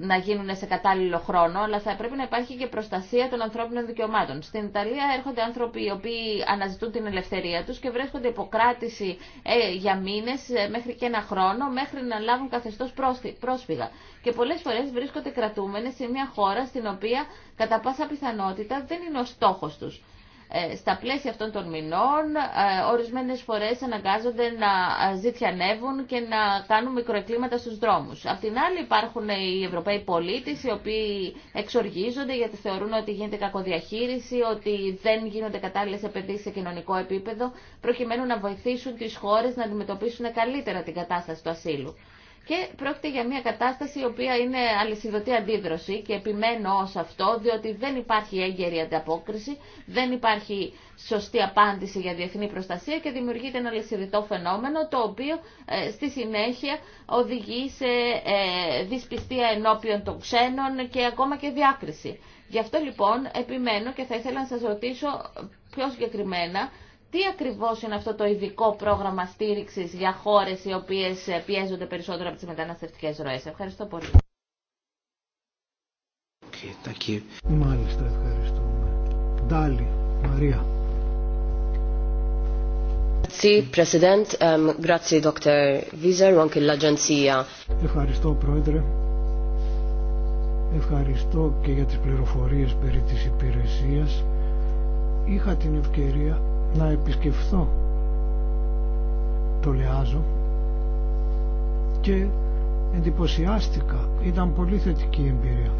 να γίνουν σε κατάλληλο χρόνο, αλλά θα πρέπει να υπάρχει και προστασία των ανθρώπινων δικαιωμάτων. Στην Ιταλία έρχονται άνθρωποι οι οποίοι αναζητούν την ελευθερία τους και βρίσκονται υποκράτηση για μήνες μέχρι και ένα χρόνο, μέχρι να λάβουν καθεστώς πρόσφυγα. Και πολλές φορές βρίσκονται κρατούμενες σε μια χώρα στην οποία κατά πάσα πιθανότητα δεν είναι ο στόχος τους. Ε, στα πλαίσια αυτών των μηνών, ε, ορισμένες φορές αναγκάζονται να ε, ζητιανεύουν και να κάνουν μικροεκκλήματα στους δρόμους. Απ' την άλλη υπάρχουν οι Ευρωπαίοι πολίτες, οι οποίοι εξοργίζονται γιατί θεωρούν ότι γίνεται κακοδιαχείριση, ότι δεν γίνονται κατάλληλες επενδύσεις σε κοινωνικό επίπεδο, προκειμένου να βοηθήσουν τις χώρες να αντιμετωπίσουν καλύτερα την κατάσταση του ασύλου. Και πρόκειται για μια κατάσταση η οποία είναι αλυσιδωτή αντίδροση και επιμένω ως αυτό διότι δεν υπάρχει έγκαιρη ανταπόκριση, δεν υπάρχει σωστή απάντηση για διεθνή προστασία και δημιουργείται ένα αλυσιδωτό φαινόμενο το οποίο ε, στη συνέχεια οδηγεί σε ε, δυσπιστία ενώπιον των ξένων και ακόμα και διάκριση. Γι' αυτό λοιπόν επιμένω και θα ήθελα να σας ρωτήσω πιο συγκεκριμένα τι ακριβώς είναι αυτό το ειδικό πρόγραμμα στήριξης για χώρες οι οποίες πιέζονται περισσότερο από τις μεταναστευτικές ροές. Ευχαριστώ πολύ. Μάλιστα, ευχαριστούμε. Ντάλι, Μαρία. Um, Ευχαριστώ, Πρόεδρε. Ευχαριστώ και για τις πληροφορίες περί της υπηρεσίας. Είχα την ευκαιρία να επισκεφθώ το Λεάζο και εντυπωσιάστηκα. Ήταν πολύ θετική η εμπειρία.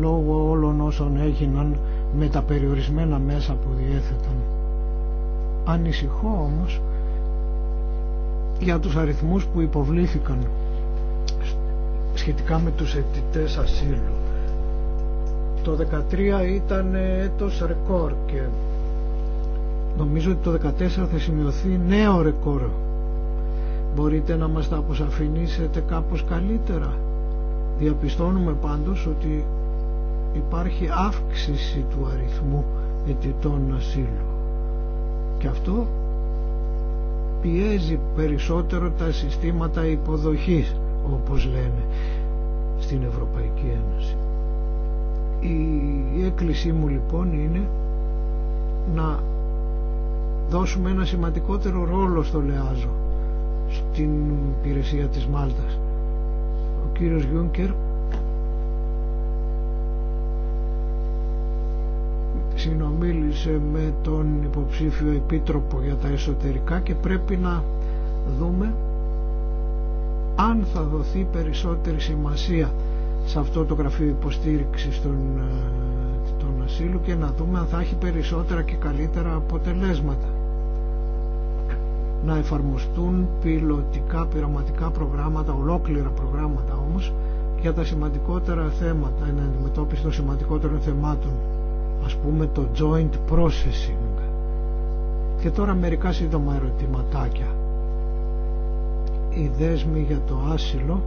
Λόγω όλων όσων έγιναν με τα περιορισμένα μέσα που διέθεταν. Ανησυχώ όμως για τους αριθμούς που υποβλήθηκαν σχετικά με τους αιτητές ασύλου. Το 13 ήταν έτος ρεκόρ και Νομίζω ότι το 2014 θα σημειωθεί νέο ρεκόρ. Μπορείτε να μας τα αποσαφηνίσετε κάπως καλύτερα. Διαπιστώνουμε πάντως ότι υπάρχει αύξηση του αριθμού ετητών ασύλου. Και αυτό πιέζει περισσότερο τα συστήματα υποδοχής, όπως λένε, στην Ευρωπαϊκή Ένωση. Η έκκλησή μου λοιπόν είναι να δώσουμε ένα σημαντικότερο ρόλο στο ΛΕΑΖΟ στην υπηρεσία της Μάλτας. Ο κύριος Γιούνκερ συνομίλησε με τον υποψήφιο επίτροπο για τα εσωτερικά και πρέπει να δούμε αν θα δοθεί περισσότερη σημασία σε αυτό το γραφείο υποστήριξης των, ε, των ασύλου και να δούμε αν θα έχει περισσότερα και καλύτερα αποτελέσματα να εφαρμοστούν πιλωτικά πειραματικά προγράμματα, ολόκληρα προγράμματα όμως, για τα σημαντικότερα θέματα, να αντιμετώπιση των σημαντικότερων θεμάτων, ας πούμε το joint processing. Και τώρα μερικά σύντομα ερωτηματάκια. Η δέσμη για το άσυλο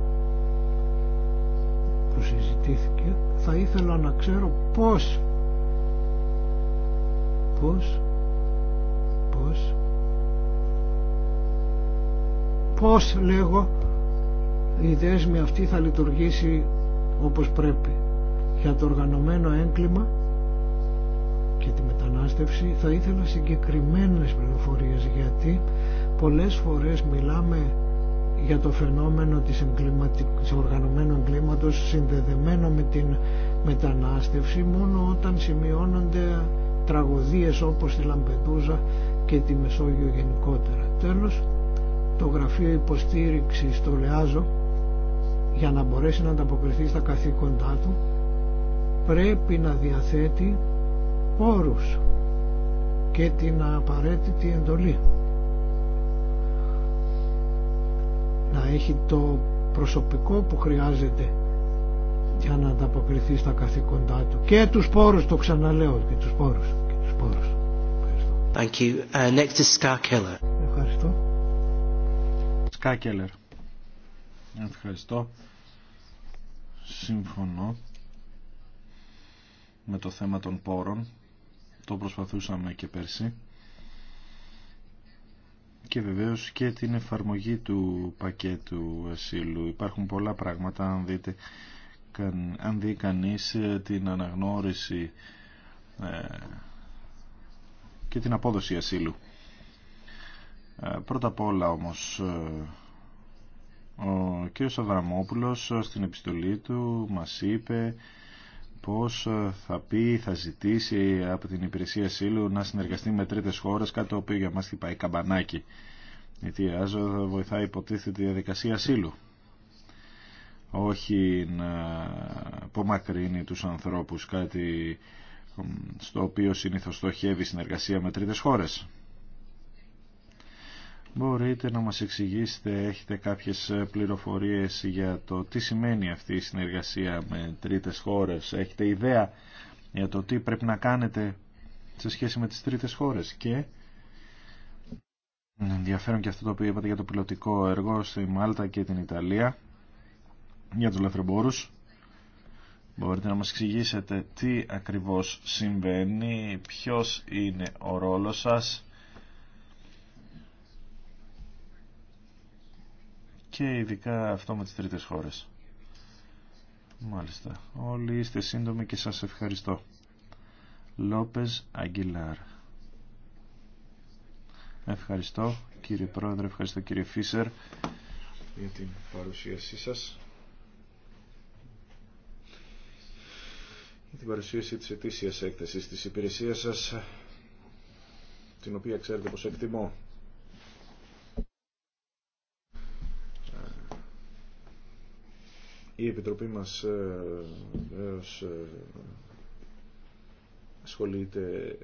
που συζητήθηκε, θα ήθελα να ξέρω πώς, πώς, πώς πώς λέγω η δέσμη αυτή θα λειτουργήσει όπως πρέπει. Για το οργανωμένο έγκλημα και τη μετανάστευση θα ήθελα συγκεκριμένες πληροφορίες γιατί πολλές φορές μιλάμε για το φαινόμενο της, οργανωμένου εγκλήματος συνδεδεμένο με την μετανάστευση μόνο όταν σημειώνονται τραγωδίες όπως τη Λαμπετούζα και τη Μεσόγειο γενικότερα. Τέλος, το Γραφείο υποστήριξη στο ΛΕΑΖΟ για να μπορέσει να ανταποκριθεί στα καθήκοντά του πρέπει να διαθέτει πόρους και την απαραίτητη εντολή. Να έχει το προσωπικό που χρειάζεται για να ανταποκριθεί στα καθήκοντά του και τους πόρους το ξαναλέω και τους πόρους και τους πόρους Thank you. Uh, next is Scar Ευχαριστώ. Σκάκελερ. Ευχαριστώ. Συμφωνώ με το θέμα των πόρων. Το προσπαθούσαμε και πέρσι. Και βεβαίως και την εφαρμογή του πακέτου ασύλου. Υπάρχουν πολλά πράγματα, αν, δείτε, αν δει κανείς ε, την αναγνώριση ε, και την απόδοση ασύλου. Ε, πρώτα απ' όλα όμως ε, ο κ. Αβραμόπουλος ε, στην επιστολή του μας είπε πως θα πει, θα ζητήσει από την υπηρεσία σύλλου να συνεργαστεί με τρίτες χώρες, κάτι το οποίο για μας χτυπάει καμπανάκι. Γιατί βοηθάει υποτίθεται η διαδικασία σύλλου. Όχι να απομακρύνει τους ανθρώπους κάτι στο οποίο συνήθως στοχεύει συνεργασία με τρίτες χώρες. Μπορείτε να μας εξηγήσετε, έχετε κάποιες πληροφορίες για το τι σημαίνει αυτή η συνεργασία με τρίτες χώρες. Έχετε ιδέα για το τι πρέπει να κάνετε σε σχέση με τις τρίτες χώρες. Και ενδιαφέρον και αυτό το οποίο είπατε για το πιλωτικό έργο στη Μάλτα και την Ιταλία για τους λαθρεμπόρους. Μπορείτε να μας εξηγήσετε τι ακριβώς συμβαίνει, ποιος είναι ο ρόλος σας και ειδικά αυτό με τις τρίτες χώρες. Μάλιστα. Όλοι είστε σύντομοι και σας ευχαριστώ. Λόπες Αγγιλάρ. Ευχαριστώ κύριε Πρόεδρε, ευχαριστώ κύριε Φίσερ για την παρουσίασή σας. Για την παρουσίαση της ετήσιας έκθεσης της υπηρεσίας σας, την οποία ξέρετε πως εκτιμώ. η Επιτροπή μας ε, ε ασχολείται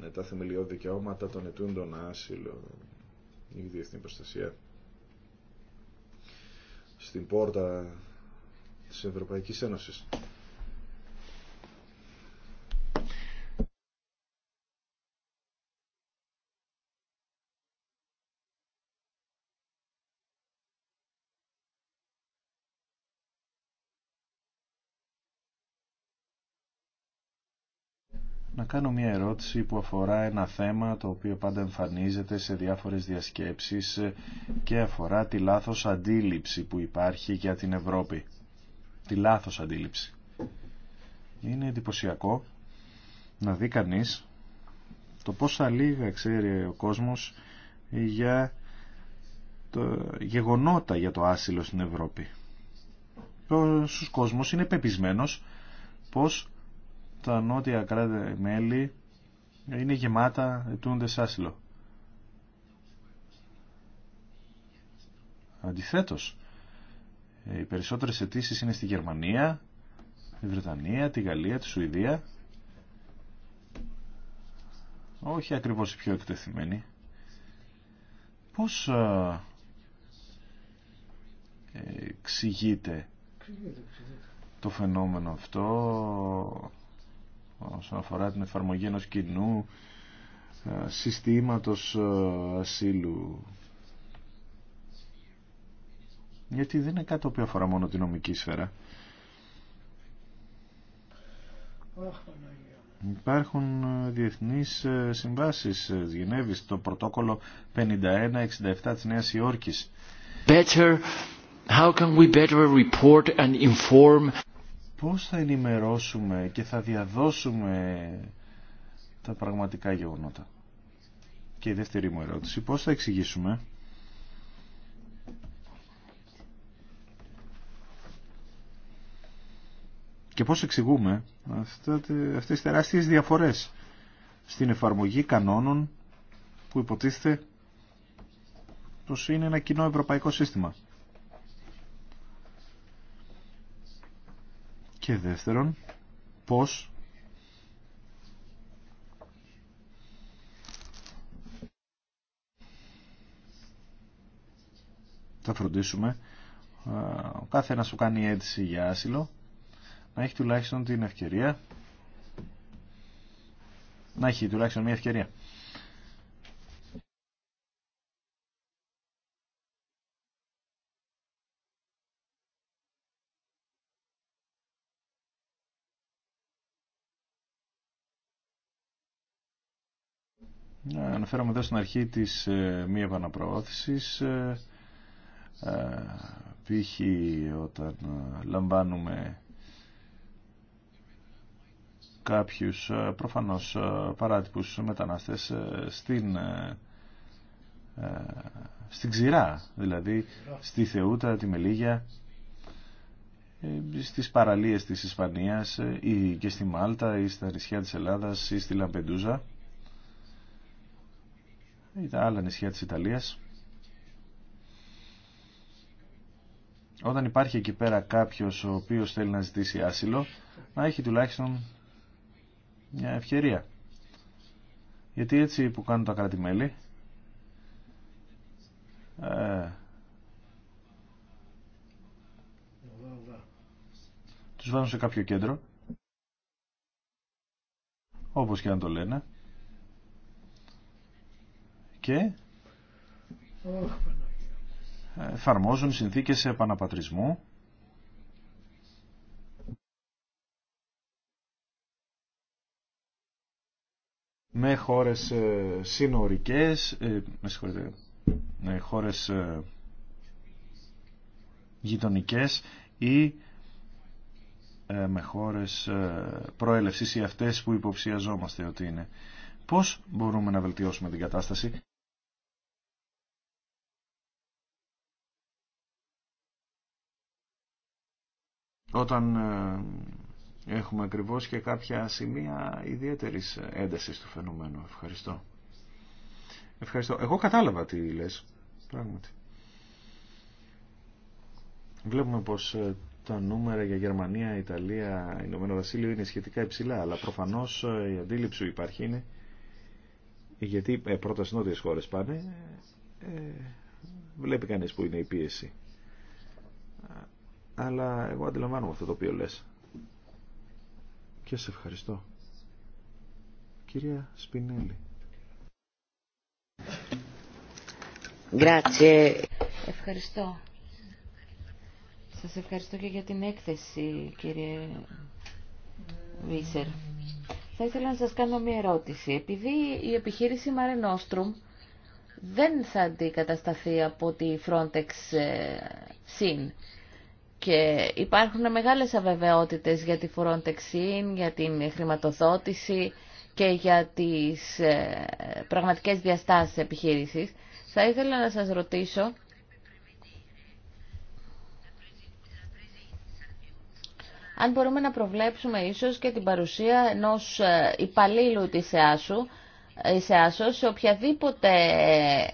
με τα θεμελιώδη δικαιώματα των ετούντων άσυλο η διεθνή προστασία στην πόρτα της Ευρωπαϊκής Ένωσης. να κάνω μια ερώτηση που αφορά ένα θέμα το οποίο πάντα εμφανίζεται σε διάφορες διασκέψεις και αφορά τη λάθος αντίληψη που υπάρχει για την Ευρώπη. Τη λάθος αντίληψη. Είναι εντυπωσιακό να δει κανείς το πόσα λίγα ξέρει ο κόσμος για το γεγονότα για το άσυλο στην Ευρώπη. Ο κόσμος είναι πεπισμένος πως τα νότια κράτη-μέλη είναι γεμάτα ετούντες άσυλο. Αντιθέτως, οι περισσότερες αιτήσει είναι στη Γερμανία, τη Βρετανία, τη Γαλλία, τη Σουηδία. Όχι ακριβώς οι πιο εκτεθειμένοι. Πώς ε, εξηγείται το φαινόμενο αυτό όσον αφορά την εφαρμογή ενός κοινού ε, συστήματος ε, ασύλου. Γιατί δεν είναι κάτι που αφορά μόνο την νομική σφαίρα. Υπάρχουν ε, διεθνείς συμβάσεις της Γενέβης, το πρωτόκολλο 51-67 της Νέας Υόρκης. Better, how can we better report and inform πώς θα ενημερώσουμε και θα διαδώσουμε τα πραγματικά γεγονότα. Και η δεύτερη μου ερώτηση, πώς θα εξηγήσουμε και πώς εξηγούμε αυτές τις τεράστιες διαφορές στην εφαρμογή κανόνων που υποτίθεται πως είναι ένα κοινό ευρωπαϊκό σύστημα. και δεύτερον πώς θα φροντίσουμε ο κάθε ένας που κάνει αίτηση για άσυλο να έχει τουλάχιστον την ευκαιρία να έχει τουλάχιστον μια ευκαιρία Αναφέραμε εδώ στην αρχή της ε, μη επαναπροώθησης, ε, ε π.χ. όταν ε, λαμβάνουμε κάποιους ε, προφανώς παράτυπους μετανάστες στην, στην ξηρά, δηλαδή στη Θεούτα, τη Μελίγια, στις παραλίες της Ισπανίας ή και στη Μάλτα ή στα νησιά της Ελλάδας ή στη Λαμπεντούζα ή τα άλλα νησιά της Ιταλίας. Όταν υπάρχει εκεί πέρα κάποιος ο οποίος θέλει να ζητήσει άσυλο, να έχει τουλάχιστον μια ευκαιρία. Γιατί έτσι που κάνουν τα κράτη-μέλη, ε, τους βάζουν σε κάποιο κέντρο, όπως και αν το λένε, και εφαρμόζουν συνθήκες επαναπατρισμού με χώρες ε, συνορικές, ε, με χώρες ε, γειτονικές ή με χώρες προέλευσης ή αυτές που υποψιαζόμαστε ότι είναι. Πώς μπορούμε να βελτιώσουμε την κατάσταση. όταν ε, έχουμε ακριβώς και κάποια σημεία ιδιαίτερης έντασης του φαινομένου. Ευχαριστώ. Ευχαριστώ. Εγώ κατάλαβα τι λες. Πράγματι. Βλέπουμε πως ε, τα νούμερα για Γερμανία, Ιταλία, Ηνωμένο Βασίλειο είναι σχετικά υψηλά, αλλά προφανώς ε, η αντίληψη που υπάρχει είναι γιατί πρώτα στις νότιες χώρες πάνε, ε, βλέπει κανείς που είναι η πίεση αλλά εγώ αντιλαμβάνομαι αυτό το οποίο λες. Και σε ευχαριστώ. Κυρία Σπινέλη. Ευχαριστώ. Σας ευχαριστώ και για την έκθεση, κύριε Βίσερ. Θα ήθελα να σας κάνω μια ερώτηση. Επειδή η επιχείρηση Mare δεν θα αντικατασταθεί από τη Frontex ε, ΣΥΝ, και υπάρχουν μεγάλες αβεβαιότητες για τη φορονταξίν, για την χρηματοδότηση και για τις ε, πραγματικές διαστάσεις επιχείρησης. Θα ήθελα να σας ρωτήσω αν μπορούμε να προβλέψουμε ίσως και την παρουσία ενός ε, υπαλλήλου της ΕΑΣΟΥ σε σε οποιαδήποτε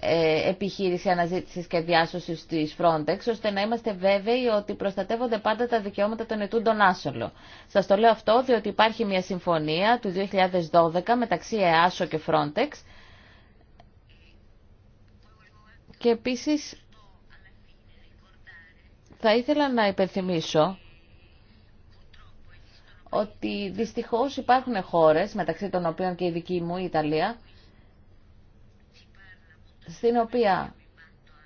ε, επιχείρηση αναζήτησης και διάσωσης της Frontex, ώστε να είμαστε βέβαιοι ότι προστατεύονται πάντα τα δικαιώματα των ετούντων άσολο. Σας το λέω αυτό διότι υπάρχει μια συμφωνία του 2012 μεταξύ ΕΑΣΟ και Frontex και επίσης θα ήθελα να υπενθυμίσω ότι δυστυχώς υπάρχουν χώρες, μεταξύ των οποίων και η δική μου, η Ιταλία, στην οποία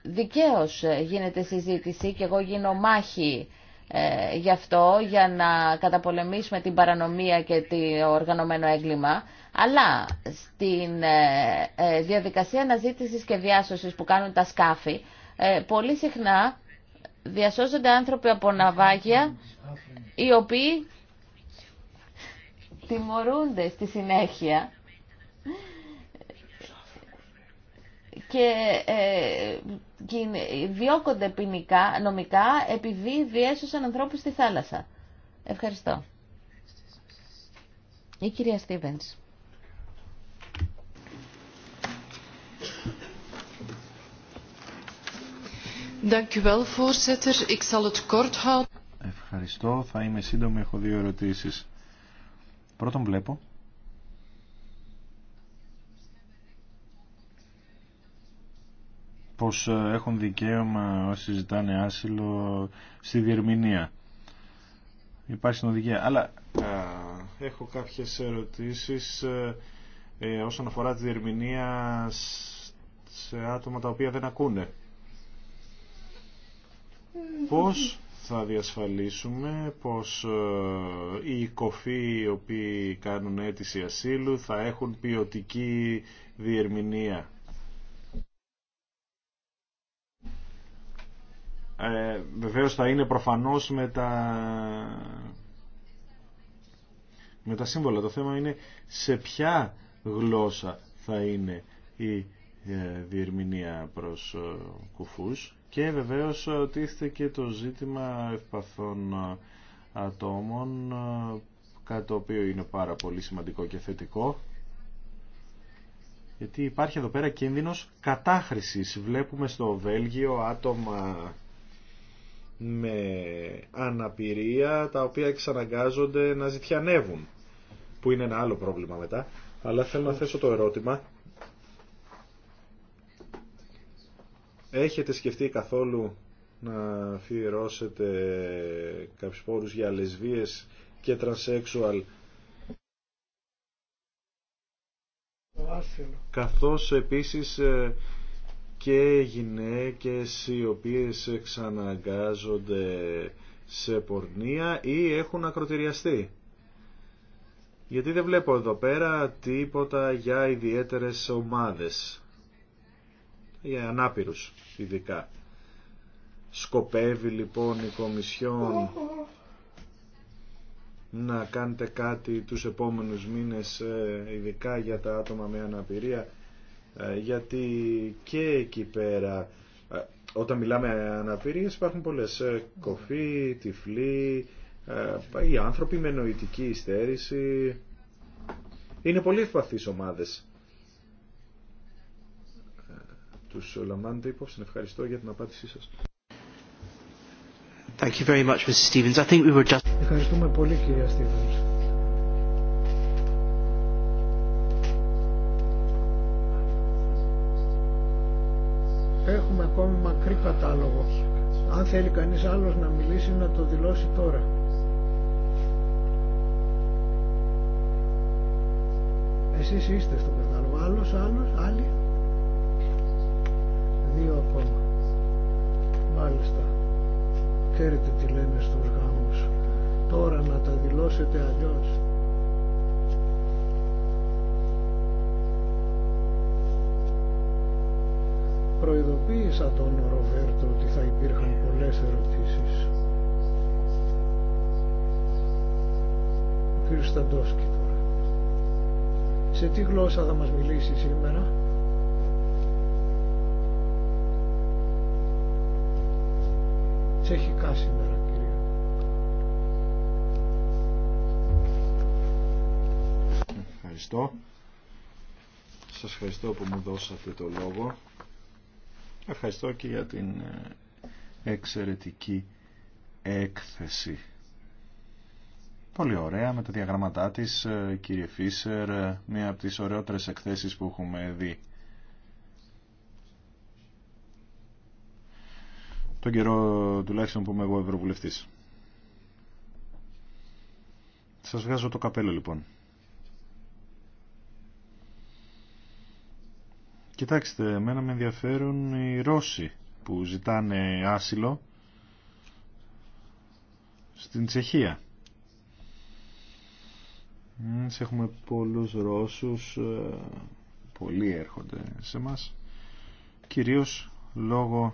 δικαίως ε, γίνεται συζήτηση και εγώ γίνω μάχη ε, γι' αυτό για να καταπολεμήσουμε την παρανομία και το οργανωμένο έγκλημα αλλά στην ε, διαδικασία αναζήτησης και διάσωσης που κάνουν τα σκάφη πολύ συχνά διασώζονται άνθρωποι από ναυάγια οι οποίοι τιμωρούνται στη συνέχεια και ε, διώκονται ποινικά, νομικά επειδή διέσωσαν ανθρώπους στη θάλασσα. Ευχαριστώ. Η κυρία Στίβενς. Ευχαριστώ. Θα είμαι σύντομη. Έχω δύο ερωτήσεις. Πρώτον βλέπω πως ε, έχουν δικαίωμα όσοι ζητάνε άσυλο στη διερμηνία. Υπάρχει στην Αλλά ε, έχω κάποιες ερωτήσεις ε, ε, όσον αφορά τη διερμηνία σε άτομα τα οποία δεν ακούνε. Πώς θα διασφαλίσουμε πως ε, οι κοφοί οι οποίοι κάνουν αίτηση ασύλου θα έχουν ποιοτική διερμηνία. Ε, βεβαίως θα είναι προφανώς με τα, με τα σύμβολα. Το θέμα είναι σε ποια γλώσσα θα είναι η ε, διερμηνία προς ε, κουφούς και βεβαίως και το ζήτημα ευπαθών ατόμων, κάτι το οποίο είναι πάρα πολύ σημαντικό και θετικό. Γιατί υπάρχει εδώ πέρα κίνδυνος κατάχρησης. Βλέπουμε στο Βέλγιο άτομα με αναπηρία τα οποία εξαναγκάζονται να ζητιανεύουν που είναι ένα άλλο πρόβλημα μετά αλλά θέλω να θέσω το ερώτημα Έχετε σκεφτεί καθόλου να αφιερώσετε κάποιους πόρους για λεσβίες και τρανσέξουαλ καθώς επίσης ε, και γυναίκες οι οποίες εξαναγκάζονται σε πορνεία ή έχουν ακροτηριαστεί. Γιατί δεν βλέπω εδώ πέρα τίποτα για ιδιαίτερες ομάδες για ε, ανάπηρους ειδικά. Σκοπεύει λοιπόν η Κομισιόν να κάνετε κάτι τους επόμενους μήνες ε, ειδικά για τα άτομα με αναπηρία ε, γιατί και εκεί πέρα όταν μιλάμε αναπηρίες υπάρχουν πολλές κοφοί, τυφλή οι άνθρωποι με νοητική υστέρηση είναι πολύ ευπαθείς ομάδες τους λαμβάνετε υπόψη. Ευχαριστώ για την απάντησή σας. Thank you very much, Stevens. I think we were just... Ευχαριστούμε πολύ κυρία Stevens. Έχουμε ακόμη μακρύ κατάλογο. Αν θέλει κανείς άλλος να μιλήσει να το δηλώσει τώρα. Εσείς είστε στο κατάλογο. Άλλος, άλλος, άλλοι. Δύο ακόμα. Μάλιστα. Ξέρετε τι λένε στους γάμους. Τώρα να τα δηλώσετε αλλιώς. προειδοποίησα τον Ροβέρτο ότι θα υπήρχαν πολλές ερωτήσεις. Ο κ. Σταντόσκι τώρα. Σε τι γλώσσα θα μας μιλήσει σήμερα. τσεχικά σήμερα. ευχαριστώ. Σας ευχαριστώ που μου δώσατε το λόγο. Ευχαριστώ και για την ε, εξαιρετική έκθεση. Πολύ ωραία με τα διαγραμματά της, ε, κύριε Φίσερ, ε, μία από τις ωραιότερες εκθέσεις που έχουμε δει. τον καιρό τουλάχιστον που είμαι εγώ ευρωβουλευτής. Σας βγάζω το καπέλο λοιπόν. Κοιτάξτε, εμένα με ενδιαφέρουν οι Ρώσοι που ζητάνε άσυλο στην Τσεχία. Έχουμε πολλούς Ρώσους, ε, πολλοί έρχονται σε μας, κυρίως λόγω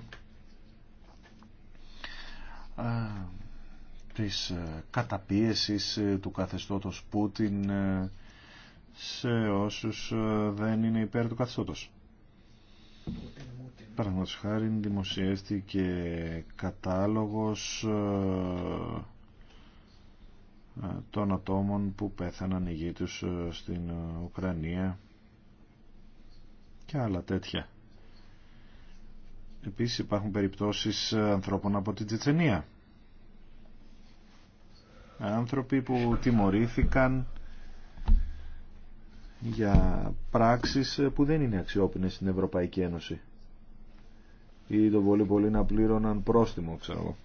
της ε, καταπίεσης ε, του καθεστώτος Πούτιν ε, σε όσους δεν είναι υπέρ του καθεστώτος. Παραδείγματο χάρη δημοσιεύτηκε κατάλογος των ατόμων που πέθαναν οι γη τους στην Ουκρανία και άλλα τέτοια. Επίσης υπάρχουν περιπτώσεις ε, ανθρώπων από την Τσετσενία. Άνθρωποι που τιμωρήθηκαν για πράξεις ε, που δεν είναι αξιόπινες στην Ευρωπαϊκή Ένωση. Ή το πολύ πολύ να πλήρωναν πρόστιμο, ξέρω εγώ.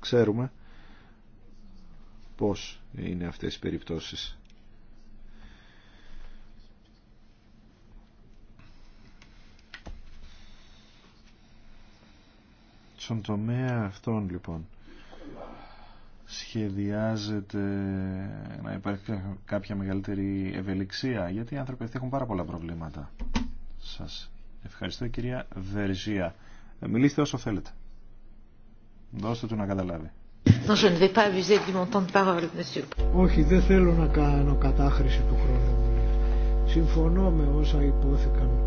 Ξέρουμε πώς είναι αυτές οι περιπτώσεις. Στον τομέα αυτών λοιπόν σχεδιάζεται να υπάρχει κάποια μεγαλύτερη ευελιξία γιατί οι άνθρωποι αυτοί έχουν πάρα πολλά προβλήματα. Σας ευχαριστώ κυρία Βερζία. Ε, μιλήστε όσο θέλετε. Δώστε του να καταλάβει. Όχι, δεν θέλω να κάνω κατάχρηση του χρόνου. Συμφωνώ με όσα υπόθηκαν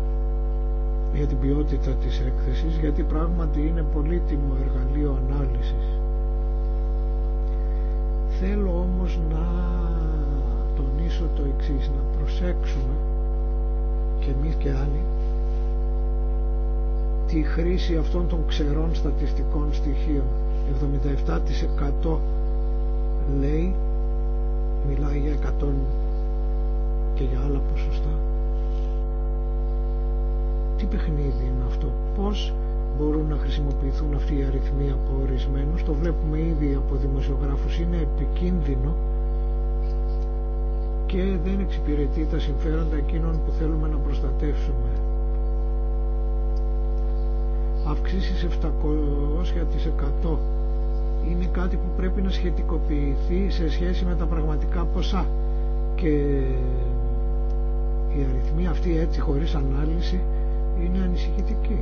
για την ποιότητα της έκθεσης γιατί πράγματι είναι πολύτιμο εργαλείο ανάλυσης. Θέλω όμως να τονίσω το εξής, να προσέξουμε και εμείς και άλλοι τη χρήση αυτών των ξερών στατιστικών στοιχείων. 77% λέει, μιλάει για 100 και για άλλα ποσοστά, τι παιχνίδι είναι αυτό, πώς μπορούν να χρησιμοποιηθούν αυτοί οι αριθμοί από ορισμένους, το βλέπουμε ήδη από δημοσιογράφους, είναι επικίνδυνο και δεν εξυπηρετεί τα συμφέροντα εκείνων που θέλουμε να προστατεύσουμε. Αυξήσεις 700% είναι κάτι που πρέπει να σχετικοποιηθεί σε σχέση με τα πραγματικά ποσά και οι αριθμοί αυτοί έτσι χωρίς ανάλυση είναι ανησυχητική.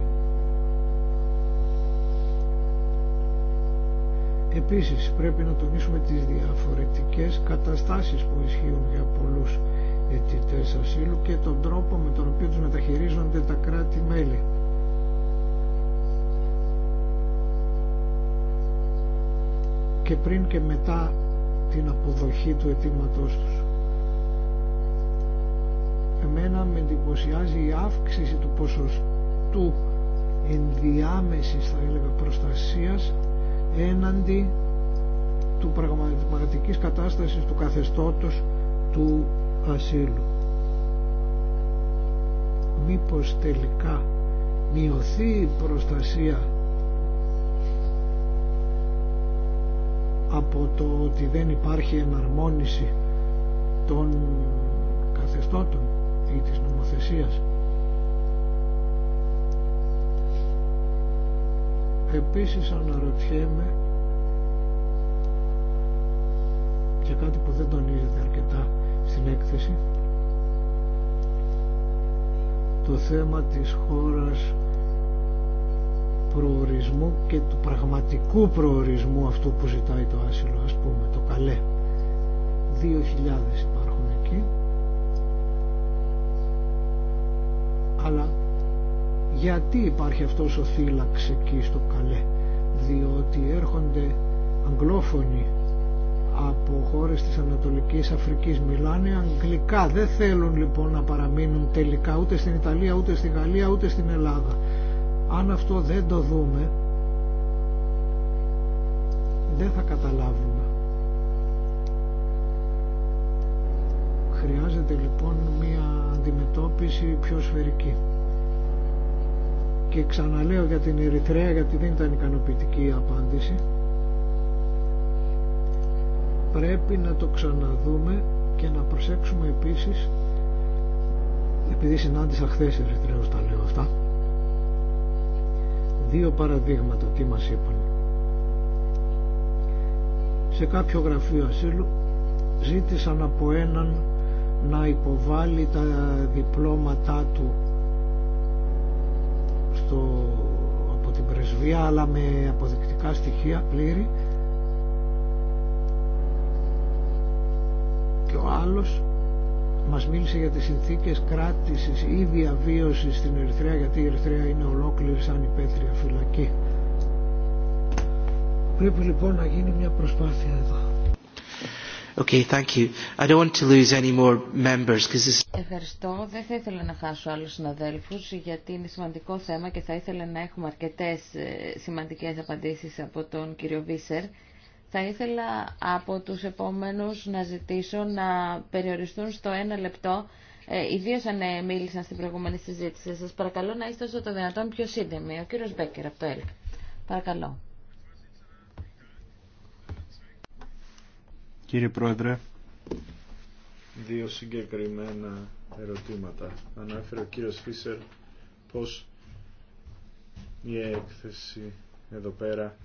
Επίσης πρέπει να τονίσουμε τις διαφορετικές καταστάσεις που ισχύουν για πολλούς αιτητές ασύλου και τον τρόπο με τον οποίο τους μεταχειρίζονται τα κράτη-μέλη. Και πριν και μετά την αποδοχή του αιτήματός τους εμένα με εντυπωσιάζει η αύξηση του ποσοστού ενδιάμεσης θα έλεγα προστασίας έναντι του πραγματικής κατάστασης του καθεστώτος του ασύλου. Μήπως τελικά μειωθεί η προστασία από το ότι δεν υπάρχει εναρμόνιση των καθεστώτων ή της νομοθεσίας. Επίσης αναρωτιέμαι και κάτι που δεν τονίζεται αρκετά στην έκθεση το θέμα της χώρας προορισμού και του πραγματικού προορισμού αυτού που ζητάει το άσυλο ας πούμε το καλέ 2.000 αλλά γιατί υπάρχει αυτός ο θύλαξ εκεί στο Καλέ διότι έρχονται αγγλόφωνοι από χώρες της Ανατολικής Αφρικής μιλάνε αγγλικά δεν θέλουν λοιπόν να παραμείνουν τελικά ούτε στην Ιταλία ούτε στη Γαλλία ούτε στην Ελλάδα αν αυτό δεν το δούμε δεν θα καταλάβουμε Χρειάζεται λοιπόν μία αντιμετώπιση πιο σφαιρική. Και ξαναλέω για την Ερυθρέα γιατί δεν ήταν ικανοποιητική η απάντηση. Πρέπει να το ξαναδούμε και να προσέξουμε επίσης επειδή συνάντησα χθες Ερυθρέους τα λέω αυτά δύο παραδείγματα τι μας είπαν σε κάποιο γραφείο ασύλου ζήτησαν από έναν να υποβάλει τα διπλώματά του στο, από την πρεσβεία αλλά με αποδεικτικά στοιχεία πλήρη και ο άλλος μας μίλησε για τις συνθήκες κράτησης ή διαβίωσης στην Ερυθρέα γιατί η Ερυθρέα είναι ολόκληρη σαν υπαίθρια φυλακή. Πρέπει λοιπόν να γίνει μια προσπάθεια εδώ. Ευχαριστώ. Δεν θα ήθελα να χάσω άλλους συναδέλφους γιατί είναι σημαντικό θέμα και θα ήθελα να έχουμε αρκετές ε, σημαντικές απαντήσεις από τον κύριο Βίσερ. Θα ήθελα από τους επόμενους να ζητήσω να περιοριστούν στο ένα λεπτό ε, ιδίως αν ε, μίλησαν στην προηγούμενη συζήτηση. Σας παρακαλώ να είστε όσο το δυνατόν πιο σύντομοι. Ο κύριος Μπέκερ από το ΕΛΚ. Παρακαλώ. Κύριε Πρόεδρε, δύο συγκεκριμένα ερωτήματα. Ανάφερε ο κύριος Φίσερ πως η έκθεση εδώ πέρα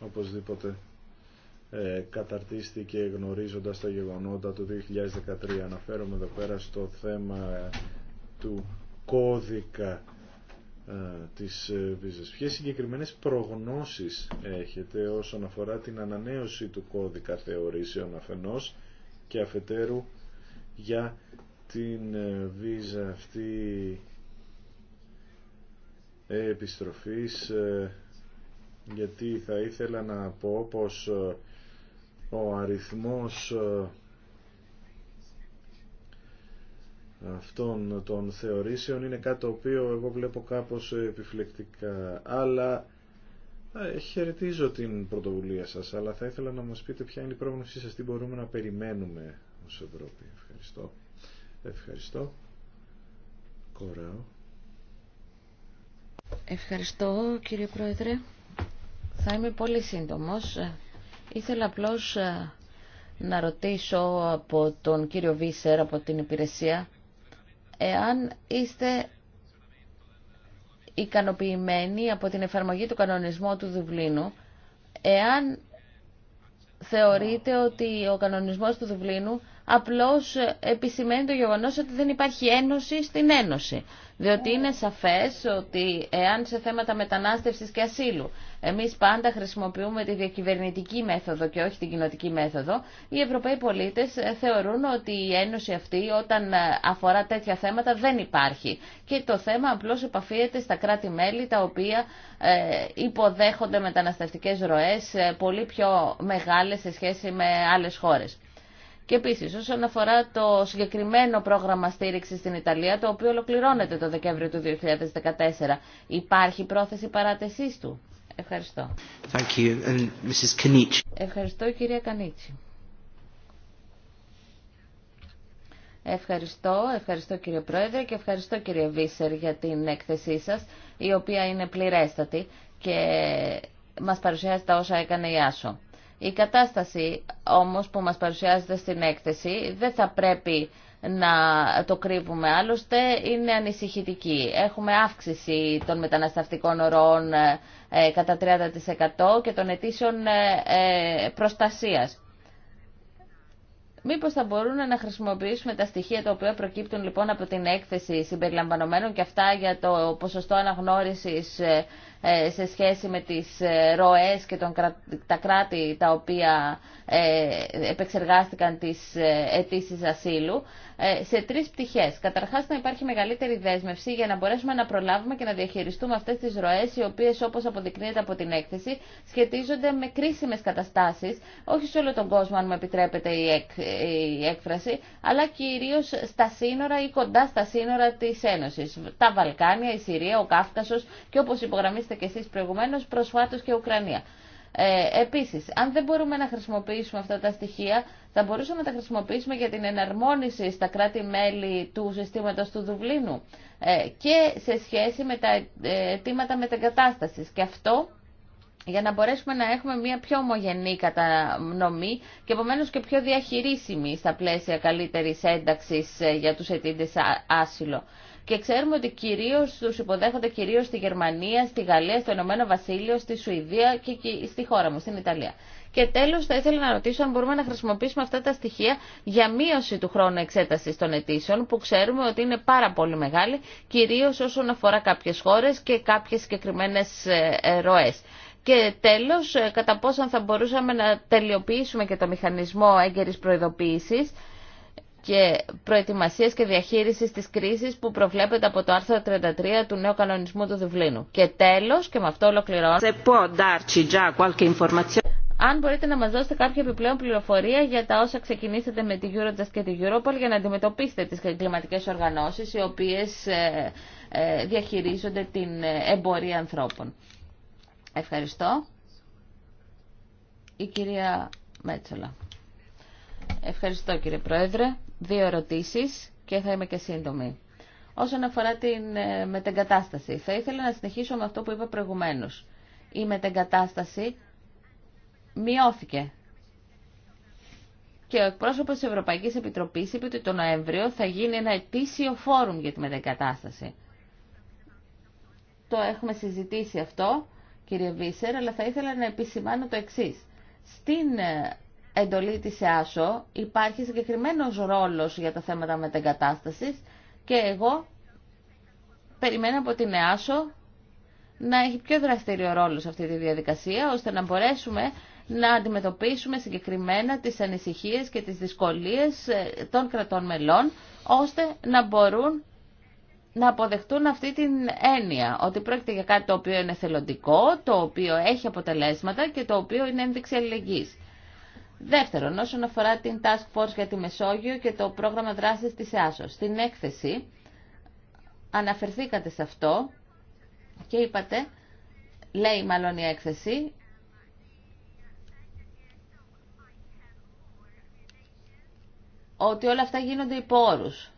οπωσδήποτε ε, καταρτίστηκε γνωρίζοντας τα γεγονότα του 2013. Αναφέρομαι εδώ πέρα στο θέμα του κώδικα ε, της ε, βίζας. Ποιες συγκεκριμένες προγνώσεις έχετε όσον αφορά την ανανέωση του κώδικα θεωρήσεων αφενός και αφετέρου για την ε, βίζα αυτή επιστροφής γιατί θα ήθελα να πω πως ο αριθμός αυτών των θεωρήσεων είναι κάτι το οποίο εγώ βλέπω κάπως επιφλεκτικά αλλά ε, χαιρετίζω την πρωτοβουλία σας αλλά θα ήθελα να μας πείτε ποια είναι η πρόγνωσή σας τι μπορούμε να περιμένουμε ως Ευρώπη ευχαριστώ ευχαριστώ Κοράω Ευχαριστώ κύριε Πρόεδρε θα είμαι πολύ σύντομος ήθελα απλώς ε, να ρωτήσω από τον κύριο Βίσερ από την υπηρεσία Εάν είστε ικανοποιημένοι από την εφαρμογή του κανονισμού του Δουβλίνου, εάν θεωρείτε ότι ο κανονισμός του Δουβλίνου απλώς επισημαίνει το γεγονός ότι δεν υπάρχει ένωση στην ένωση. Διότι είναι σαφές ότι εάν σε θέματα μετανάστευσης και ασύλου εμείς πάντα χρησιμοποιούμε τη διακυβερνητική μέθοδο και όχι την κοινοτική μέθοδο, οι Ευρωπαίοι πολίτες ε, θεωρούν ότι η Ένωση αυτή όταν ε, αφορά τέτοια θέματα δεν υπάρχει. Και το θέμα απλώς επαφίεται στα κράτη-μέλη τα οποία ε, υποδέχονται μεταναστευτικές ροές πολύ πιο μεγάλες σε σχέση με άλλες χώρες. Και επίση, όσον αφορά το συγκεκριμένο πρόγραμμα στήριξη στην Ιταλία, το οποίο ολοκληρώνεται το Δεκέμβριο του 2014, υπάρχει πρόθεση παράτεσή του. Ευχαριστώ. Thank you. And Mrs. Ευχαριστώ, κυρία Κανίτσι. Ευχαριστώ, ευχαριστώ κύριε Πρόεδρε και ευχαριστώ κύριε Βίσερ για την έκθεσή σας, η οποία είναι πληρέστατη και μας παρουσιάζει τα όσα έκανε η Άσο. Η κατάσταση όμως που μας παρουσιάζεται στην έκθεση δεν θα πρέπει να το κρύβουμε άλλωστε, είναι ανησυχητική. Έχουμε αύξηση των μεταναστευτικών ορών ε, κατά 30% και των αιτήσεων ε, ε, προστασίας. Μήπως θα μπορούμε να χρησιμοποιήσουμε τα στοιχεία τα οποία προκύπτουν λοιπόν από την έκθεση συμπεριλαμβανομένων και αυτά για το ποσοστό αναγνώρισης ε, ε, σε σχέση με τις ε, ροές και τον, τα κράτη τα οποία ε, επεξεργάστηκαν τις αιτήσει ασύλου σε τρεις πτυχές. Καταρχάς να υπάρχει μεγαλύτερη δέσμευση για να μπορέσουμε να προλάβουμε και να διαχειριστούμε αυτές τις ροές οι οποίες όπως αποδεικνύεται από την έκθεση σχετίζονται με κρίσιμες καταστάσεις όχι σε όλο τον κόσμο αν μου επιτρέπεται η, έκ, έκφραση αλλά κυρίως στα σύνορα ή κοντά στα σύνορα της Ένωσης. Τα Βαλκάνια, η Συρία, ο Κάφκασος και όπως υπογραμμίζει είστε και εσείς προηγουμένως, προσφάτως και Ουκρανία. Ε, επίσης, αν δεν μπορούμε να χρησιμοποιήσουμε αυτά τα στοιχεία, θα μπορούσαμε να τα χρησιμοποιήσουμε για την εναρμόνιση στα κράτη-μέλη του συστήματος του Δουβλίνου ε, και σε σχέση με τα ε, αιτήματα μετεγκατάστασης. Και αυτό για να μπορέσουμε να έχουμε μια πιο ομογενή κατανομή και επομένω και πιο διαχειρίσιμη στα πλαίσια καλύτερης ένταξης ε, για τους αιτήντες άσυλο και ξέρουμε ότι κυρίω τους υποδέχονται κυρίω στη Γερμανία, στη Γαλλία, στο Ηνωμένο Βασίλειο, στη Σουηδία και στη χώρα μου, στην Ιταλία. Και τέλο, θα ήθελα να ρωτήσω αν μπορούμε να χρησιμοποιήσουμε αυτά τα στοιχεία για μείωση του χρόνου εξέταση των αιτήσεων που ξέρουμε ότι είναι πάρα πολύ μεγάλη κυρίω όσον αφορά κάποιε χώρε και κάποιε συγκεκριμένε ε, ε, ροέ. Και τέλο, ε, κατά πόσο θα μπορούσαμε να τελειοποιήσουμε και το μηχανισμό έγκαιρη προειδοποίηση και προετοιμασίας και διαχείρισης της κρίσης που προβλέπεται από το άρθρο 33 του νέου κανονισμού του Δουβλίνου. Και τέλος, και με αυτό ολοκληρώνω, αν μπορείτε να μας δώσετε κάποια επιπλέον πληροφορία για τα όσα ξεκινήσατε με τη Eurojust και τη Europol για να αντιμετωπίσετε τις κλιματικές οργανώσεις οι οποίες ε, ε, διαχειρίζονται την ε, εμπορία ανθρώπων. Ευχαριστώ. Η κυρία Μέτσολα. Ευχαριστώ κύριε Πρόεδρε δύο ερωτήσεις και θα είμαι και σύντομη. Όσον αφορά την ε, μετεγκατάσταση, θα ήθελα να συνεχίσω με αυτό που είπα προηγουμένως. Η μετεγκατάσταση μειώθηκε. Και ο εκπρόσωπο τη Ευρωπαϊκή Επιτροπή είπε ότι το Νοέμβριο θα γίνει ένα ετήσιο φόρουμ για τη μετεγκατάσταση. Το έχουμε συζητήσει αυτό, κύριε Βίσερ, αλλά θα ήθελα να επισημάνω το εξή. Στην ε, εντολή της ΕΑΣΟ υπάρχει συγκεκριμένος ρόλος για τα θέματα μετεγκατάστασης και εγώ περιμένω από την ΕΑΣΟ να έχει πιο δραστηριό ρόλο σε αυτή τη διαδικασία, ώστε να μπορέσουμε να αντιμετωπίσουμε συγκεκριμένα τις ανησυχίες και τις δυσκολίες ε, των κρατών μελών, ώστε να μπορούν να αποδεχτούν αυτή την έννοια, ότι πρόκειται για κάτι το οποίο είναι θελοντικό, το οποίο έχει αποτελέσματα και το οποίο είναι ένδειξη αλληλεγγύης. Δεύτερον, όσον αφορά την Task Force για τη Μεσόγειο και το πρόγραμμα δράσης της ΕΑΣΟ. Στην έκθεση αναφερθήκατε σε αυτό και είπατε, λέει μάλλον η έκθεση, ότι όλα αυτά γίνονται υπό όρους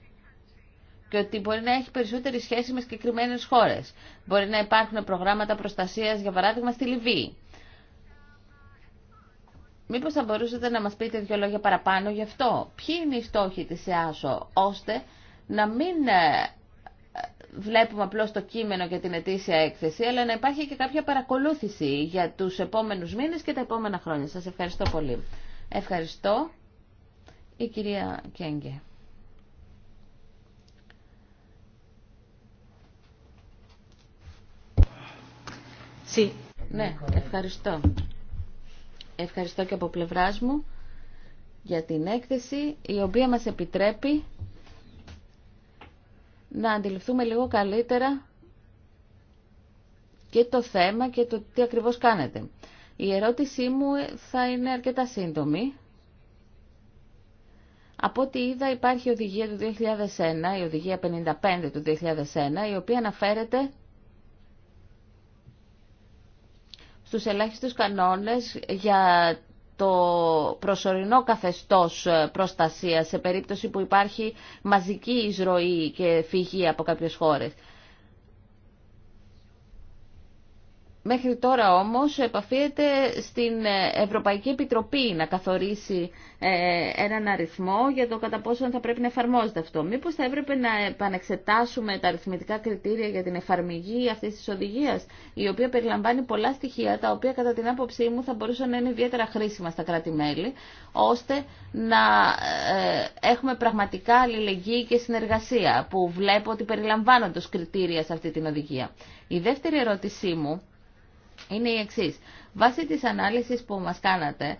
και ότι μπορεί να έχει περισσότερη σχέση με συγκεκριμένε χώρες. Μπορεί να υπάρχουν προγράμματα προστασίας, για παράδειγμα, στη Λιβύη. Μήπως θα μπορούσατε να μας πείτε δύο λόγια παραπάνω γι' αυτό. Ποιοι είναι οι στόχοι της ΕΑΣΟ, ώστε να μην ε, βλέπουμε απλώς το κείμενο για την ετήσια έκθεση, αλλά να υπάρχει και κάποια παρακολούθηση για τους επόμενους μήνες και τα επόμενα χρόνια. Σας ευχαριστώ πολύ. Ευχαριστώ. Η κυρία Κέγκε. Sí. Ναι, ευχαριστώ ευχαριστώ και από πλευράς μου για την έκθεση η οποία μας επιτρέπει να αντιληφθούμε λίγο καλύτερα και το θέμα και το τι ακριβώς κάνετε. Η ερώτησή μου θα είναι αρκετά σύντομη. Από ό,τι είδα υπάρχει οδηγία του 2001, η οδηγία 55 του 2001, η οποία αναφέρεται στους ελάχιστους κανόνες για το προσωρινό καθεστώς προστασίας σε περίπτωση που υπάρχει μαζική εισρωή και φυγή από κάποιες χώρες. Μέχρι τώρα όμως επαφίεται στην Ευρωπαϊκή Επιτροπή να καθορίσει ε, έναν αριθμό για το κατά πόσο θα πρέπει να εφαρμόζεται αυτό. Μήπως θα έπρεπε να επανεξετάσουμε τα αριθμητικά κριτήρια για την εφαρμογή αυτής της οδηγίας, η οποία περιλαμβάνει πολλά στοιχεία, τα οποία κατά την άποψή μου θα μπορούσαν να είναι ιδιαίτερα χρήσιμα στα κράτη-μέλη, ώστε να ε, έχουμε πραγματικά αλληλεγγύη και συνεργασία, που βλέπω ότι περιλαμβάνονται ως κριτήρια σε αυτή την οδηγία. Η δεύτερη ερώτησή μου είναι η εξή. Βάσει της ανάλυσης που μας κάνατε,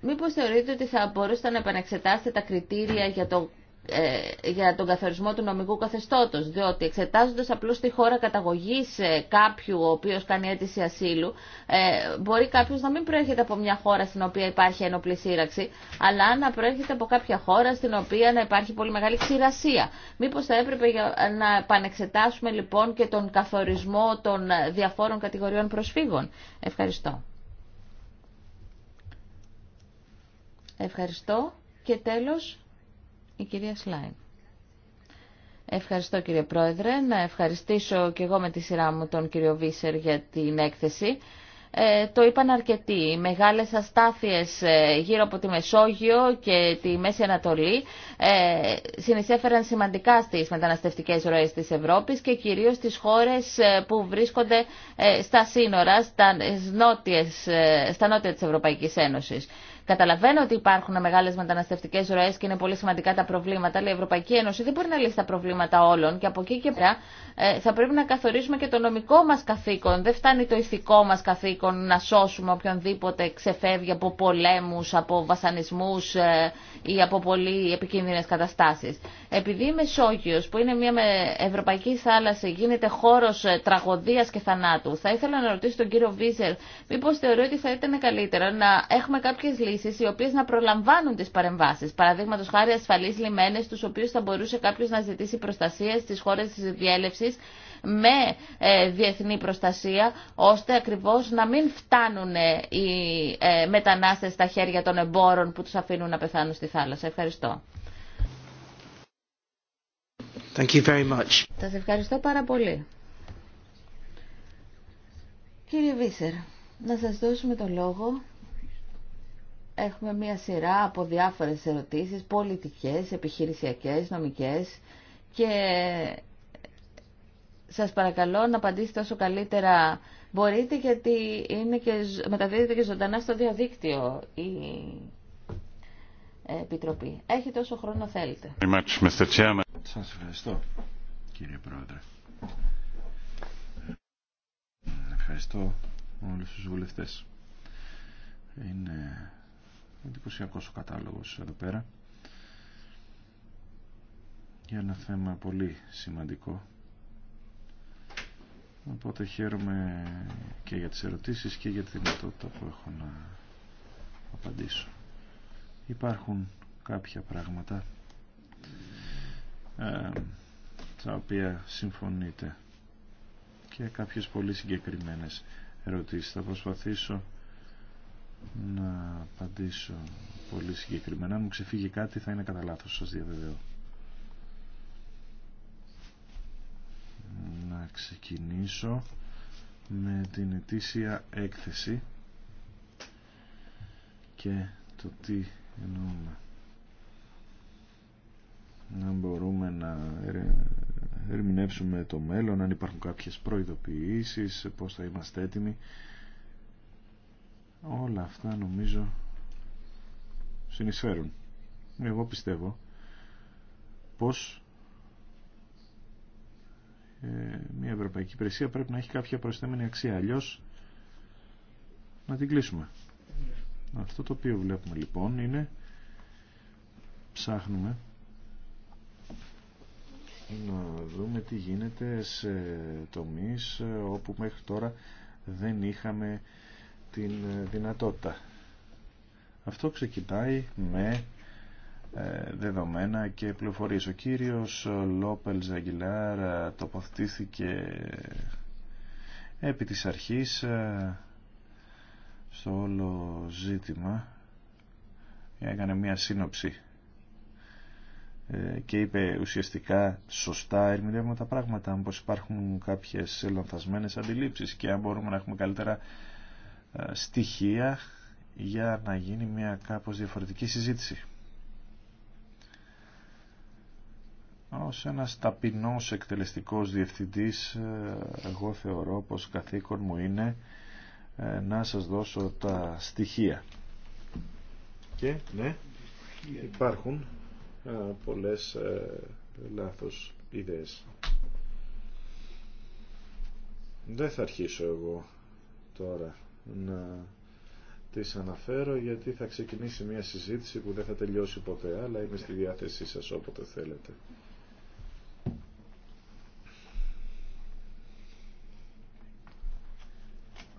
μήπω θεωρείτε ότι θα μπορούσατε να επαναξετάσετε τα κριτήρια για το ε, για τον καθορισμό του νομικού καθεστώτος, διότι εξετάζοντας απλώς τη χώρα καταγωγής ε, κάποιου ο οποίος κάνει αίτηση ασύλου, ε, μπορεί κάποιος να μην προέρχεται από μια χώρα στην οποία υπάρχει ένοπλη σύραξη, αλλά να προέρχεται από κάποια χώρα στην οποία να υπάρχει πολύ μεγάλη ξηρασία. Μήπως θα έπρεπε να επανεξετάσουμε λοιπόν και τον καθορισμό των διαφόρων κατηγοριών προσφύγων. Ευχαριστώ. Ευχαριστώ. Και τέλος, η κυρία Σλάιν. Ευχαριστώ κύριε Πρόεδρε. Να ευχαριστήσω και εγώ με τη σειρά μου τον κύριο Βίσερ για την έκθεση. Ε, το είπαν αρκετοί. Οι μεγάλες αστάθειες ε, γύρω από τη Μεσόγειο και τη Μέση Ανατολή ε, συνεισέφεραν σημαντικά στις μεταναστευτικές ροές της Ευρώπης και κυρίως στις χώρες ε, που βρίσκονται ε, στα σύνορα, στα, στα νότια της Ευρωπαϊκής Ένωσης. Καταλαβαίνω ότι υπάρχουν μεγάλε μεταναστευτικέ ροέ και είναι πολύ σημαντικά τα προβλήματα, αλλά η Ευρωπαϊκή Ένωση δεν μπορεί να λύσει τα προβλήματα όλων και από εκεί και πέρα ε, θα πρέπει να καθορίσουμε και το νομικό μα καθήκον. Δεν φτάνει το ηθικό μα καθήκον να σώσουμε οποιονδήποτε ξεφεύγει από πολέμου, από βασανισμού ε, ή από πολύ επικίνδυνε καταστάσει. Επειδή η Μεσόγειο, που είναι μια ευρωπαϊκή θάλασσα, γίνεται χώρο ε, τραγωδία και θανάτου, θα ήθελα να ρωτήσω τον κύριο Βίζερ μήπω θεωρεί ότι θα ήταν καλύτερα να έχουμε κάποιε λύσει οι οποίε να προλαμβάνουν τι παρεμβάσει. Παραδείγματο χάρη ασφαλεί λιμένε, του οποίου θα μπορούσε κάποιο να ζητήσει προστασία στι χώρε τη διέλευση με ε, διεθνή προστασία, ώστε ακριβώ να μην φτάνουν ε, οι ε, μετανάστε στα χέρια των εμπόρων που του αφήνουν να πεθάνουν στη θάλασσα. Ευχαριστώ. Thank you very much. Σας ευχαριστώ πάρα πολύ. Κύριε Βίσερ, να σας δώσουμε το λόγο Έχουμε μία σειρά από διάφορες ερωτήσεις, πολιτικές, επιχειρησιακές, νομικές και σας παρακαλώ να απαντήσετε όσο καλύτερα μπορείτε γιατί είναι και, μεταδίδεται και ζωντανά στο διαδίκτυο η Επιτροπή. Έχετε όσο χρόνο θέλετε. Σας ευχαριστώ κύριε Πρόεδρε. Ευχαριστώ όλους τους βουλευτές. Εντυπωσιακό ο κατάλογος εδώ πέρα. Για ένα θέμα πολύ σημαντικό. Οπότε χαίρομαι και για τις ερωτήσεις και για τη δυνατότητα που έχω να απαντήσω. Υπάρχουν κάποια πράγματα ε, τα οποία συμφωνείτε και κάποιες πολύ συγκεκριμένες ερωτήσεις. Θα προσπαθήσω να απαντήσω πολύ συγκεκριμένα. Αν μου ξεφύγει κάτι θα είναι κατά λάθος, σας διαβεβαιώ. Να ξεκινήσω με την ετήσια έκθεση και το τι εννοούμε. Να μπορούμε να ερμηνεύσουμε το μέλλον, αν υπάρχουν κάποιες προειδοποιήσεις, πώς θα είμαστε έτοιμοι όλα αυτά νομίζω συνεισφέρουν. Εγώ πιστεύω πως ε, μια ευρωπαϊκή υπηρεσία πρέπει να έχει κάποια προσθέμενη αξία, Αλλιώ να την κλείσουμε. Αυτό το οποίο βλέπουμε λοιπόν είναι ψάχνουμε να δούμε τι γίνεται σε τομείς ε, όπου μέχρι τώρα δεν είχαμε την ε, δυνατότητα. Αυτό ξεκινάει με ε, δεδομένα και πληροφορίες. Ο κύριος Λόπελ Ζαγγιλάρ ε, τοποθετήθηκε επί της αρχής στο όλο ζήτημα έκανε μία σύνοψη και είπε ουσιαστικά σωστά ερμηνεύουμε τα πράγματα αν πως υπάρχουν κάποιες λανθασμένες αντιλήψεις και αν μπορούμε να έχουμε καλύτερα ε, στοιχεία για να γίνει μια κάπως διαφορετική συζήτηση. Ως ένας ταπεινός εκτελεστικός διευθυντής, ε, εγώ θεωρώ πως καθήκον μου είναι ε, να σας δώσω τα στοιχεία. Και, ναι, υπάρχουν πολλές λάθος ιδέες. Δεν θα αρχίσω εγώ τώρα να τις αναφέρω γιατί θα ξεκινήσει μια συζήτηση που δεν θα τελειώσει ποτέ αλλά είμαι στη διάθεσή σας όποτε θέλετε.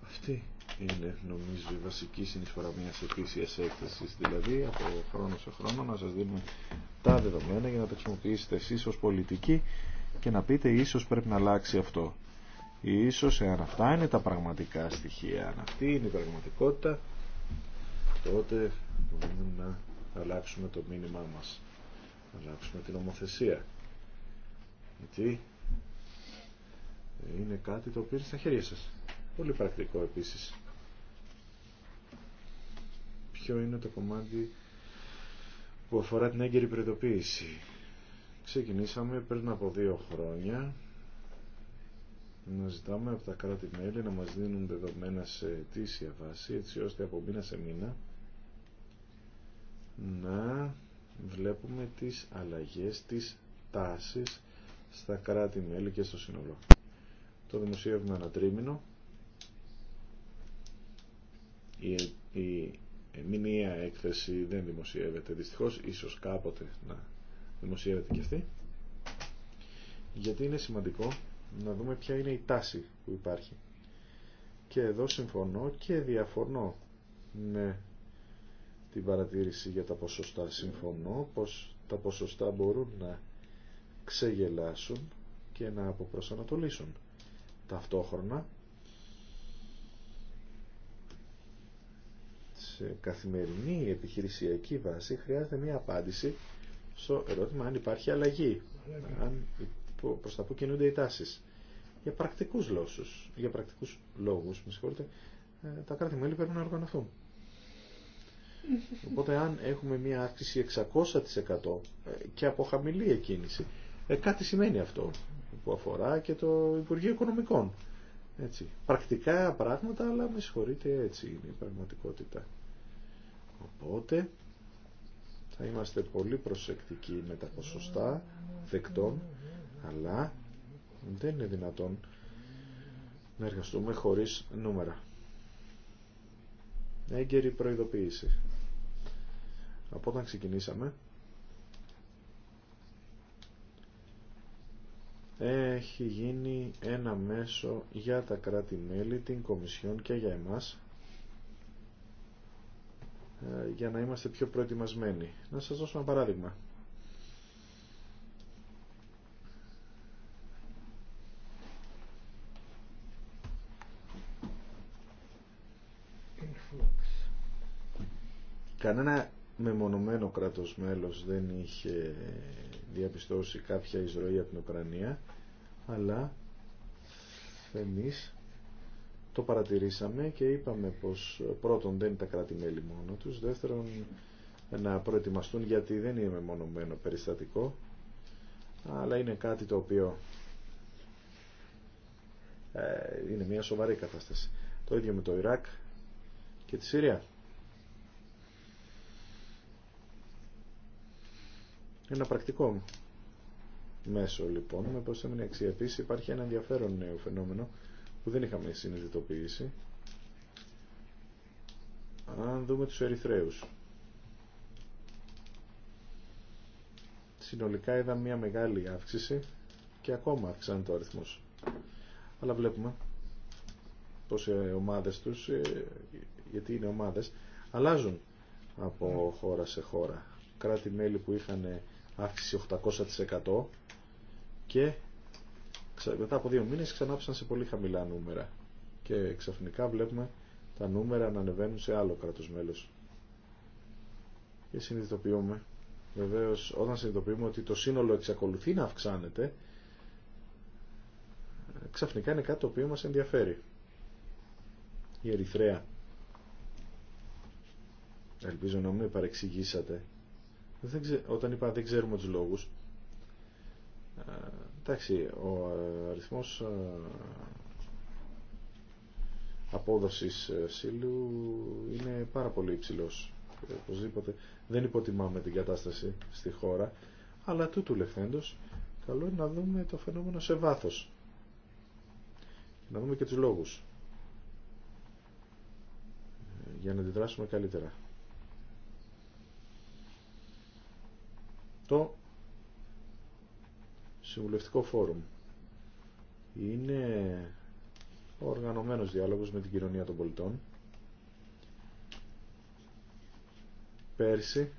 Αυτή είναι νομίζω η βασική συνεισφορά μιας ετήσια έκθεση. δηλαδή από χρόνο σε χρόνο να σας δίνουμε τα δεδομένα για να τα χρησιμοποιήσετε εσείς ως πολιτικοί και να πείτε ίσως πρέπει να αλλάξει αυτό Ίσως εάν αυτά είναι τα πραγματικά στοιχεία, αν αυτή είναι η πραγματικότητα, τότε μπορούμε να αλλάξουμε το μήνυμά μας, να αλλάξουμε την ομοθεσία. Γιατί είναι κάτι το οποίο είναι στα χέρια σας. Πολύ πρακτικό επίσης. Ποιο είναι το κομμάτι που αφορά την έγκαιρη προειδοποίηση. Ξεκινήσαμε πριν από δύο χρόνια να ζητάμε από τα κράτη-μέλη να μας δίνουν δεδομένα σε αιτήσια βάση έτσι ώστε από μήνα σε μήνα να βλέπουμε τις αλλαγές, τις τάσεις στα κράτη-μέλη και στο σύνολο. Το δημοσίευμα ανατρίμηνο η, η μηνιαία έκθεση δεν δημοσιεύεται δυστυχώς, ίσως κάποτε να δημοσιεύεται και αυτή γιατί είναι σημαντικό να δούμε ποια είναι η τάση που υπάρχει. Και εδώ συμφωνώ και διαφωνώ με την παρατήρηση για τα ποσοστά. Συμφωνώ πως τα ποσοστά μπορούν να ξεγελάσουν και να αποπροσανατολίσουν. Ταυτόχρονα σε καθημερινή επιχειρησιακή βάση χρειάζεται μια απάντηση στο ερώτημα αν υπάρχει αλλαγή, αν προς τα που κινούνται οι τάσεις για πρακτικούς λόγους, για πρακτικούς λόγους με συγχωρείτε, ε, τα κράτη-μέλη πρέπει να οργανωθούν. Οπότε αν έχουμε μια αύξηση 600% ε, και από χαμηλή εκκίνηση, ε, κάτι σημαίνει αυτό που αφορά και το Υπουργείο Οικονομικών. Έτσι. Πρακτικά πράγματα, αλλά με συγχωρείτε έτσι είναι η πραγματικότητα. Οπότε θα είμαστε πολύ προσεκτικοί με τα ποσοστά δεκτών, αλλά δεν είναι δυνατόν να εργαστούμε χωρίς νούμερα. Έγκαιρη προειδοποίηση. Από όταν ξεκινήσαμε, έχει γίνει ένα μέσο για τα κράτη-μέλη, την Κομισιόν και για εμάς ε, για να είμαστε πιο προετοιμασμένοι. Να σας δώσω ένα παράδειγμα. Κανένα μεμονωμένο κράτος μέλος δεν είχε διαπιστώσει κάποια εισρωή από την Ουκρανία, αλλά εμείς το παρατηρήσαμε και είπαμε πως πρώτον δεν είναι τα κράτη-μέλη μόνο τους, δεύτερον να προετοιμαστούν γιατί δεν είναι μεμονωμένο περιστατικό, αλλά είναι κάτι το οποίο ε, είναι μια σοβαρή κατάσταση. Το ίδιο με το Ιράκ και τη Συρία. Ένα πρακτικό μέσο λοιπόν με προσθέμενη αξία. Επίσης υπάρχει ένα ενδιαφέρον νέο φαινόμενο που δεν είχαμε συνειδητοποιήσει. Αν δούμε τους Ερυθρέους. Συνολικά είδα μια μεγάλη αύξηση και ακόμα αυξάνε το αριθμός. Αλλά βλέπουμε πως οι ε, ομάδες τους, ε, γιατί είναι ομάδες, αλλάζουν από χώρα σε χώρα. Κράτη-μέλη που είχαν ε, αύξηση 800% και μετά από δύο μήνες ξανάψαν σε πολύ χαμηλά νούμερα και ξαφνικά βλέπουμε τα νούμερα να ανεβαίνουν σε άλλο κράτος μέλος. Και συνειδητοποιούμε, βεβαίως όταν συνειδητοποιούμε ότι το σύνολο εξακολουθεί να αυξάνεται, ξαφνικά είναι κάτι το οποίο μας ενδιαφέρει. Η Ερυθρέα. Ελπίζω να μην παρεξηγήσατε δεν ξε... Όταν είπα δεν ξέρουμε τους λόγους, ε, εντάξει, ο ε, αριθμός ε, απόδοσης σύλλου είναι πάρα πολύ υψηλός. Οπωσδήποτε δεν υποτιμάμε την κατάσταση στη χώρα, αλλά τούτου λεφέντος καλό είναι να δούμε το φαινόμενο σε βάθος να δούμε και τους λόγους για να αντιδράσουμε καλύτερα. το Συμβουλευτικό Φόρουμ. Είναι ο οργανωμένος διάλογος με την κοινωνία των πολιτών. Πέρσι,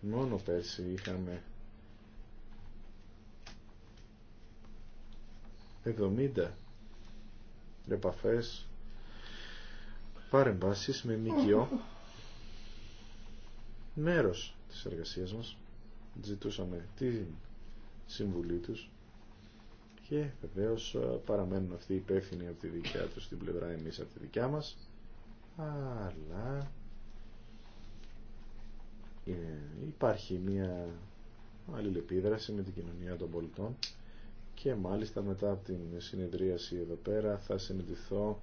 μόνο πέρσι είχαμε 70 επαφές παρεμβάσεις με ΜΚΟ μέρος της εργασίας μας. Ζητούσαμε τη συμβουλή τους και βεβαίω ε, παραμένουν αυτοί υπεύθυνοι από τη δικιά τους την πλευρά εμείς από τη δικιά μας αλλά ε, υπάρχει μια αλληλεπίδραση με την κοινωνία των πολιτών και μάλιστα μετά από την συνεδρίαση εδώ πέρα θα συνεδριθώ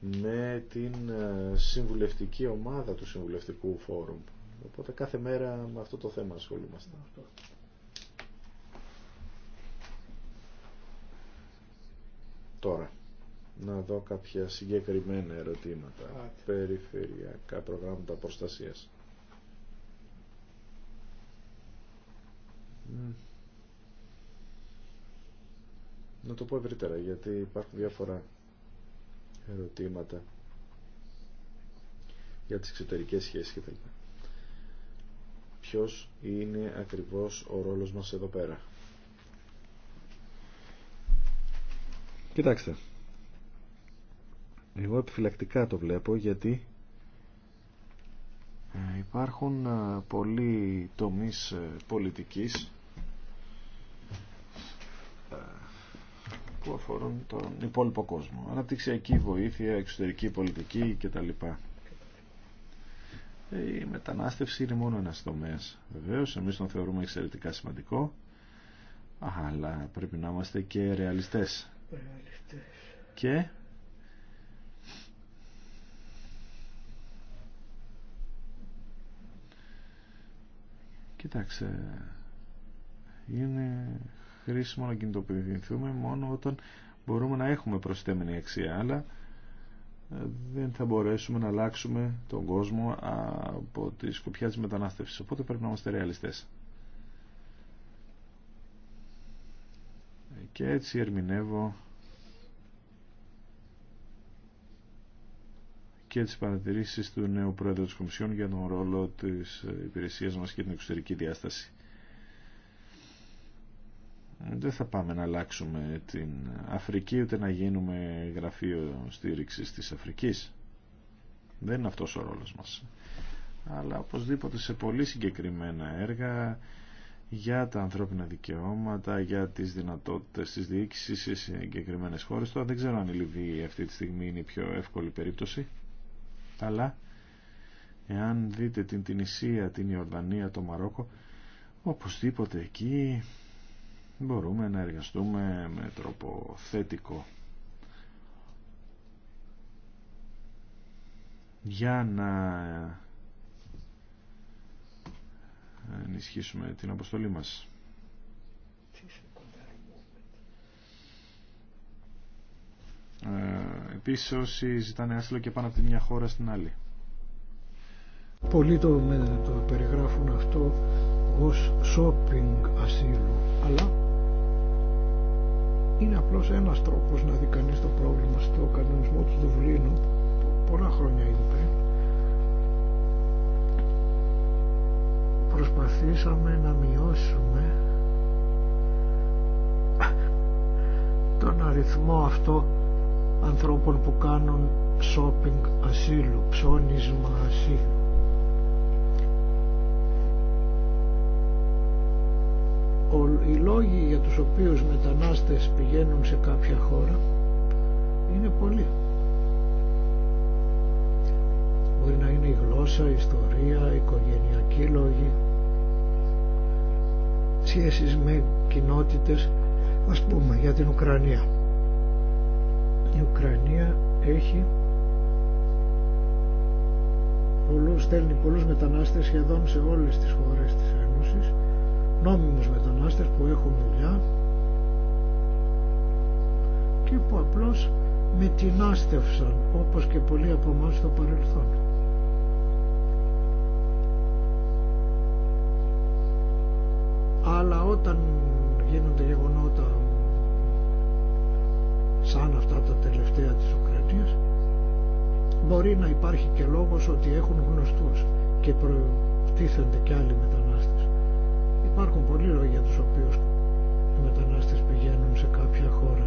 με την ε, συμβουλευτική ομάδα του Συμβουλευτικού Φόρουμ Οπότε κάθε μέρα με αυτό το θέμα ασχολούμαστε. Τώρα, να δω κάποια συγκεκριμένα ερωτήματα. Άτε. Περιφερειακά προγράμματα προστασίας. Να το πω ευρύτερα, γιατί υπάρχουν διάφορα ερωτήματα για τις εξωτερικές σχέσεις λοιπά ποιος είναι ακριβώς ο ρόλος μας εδώ πέρα. Κοιτάξτε. Εγώ επιφυλακτικά το βλέπω γιατί ε, υπάρχουν ε, πολλοί τομείς ε, πολιτικής που αφορούν τον υπόλοιπο κόσμο. Αναπτυξιακή βοήθεια, εξωτερική πολιτική κτλ. Η μετανάστευση είναι μόνο ένας τομέας. Βεβαίως, εμείς τον θεωρούμε εξαιρετικά σημαντικό, αλλά πρέπει να είμαστε και ρεαλιστές. ρεαλιστές. Και... Κοιτάξτε, είναι χρήσιμο να κινητοποιηθούμε μόνο όταν μπορούμε να έχουμε προσθέμενη αξία, αλλά ε, δεν θα μπορέσουμε να αλλάξουμε τον κόσμο από τη σκοπιά της μετανάστευσης. Οπότε πρέπει να είμαστε ρεαλιστές. Ε, και έτσι ερμηνεύω και τις παρατηρήσεις του νέου πρόεδρου της Κομισιόν για τον ρόλο της υπηρεσίας μας και την εξωτερική διάσταση. Δεν θα πάμε να αλλάξουμε την Αφρική ούτε να γίνουμε γραφείο στήριξης της Αφρικής. Δεν είναι αυτός ο ρόλος μας. Αλλά οπωσδήποτε σε πολύ συγκεκριμένα έργα για τα ανθρώπινα δικαιώματα, για τις δυνατότητες της διοίκησης σε συγκεκριμένε χώρες. Τώρα δεν ξέρω αν η Λιβύη αυτή τη στιγμή είναι η πιο εύκολη περίπτωση. Αλλά εάν δείτε την Τινησία, την Ιορδανία, το Μαρόκο, οπωσδήποτε εκεί μπορούμε να εργαστούμε με τρόπο θετικό για να ενισχύσουμε την αποστολή μας. Ε, επίσης όσοι ζητάνε άσυλο και πάνω από τη μια χώρα στην άλλη. Πολλοί το, ναι, το περιγράφουν αυτό ως shopping ασύλου, αλλά είναι απλώς ένας τρόπος να δει κανείς το πρόβλημα στο κανονισμό του Δουβλίνου πολλά χρόνια ήδη πριν προσπαθήσαμε να μειώσουμε τον αριθμό αυτό ανθρώπων που κάνουν shopping ασύλου, ψώνισμα ασύλου οι λόγοι για τους οποίους μετανάστες πηγαίνουν σε κάποια χώρα είναι πολλοί. Μπορεί να είναι η γλώσσα, η ιστορία, η οικογενειακή λόγοι, σχέσεις με κοινότητες, ας πούμε για την Ουκρανία. Η Ουκρανία έχει πολλούς, στέλνει πολλούς μετανάστες σχεδόν σε όλες τις χώρες της νόμιμους μετανάστες που έχουν δουλειά και που απλώς μετινάστευσαν όπως και πολλοί από εμά στο παρελθόν. Αλλά όταν γίνονται γεγονότα σαν αυτά τα τελευταία της Ουκρανίας μπορεί να υπάρχει και λόγος ότι έχουν γνωστούς και προτίθενται και άλλοι μετανάστες. Υπάρχουν πολλοί λόγοι για τους οποίους οι μετανάστες πηγαίνουν σε κάποια χώρα.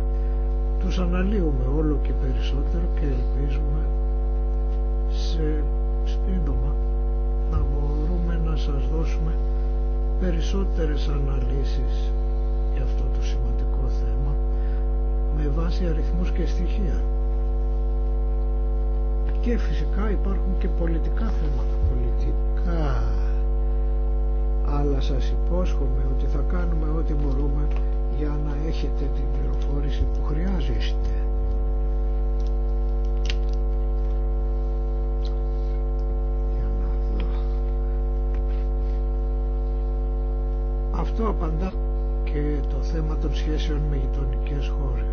Τους αναλύουμε όλο και περισσότερο και ελπίζουμε σε σύντομα να μπορούμε να σας δώσουμε περισσότερες αναλύσεις για αυτό το σημαντικό θέμα με βάση αριθμούς και στοιχεία. Και φυσικά υπάρχουν και πολιτικά θέματα. Πολιτικά αλλά σας υπόσχομαι ότι θα κάνουμε ό,τι μπορούμε για να έχετε την πληροφόρηση που χρειάζεστε. Για Αυτό απαντά και το θέμα των σχέσεων με γειτονικέ χώρες.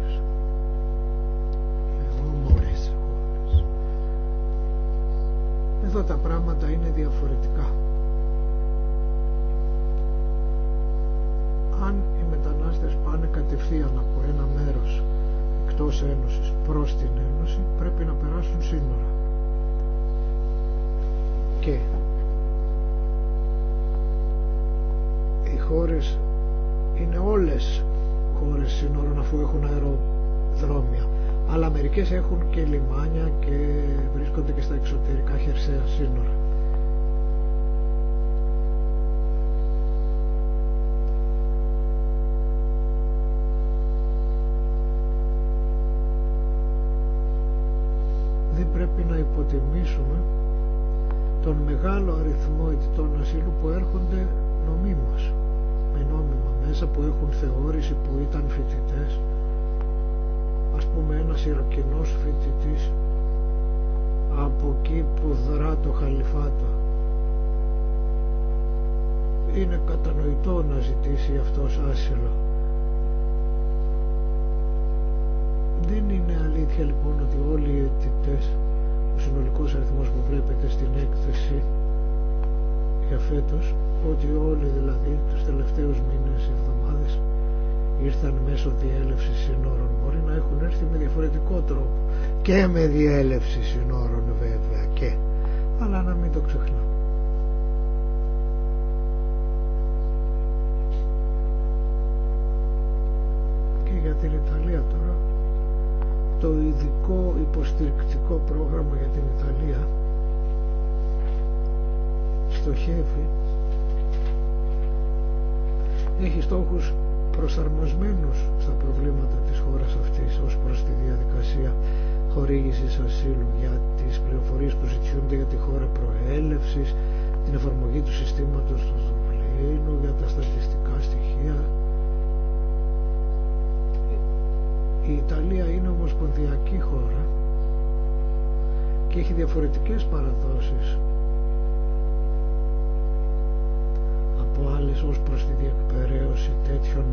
Εδώ τα πράγματα είναι διαφορετικά. αν οι μετανάστες πάνε κατευθείαν από ένα μέρος εκτός Ένωσης προς την Ένωση πρέπει να περάσουν σύνορα. Και οι χώρες είναι όλες χώρες σύνορων αφού έχουν αεροδρόμια αλλά μερικές έχουν και λιμάνια και βρίσκονται και στα εξωτερικά χερσαία σύνορα. τον μεγάλο αριθμό αιτητών ασύλου που έρχονται νομίμως, με νόμιμα μέσα που έχουν θεώρηση που ήταν φοιτητέ, ας πούμε ένας Ιρακινός φοιτητή από εκεί που δρά το Χαλιφάτο. Είναι κατανοητό να ζητήσει αυτός άσυλο. Δεν είναι αλήθεια λοιπόν ότι όλοι οι αιτητές ο συνολικός αριθμός που βλέπετε στην έκθεση για φέτος, ότι όλοι δηλαδή τους τελευταίους μήνες, εβδομάδες, ήρθαν μέσω διέλευση συνόρων. Μπορεί να έχουν έρθει με διαφορετικό τρόπο και με διέλευση συνόρων βέβαια και, αλλά να μην το ξεχνάμε. ειδικό υποστηρικτικό πρόγραμμα για την Ιταλία στοχεύει έχει στόχους προσαρμοσμένους στα προβλήματα της χώρας αυτής ως προς τη διαδικασία χορήγησης ασύλου για τις πληροφορίες που ζητιούνται για τη χώρα προέλευσης, την εφαρμογή του συστήματος του Δουβλίνου, για τα στατιστικά στοιχεία, Η Ιταλία είναι ομοσπονδιακή χώρα και έχει διαφορετικές παραδόσεις από άλλες ως προς τη διεκπαιρέωση τέτοιων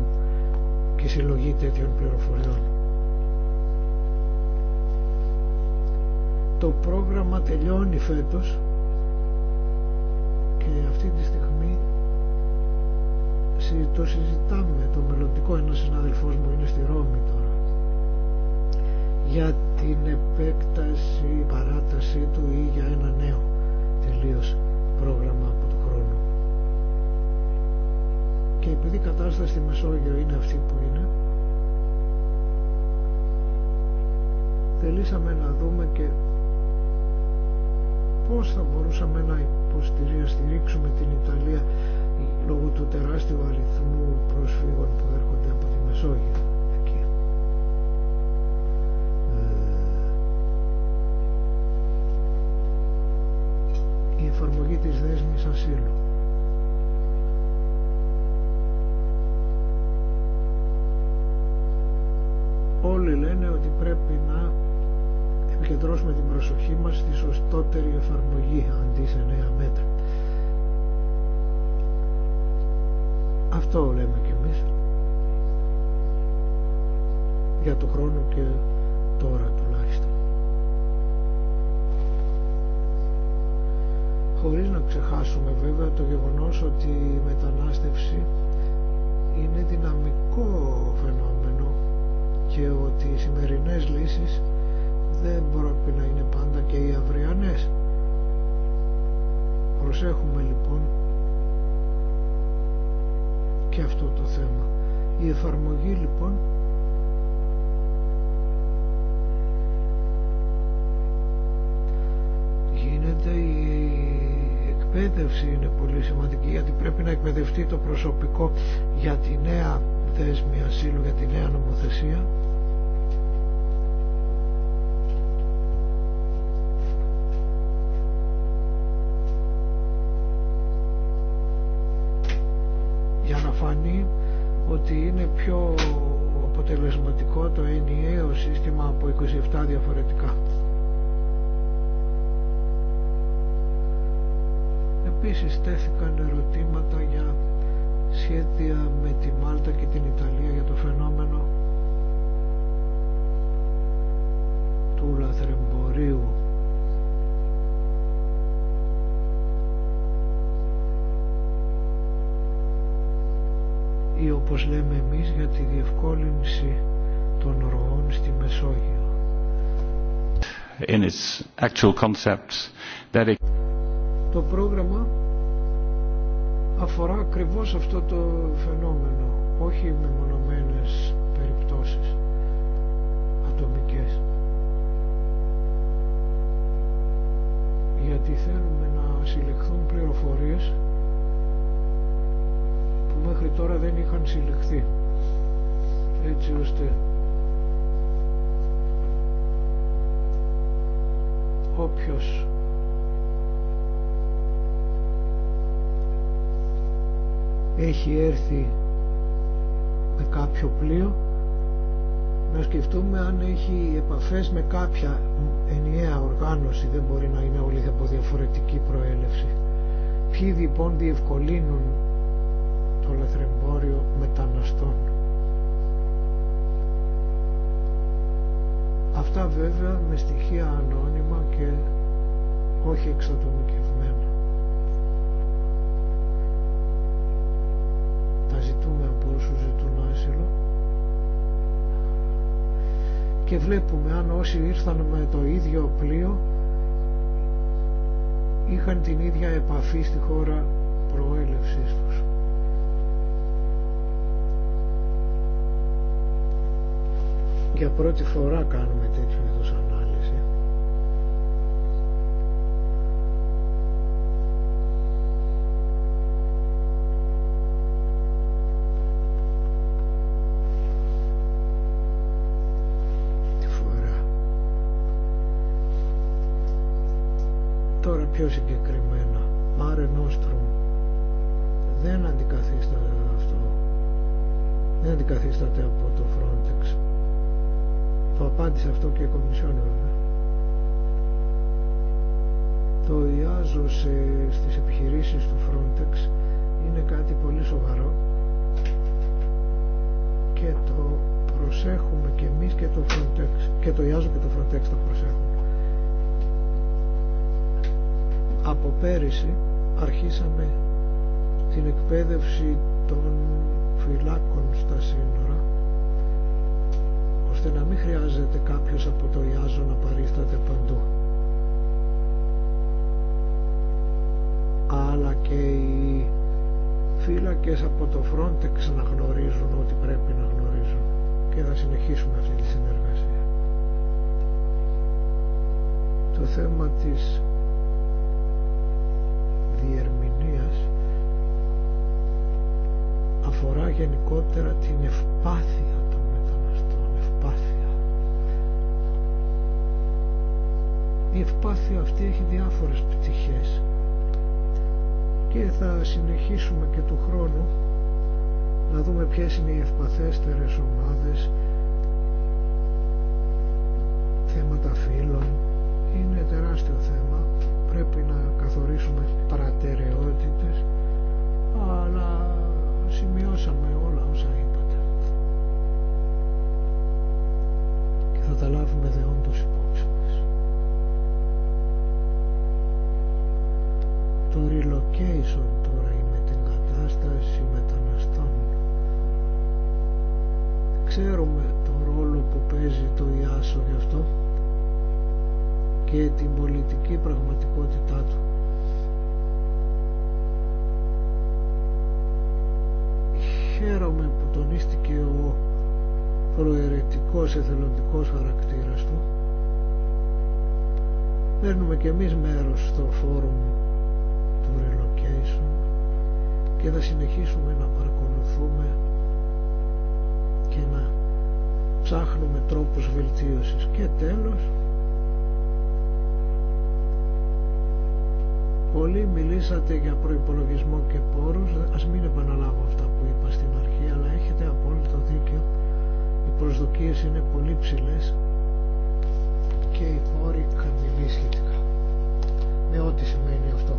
και συλλογή τέτοιων πληροφοριών. Το πρόγραμμα τελειώνει φέτος και αυτή τη στιγμή το συζητάμε το μελλοντικό ένας συναδελφός μου είναι στη Ρώμη τώρα για την επέκταση, η παράταση του ή για ένα νέο τελείως πρόγραμμα από του χρόνου. Και επειδή η κατάσταση στη Μεσόγειο είναι αυτή που είναι, θελήσαμε να δούμε και πώς θα μπορούσαμε να υποστηρίξουμε την Ιταλία λόγω το χρονο και επειδη αριθμού προσφύγων που έρχονται από τη Μεσόγειο. εφαρμογή της δέσμης ασύλου. Όλοι λένε ότι πρέπει να επικεντρώσουμε την προσοχή μας στη σωστότερη εφαρμογή αντί σε νέα μέτρα. Αυτό λέμε κι εμείς για το χρόνο και τώρα χωρίς να ξεχάσουμε βέβαια το γεγονός ότι η μετανάστευση είναι δυναμικό φαινόμενο και ότι οι σημερινές λύσεις δεν πρέπει να είναι πάντα και οι αυριανές. Προσέχουμε λοιπόν και αυτό το θέμα. Η εφαρμογή λοιπόν εκπαίδευση είναι πολύ σημαντική γιατί πρέπει να εκπαιδευτεί το προσωπικό για τη νέα δέσμη ασύλου, για τη νέα νομοθεσία. Για να φανεί ότι είναι πιο αποτελεσματικό το ενιαίο e σύστημα από 27 διαφορετικά. Επίσης τέθηκαν ερωτήματα για σχέδια με τη Μάλτα και την Ιταλία για το φαινόμενο του λαθρεμπορίου. ή όπως λέμε εμείς για τη διευκόλυνση των οργών στη Μεσόγειο. In its actual that το πρόγραμμα αφορά ακριβώς αυτό το φαινόμενο, όχι με μονομένες περιπτώσεις ατομικές. Γιατί θέλουμε να συλλεχθούν πληροφορίες που μέχρι τώρα δεν είχαν συλλεχθεί. Έτσι ώστε όποιος έχει έρθει με κάποιο πλοίο να σκεφτούμε αν έχει επαφές με κάποια ενιαία οργάνωση δεν μπορεί να είναι όλοι από διαφορετική προέλευση ποιοι λοιπόν διευκολύνουν το λαθρεμπόριο μεταναστών αυτά βέβαια με στοιχεία ανώνυμα και όχι εξατομικευμένα και βλέπουμε αν όσοι ήρθαν με το ίδιο πλοίο είχαν την ίδια επαφή στη χώρα προέλευσης τους. Για πρώτη φορά κάνουμε τέτοιου είδους ανάλυση. μιλήσατε για προϋπολογισμό και πόρους, ας μην επαναλάβω αυτά που είπα στην αρχή, αλλά έχετε απόλυτο δίκιο. Οι προσδοκίες είναι πολύ ψηλές και οι πόροι χαμηλοί σχετικά. Με ό,τι σημαίνει αυτό.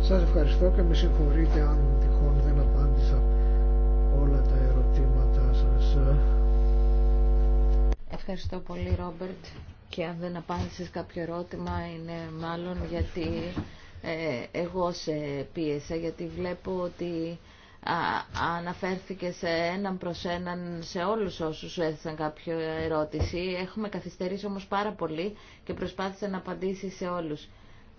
Σας ευχαριστώ και με συγχωρείτε αν τυχόν δεν απάντησα όλα τα ερωτήματά σας. Ευχαριστώ πολύ Ρόμπερτ και αν δεν απάντησες κάποιο ερώτημα είναι μάλλον γιατί ε, εγώ σε πίεσα γιατί βλέπω ότι αναφέρθηκε σε έναν προς έναν σε όλους όσους έθεσαν κάποια ερώτηση. Έχουμε καθυστερήσει όμως πάρα πολύ και προσπάθησε να απαντήσει σε όλους.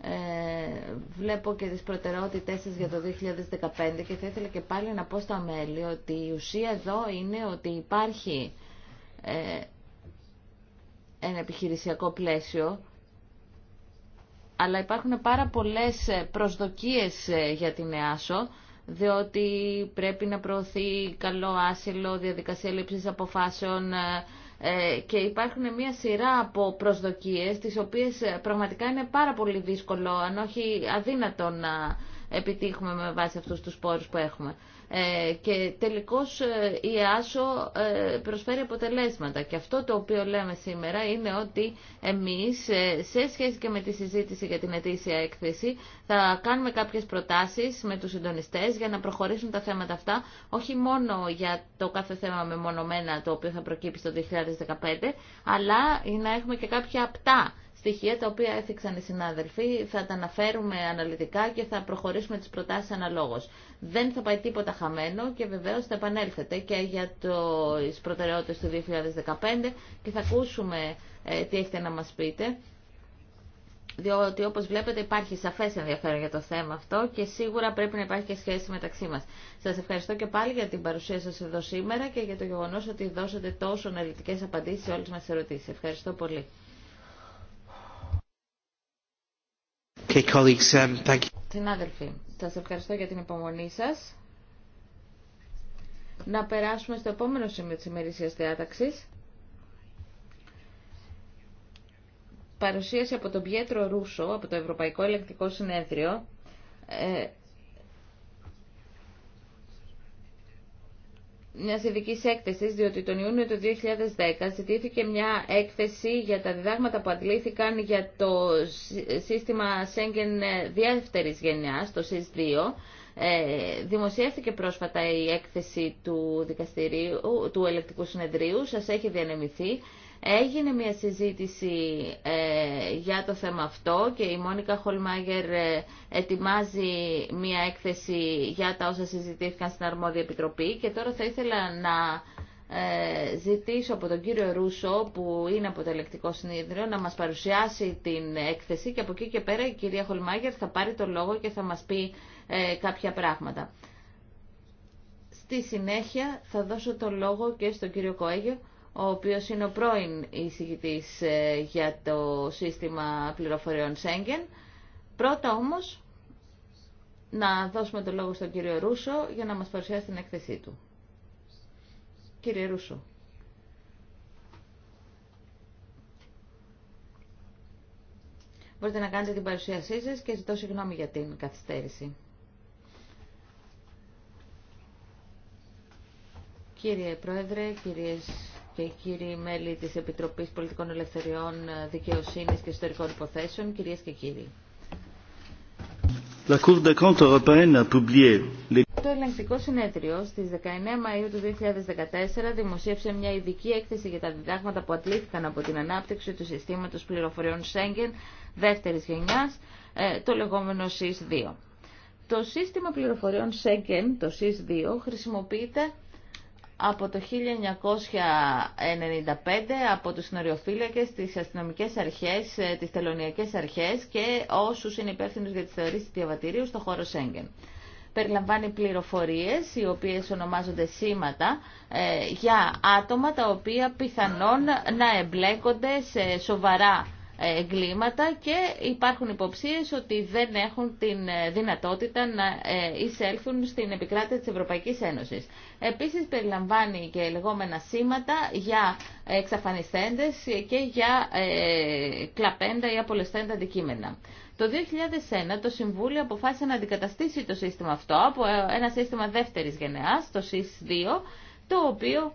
Ε, βλέπω και τις προτεραιότητές σας για το 2015 και θα ήθελα και πάλι να πω στα μέλη ότι η ουσία εδώ είναι ότι υπάρχει ε, ένα επιχειρησιακό πλαίσιο αλλά υπάρχουν πάρα πολλές ε, προσδοκίες ε, για την ΕΑΣΟ, διότι πρέπει να προωθεί καλό άσυλο, διαδικασία λήψης αποφάσεων ε, και υπάρχουν μια σειρά από προσδοκίες, τις οποίες πραγματικά είναι πάρα πολύ δύσκολο, αν όχι αδύνατο να επιτύχουμε με βάση αυτούς τους πόρους που έχουμε. Ε, και τελικώς ε, η ΕΑΣΟ ε, προσφέρει αποτελέσματα. Και αυτό το οποίο λέμε σήμερα είναι ότι εμείς σε σχέση και με τη συζήτηση για την ετήσια έκθεση θα κάνουμε κάποιες προτάσεις με τους συντονιστές για να προχωρήσουν τα θέματα αυτά όχι μόνο για το κάθε θέμα μεμονωμένα το οποίο θα προκύψει το 2015 αλλά να έχουμε και κάποια απτά στοιχεία τα οποία έθιξαν οι συνάδελφοι. Θα τα αναφέρουμε αναλυτικά και θα προχωρήσουμε τις προτάσεις αναλόγως. Δεν θα πάει τίποτα χαμένο και βεβαίως θα επανέλθετε και για το, τις προτεραιότητες του 2015 και θα ακούσουμε ε, τι έχετε να μας πείτε. Διότι όπως βλέπετε υπάρχει σαφές ενδιαφέρον για το θέμα αυτό και σίγουρα πρέπει να υπάρχει και σχέση μεταξύ μας. Σας ευχαριστώ και πάλι για την παρουσία σας εδώ σήμερα και για το γεγονός ότι δώσατε τόσο αναλυτικές απαντήσεις σε όλες μας τις ερωτήσεις. Ευχαριστώ πολύ. Okay, colleagues, um, thank you. Συνάδελφοι, σας ευχαριστώ για την υπομονή σας. Να περάσουμε στο επόμενο σημείο της ημερησίας διάταξης. Παρουσίαση από τον Πιέτρο Ρούσο, από το Ευρωπαϊκό Ελεκτικό Συνέδριο, ε, μια ειδική έκθεση, διότι τον Ιούνιο του 2010 ζητήθηκε μια έκθεση για τα διδάγματα που αντλήθηκαν για το σύστημα Σέγγεν ε, δεύτερη γενιά, το ΣΥΣ2. Ε, πρόσφατα η έκθεση του, δικαστηρίου, του ελεκτικού συνεδρίου, σας έχει διανεμηθεί. Έγινε μια συζήτηση ε, για το θέμα αυτό και η Μόνικα Χολμάγερ ε, ετοιμάζει μια έκθεση για τα όσα συζητήθηκαν στην Αρμόδια Επιτροπή και τώρα θα ήθελα να ε, ζητήσω από τον κύριο Ρούσο που είναι αποτελεκτικό Συνήδριο να μας παρουσιάσει την έκθεση και από εκεί και πέρα η κυρία Χολμάγερ θα πάρει το λόγο και θα μας πει κάποια πράγματα. Στη συνέχεια θα δώσω το λόγο και στον κύριο Κοέγιο ο οποίος είναι ο πρώην εισηγητής ε, για το σύστημα πληροφοριών Σέγγεν. Πρώτα όμως να δώσουμε το λόγο στον κύριο Ρούσο για να μας παρουσιάσει την έκθεσή του. Κύριε Ρούσο. Μπορείτε να κάνετε την παρουσίασή σας και ζητώ συγγνώμη για την καθυστέρηση. Κύριε Πρόεδρε, κυρίες και κύριοι μέλη της Επιτροπής Πολιτικών Ελευθεριών Δικαιοσύνης και Ιστορικών Υποθέσεων, κυρίες και κύριοι. La Cour des comptes européenne a publié Το ελεγκτικό συνέδριο στις 19 Μαΐου του 2014 δημοσίευσε μια ειδική έκθεση για τα διδάγματα που ατλήθηκαν από την ανάπτυξη του συστήματος πληροφοριών Σέγγεν δεύτερης γενιάς, ε, το λεγόμενο SIS-2. Το σύστημα πληροφοριών Σέγγεν, το SIS-2, χρησιμοποιείται από το 1995 από τους συνοριοφύλακες, τις αστυνομικές αρχές, ε, τις τελωνιακές αρχές και όσους είναι υπεύθυνου για τις θεωρήσεις διαβατηρίου στο χώρο Σέγγεν. Περιλαμβάνει πληροφορίες οι οποίες ονομάζονται σήματα ε, για άτομα τα οποία πιθανόν να εμπλέκονται σε σοβαρά εγκλήματα και υπάρχουν υποψίες ότι δεν έχουν την ε, δυνατότητα να ε, εισέλθουν στην επικράτεια της Ευρωπαϊκής Ένωσης. Επίσης περιλαμβάνει και λεγόμενα σήματα για εξαφανιστέντες και για ε, κλαπέντα ή απολεσθέντα αντικείμενα. Το 2001 το Συμβούλιο αποφάσισε να αντικαταστήσει το σύστημα αυτό από ένα σύστημα δεύτερης γενεάς, το SIS-2, το οποίο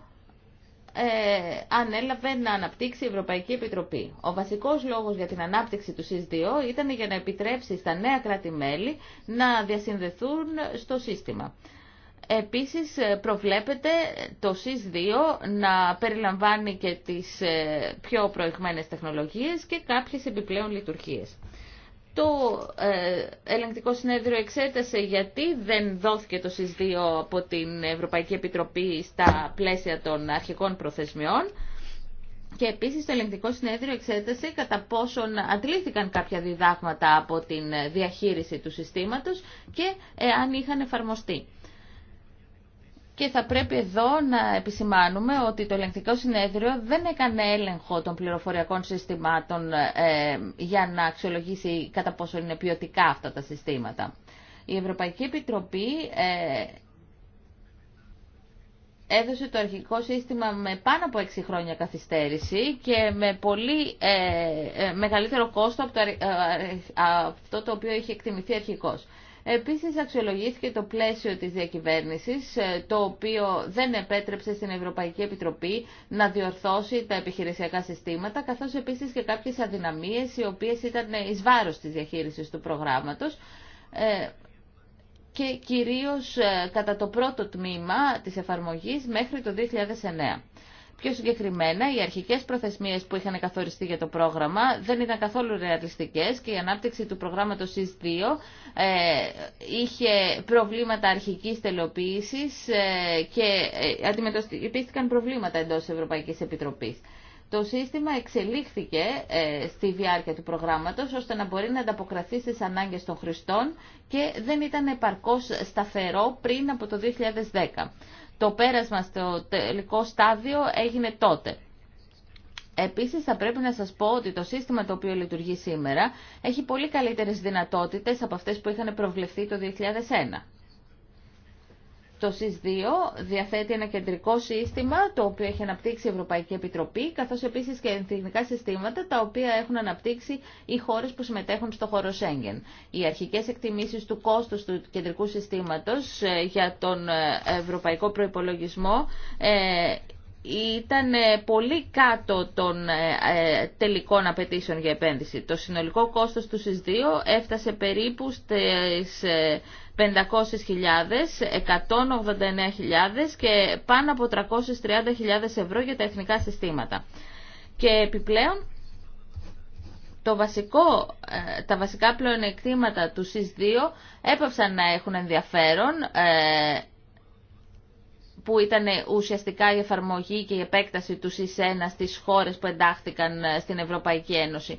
ε, ανέλαβε να αναπτύξει η Ευρωπαϊκή Επιτροπή. Ο βασικός λόγος για την ανάπτυξη του ΣΥΣ2 ήταν για να επιτρέψει στα νέα κράτη-μέλη να διασυνδεθούν στο σύστημα. Επίσης ε, προβλέπεται το ΣΥΣ2 να περιλαμβάνει και τις ε, πιο προηγμένες τεχνολογίες και κάποιες επιπλέον λειτουργίες το ε, ελεγκτικό συνέδριο εξέτασε γιατί δεν δόθηκε το ΣΥΣ2 από την Ευρωπαϊκή Επιτροπή στα πλαίσια των αρχικών προθεσμιών. Και επίσης το ελεγκτικό συνέδριο εξέτασε κατά πόσον αντλήθηκαν κάποια διδάγματα από την διαχείριση του συστήματος και αν είχαν εφαρμοστεί και θα πρέπει εδώ να επισημάνουμε ότι το ελεγκτικό συνέδριο δεν έκανε έλεγχο των πληροφοριακών συστημάτων ε, για να αξιολογήσει κατά πόσο είναι ποιοτικά αυτά τα συστήματα. Η Ευρωπαϊκή Επιτροπή ε, έδωσε το αρχικό σύστημα με πάνω από 6 χρόνια καθυστέρηση και με πολύ ε, μεγαλύτερο κόστο από, από αυτό το οποίο είχε εκτιμηθεί αρχικώς. Επίσης αξιολογήθηκε το πλαίσιο της διακυβέρνησης, ε, το οποίο δεν επέτρεψε στην Ευρωπαϊκή Επιτροπή να διορθώσει τα επιχειρησιακά συστήματα, καθώς επίσης και κάποιες αδυναμίες οι οποίες ήταν εις βάρος της διαχείρισης του προγράμματος ε, και κυρίως ε, κατά το πρώτο τμήμα της εφαρμογής μέχρι το 2009. Πιο συγκεκριμένα, οι αρχικέ προθεσμίε που είχαν καθοριστεί για το πρόγραμμα δεν ήταν καθόλου ρεαλιστικέ και η ανάπτυξη του προγραμματο συς ΣΥΣ2 ε, είχε προβλήματα αρχικής τελοποίησης ε, και ε, αντιμετωπίστηκαν προβλήματα εντό Ευρωπαϊκή Ευρωπαϊκής Επιτροπής. Το σύστημα εξελίχθηκε στη διάρκεια του προγράμματο ώστε να μπορεί να ανταποκραθεί στις ανάγκε των χρηστών και δεν ήταν επαρκώς σταθερό πριν από το 2010 το πέρασμα στο τελικό στάδιο έγινε τότε. Επίσης θα πρέπει να σας πω ότι το σύστημα το οποίο λειτουργεί σήμερα έχει πολύ καλύτερες δυνατότητες από αυτές που είχαν προβλεφθεί το 2001. Το ΣΥΣ2 διαθέτει ένα κεντρικό σύστημα το οποίο έχει αναπτύξει η Ευρωπαϊκή Επιτροπή, καθώς επίσης και εθνικά συστήματα τα οποία έχουν αναπτύξει οι χώρες που συμμετέχουν στο χώρο Σέγγεν. Οι αρχικές εκτιμήσεις του κόστους του κεντρικού συστήματος ε, για τον ε, ευρωπαϊκό προϋπολογισμό ε, ήταν ε, πολύ κάτω των ε, ε, τελικών απαιτήσεων για επένδυση. Το συνολικό κόστος του ΣΥΣ2 έφτασε περίπου στις 500.000, 189.000 και πάνω από 330.000 ευρώ για τα εθνικά συστήματα. Και επιπλέον το βασικό, τα βασικά πλεονεκτήματα του ΣΥΣ2 έπαψαν να έχουν ενδιαφέρον που ήταν ουσιαστικά η εφαρμογή και η επέκταση του ΣΥΣΕΝΑ στις χώρες που εντάχθηκαν ε, στην Ευρωπαϊκή Ένωση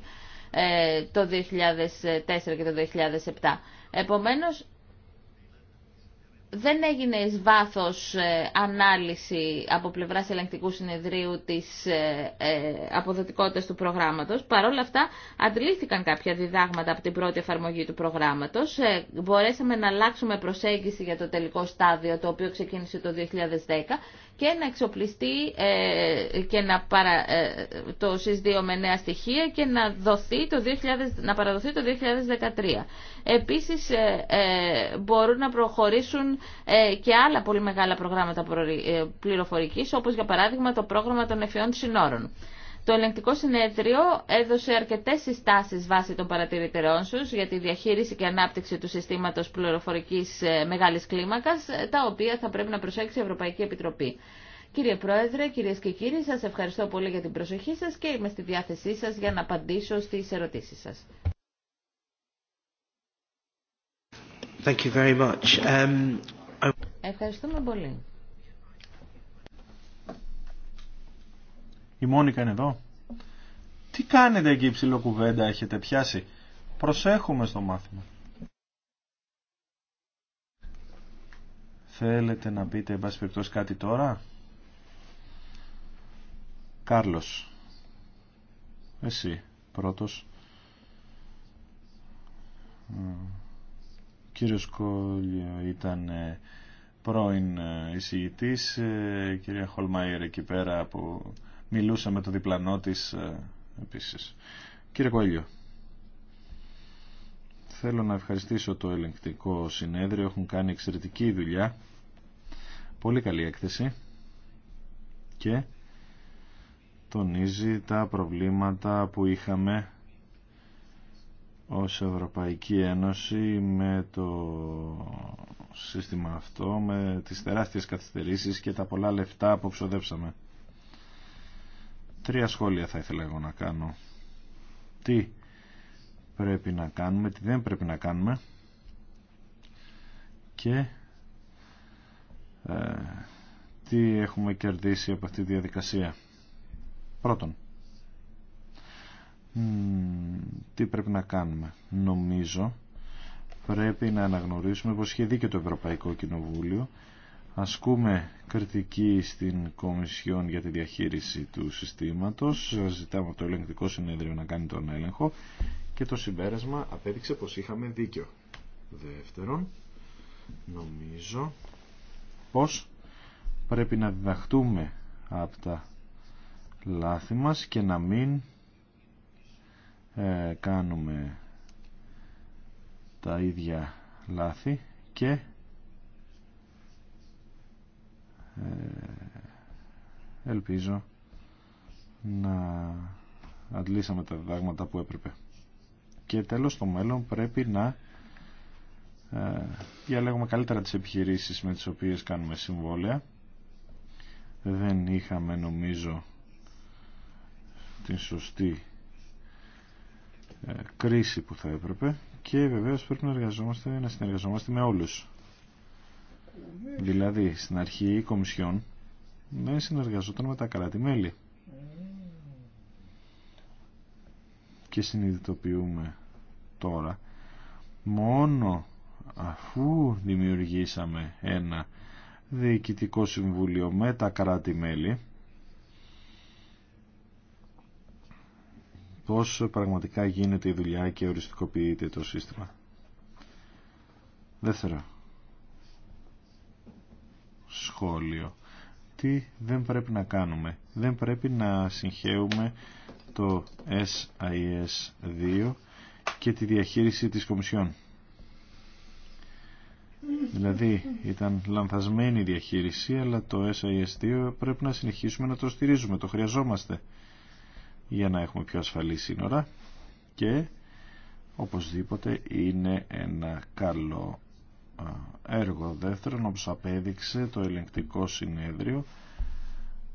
ε, το 2004 και το 2007. Επομένως, δεν έγινε εις βάθος ε, ανάλυση από πλευράς ελεγκτικού συνεδρίου της ε, ε, αποδοτικότητας του προγράμματος. Παρ' όλα αυτά αντλήθηκαν κάποια διδάγματα από την πρώτη εφαρμογή του προγράμματος. Μπορέσαμε να αλλάξουμε προσέγγιση για το τελικό στάδιο το οποίο ξεκίνησε το 2010 και να εξοπλιστεί και να παρα, το συς με νέα στοιχεία και να, δοθεί το 2000, να παραδοθεί το 2013. Επίσης μπορούν να προχωρήσουν ε, και άλλα πολύ μεγάλα προγράμματα ε, πληροφορικής, όπως για παράδειγμα το πρόγραμμα των εφιών συνόρων. Το ελεγκτικό συνέδριο έδωσε αρκετέ συστάσει βάσει των παρατηρητερών σου για τη διαχείριση και ανάπτυξη του συστήματο πληροφορική ε, μεγάλη κλίμακα, τα οποία θα πρέπει να προσέξει η Ευρωπαϊκή Επιτροπή. Κύριε Πρόεδρε, κυρίε και κύριοι, σα ευχαριστώ πολύ για την προσοχή σα και είμαι στη διάθεσή σα για να απαντήσω στι ερωτήσει σα. Thank you very much. Um, Ευχαριστούμε πολύ. Η Μόνικα είναι εδώ. Τι κάνετε εκεί ψηλό κουβέντα έχετε πιάσει. Προσέχουμε στο μάθημα. Θέλετε να πείτε εν κάτι τώρα. Κάρλος. Εσύ πρώτος κύριος Κόλλιο ήταν ε, πρώην ε, εισηγητής, η ε, κυρία Χολμαϊρ εκεί πέρα που μιλούσε με το διπλανό της επίσης. Κύριε Κόλλιο, θέλω να ευχαριστήσω το ελεγκτικό συνέδριο, έχουν κάνει εξαιρετική δουλειά, πολύ καλή έκθεση και τονίζει τα προβλήματα που είχαμε ως Ευρωπαϊκή Ένωση με το σύστημα αυτό, με τις τεράστιες καθυστερήσεις και τα πολλά λεφτά που ψοδέψαμε. Τρία σχόλια θα ήθελα εγώ να κάνω. Τι πρέπει να κάνουμε, τι δεν πρέπει να κάνουμε και ε, τι έχουμε κερδίσει από αυτή τη διαδικασία. Πρώτον, τι πρέπει να κάνουμε. Νομίζω πρέπει να αναγνωρίσουμε πως είχε δίκιο το Ευρωπαϊκό Κοινοβούλιο. Ασκούμε κριτική στην Κομισιόν για τη διαχείριση του συστήματος. Ζητάμε από το ελεγκτικό συνέδριο να κάνει τον έλεγχο και το συμπέρασμα απέδειξε πως είχαμε δίκιο. Δεύτερον, νομίζω πως πρέπει να διδαχτούμε από τα λάθη μας και να μην ε, κάνουμε τα ίδια λάθη και ε, ελπίζω να αντλήσαμε τα διδάγματα που έπρεπε. Και τέλος στο μέλλον πρέπει να ε, διαλέγουμε καλύτερα τις επιχειρήσεις με τις οποίες κάνουμε συμβόλαια. Δεν είχαμε νομίζω την σωστή ε, κρίση που θα έπρεπε και βεβαίως πρέπει να, εργαζόμαστε, να συνεργαζόμαστε με όλους. Δηλαδή, στην αρχή η Κομισιόν να συνεργαζόταν με τα κράτη-μέλη. Και συνειδητοποιούμε τώρα, μόνο αφού δημιουργήσαμε ένα διοικητικό συμβούλιο με τα κράτη-μέλη, πώς πραγματικά γίνεται η δουλειά και οριστικοποιείται το σύστημα. Δεύτερο σχόλιο. Τι δεν πρέπει να κάνουμε. Δεν πρέπει να συγχέουμε το SIS 2 και τη διαχείριση της Κομισιόν. Δηλαδή ήταν λανθασμένη η διαχείριση αλλά το SIS2 πρέπει να συνεχίσουμε να το στηρίζουμε, το χρειαζόμαστε για να έχουμε πιο ασφαλή σύνορα και οπωσδήποτε είναι ένα καλό έργο. Δεύτερον, όπως απέδειξε το ελεγκτικό συνέδριο,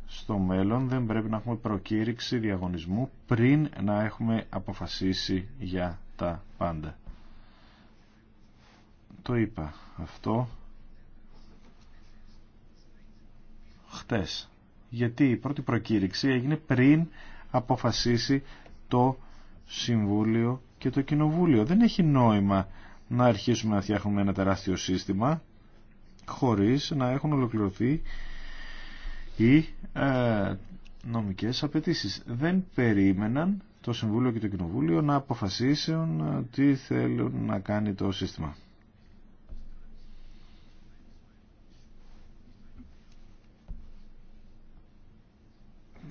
στο μέλλον δεν πρέπει να έχουμε προκήρυξη διαγωνισμού πριν να έχουμε αποφασίσει για τα πάντα. Το είπα αυτό χτες. Γιατί η πρώτη προκήρυξη έγινε πριν αποφασίσει το Συμβούλιο και το Κοινοβούλιο. Δεν έχει νόημα να αρχίσουμε να φτιάχνουμε ένα τεράστιο σύστημα χωρίς να έχουν ολοκληρωθεί οι ε, νομικές απαιτήσεις. Δεν περίμεναν το Συμβούλιο και το Κοινοβούλιο να αποφασίσουν ε, τι θέλουν να κάνει το σύστημα.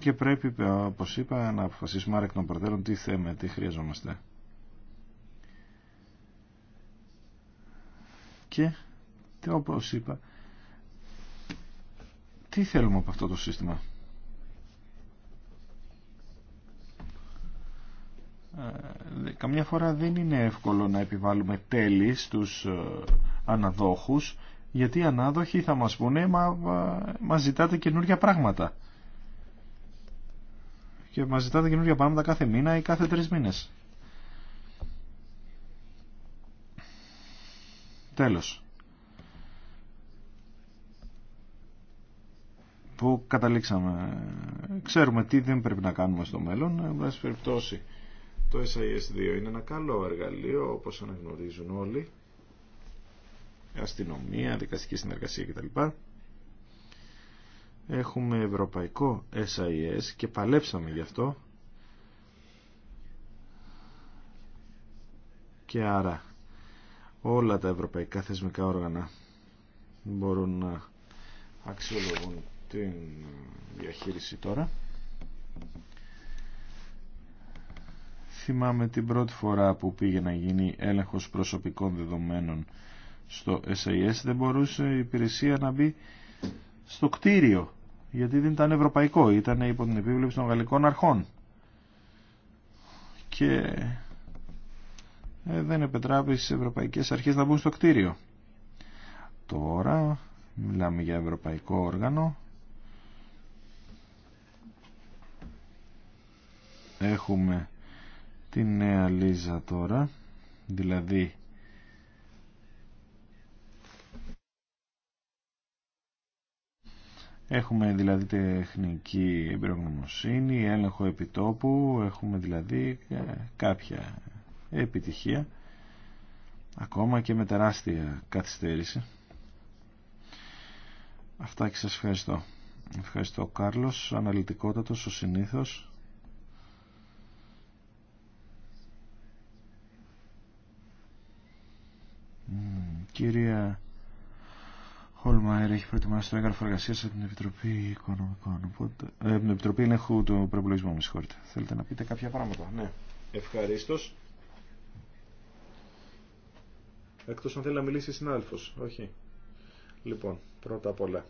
και πρέπει, όπως είπα, να αποφασίσουμε άρα εκ των προτέρων τι θέμε, τι χρειαζόμαστε. Και, όπως είπα, τι θέλουμε από αυτό το σύστημα. Ε, καμιά φορά δεν είναι εύκολο να επιβάλλουμε τέλη στους ε, αναδόχους γιατί οι ανάδοχοι θα μας πούνε μα, μα ζητάτε καινούργια πράγματα και μας ζητάτε καινούργια πράγματα κάθε μήνα ή κάθε τρεις μήνες. Τέλος. Πού καταλήξαμε. Ξέρουμε τι δεν πρέπει να κάνουμε στο μέλλον. Εν πάση περιπτώσει, το SIS2 είναι ένα καλό εργαλείο, όπως αναγνωρίζουν όλοι. Αστυνομία, δικαστική συνεργασία κτλ έχουμε ευρωπαϊκό SIS και παλέψαμε γι' αυτό και άρα όλα τα ευρωπαϊκά θεσμικά όργανα μπορούν να αξιολογούν την διαχείριση τώρα θυμάμαι την πρώτη φορά που πήγε να γίνει έλεγχος προσωπικών δεδομένων στο SIS. δεν μπορούσε η υπηρεσία να μπει στο κτίριο γιατί δεν ήταν ευρωπαϊκό, ήταν υπό την επίβλεψη των γαλλικών αρχών. Και ε, δεν επετράπησε στι ευρωπαϊκές αρχές να μπουν στο κτίριο. Τώρα μιλάμε για ευρωπαϊκό όργανο. Έχουμε την νέα Λίζα τώρα, δηλαδή Έχουμε δηλαδή τεχνική εμπειρογνωμοσύνη, έλεγχο επιτόπου, έχουμε δηλαδή ε, κάποια επιτυχία, ακόμα και με τεράστια καθυστέρηση. Αυτά και σας ευχαριστώ. Ευχαριστώ Κάρλος, αναλυτικότατος ο συνήθως. Κυρία Χολμάιρ έχει προετοιμάσει το έγγραφο εργασία από την Επιτροπή Οικονομικών. Οπότε, ε, την Επιτροπή Ελέγχου του Προπολογισμού, με συγχωρείτε. Θέλετε να πείτε κάποια πράγματα. Ναι. Ευχαρίστω. Εκτό αν θέλει να μιλήσει συνάδελφο. Όχι. Λοιπόν, πρώτα απ' όλα.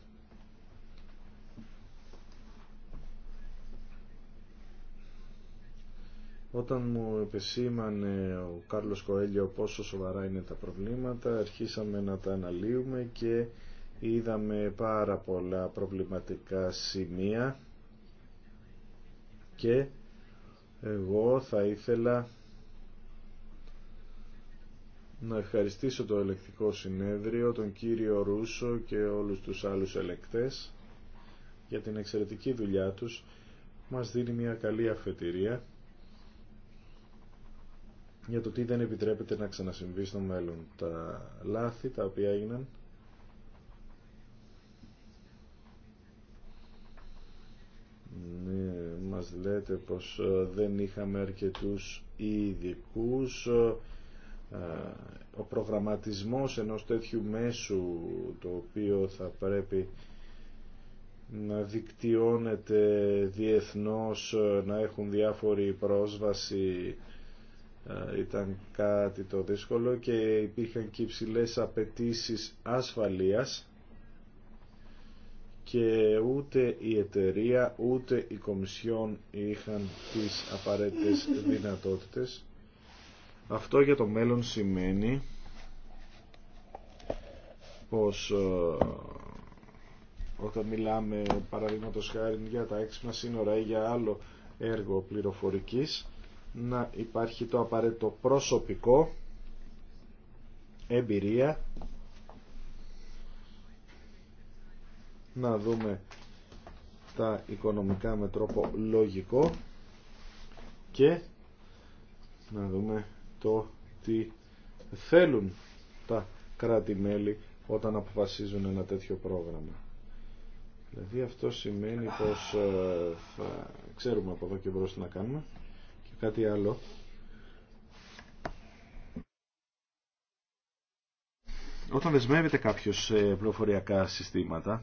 Όταν μου επεσήμανε ο Κάρλος Κοέλιο πόσο σοβαρά είναι τα προβλήματα, αρχίσαμε να τα αναλύουμε και είδαμε πάρα πολλά προβληματικά σημεία και εγώ θα ήθελα να ευχαριστήσω το ελεκτικό συνέδριο, τον κύριο Ρούσο και όλους τους άλλους ελεκτές για την εξαιρετική δουλειά τους. Μας δίνει μια καλή αφετηρία για το τι δεν επιτρέπεται να ξανασυμβεί στο μέλλον. Τα λάθη τα οποία έγιναν Ναι, μας λέτε πως ε, δεν είχαμε αρκετούς ειδικού. Ε, ο προγραμματισμός ενός τέτοιου μέσου το οποίο θα πρέπει να δικτυώνεται διεθνώς, ε, να έχουν διάφορη πρόσβαση ήταν κάτι το δύσκολο και υπήρχαν και υψηλές απαιτήσεις ασφαλείας και ούτε η εταιρεία ούτε η Κομισιόν είχαν τις απαραίτητες δυνατότητες. Αυτό για το μέλλον σημαίνει πως ε, όταν μιλάμε παραδείγματο χάρη για τα έξυπνα σύνορα ή για άλλο έργο πληροφορικής να υπάρχει το απαραίτητο προσωπικό εμπειρία να δούμε τα οικονομικά με τρόπο λογικό και να δούμε το τι θέλουν τα κράτη-μέλη όταν αποφασίζουν ένα τέτοιο πρόγραμμα. Δηλαδή αυτό σημαίνει πως ε, θα ξέρουμε από εδώ και μπρος τι να κάνουμε και κάτι άλλο. Όταν δεσμεύεται κάποιος σε πληροφοριακά συστήματα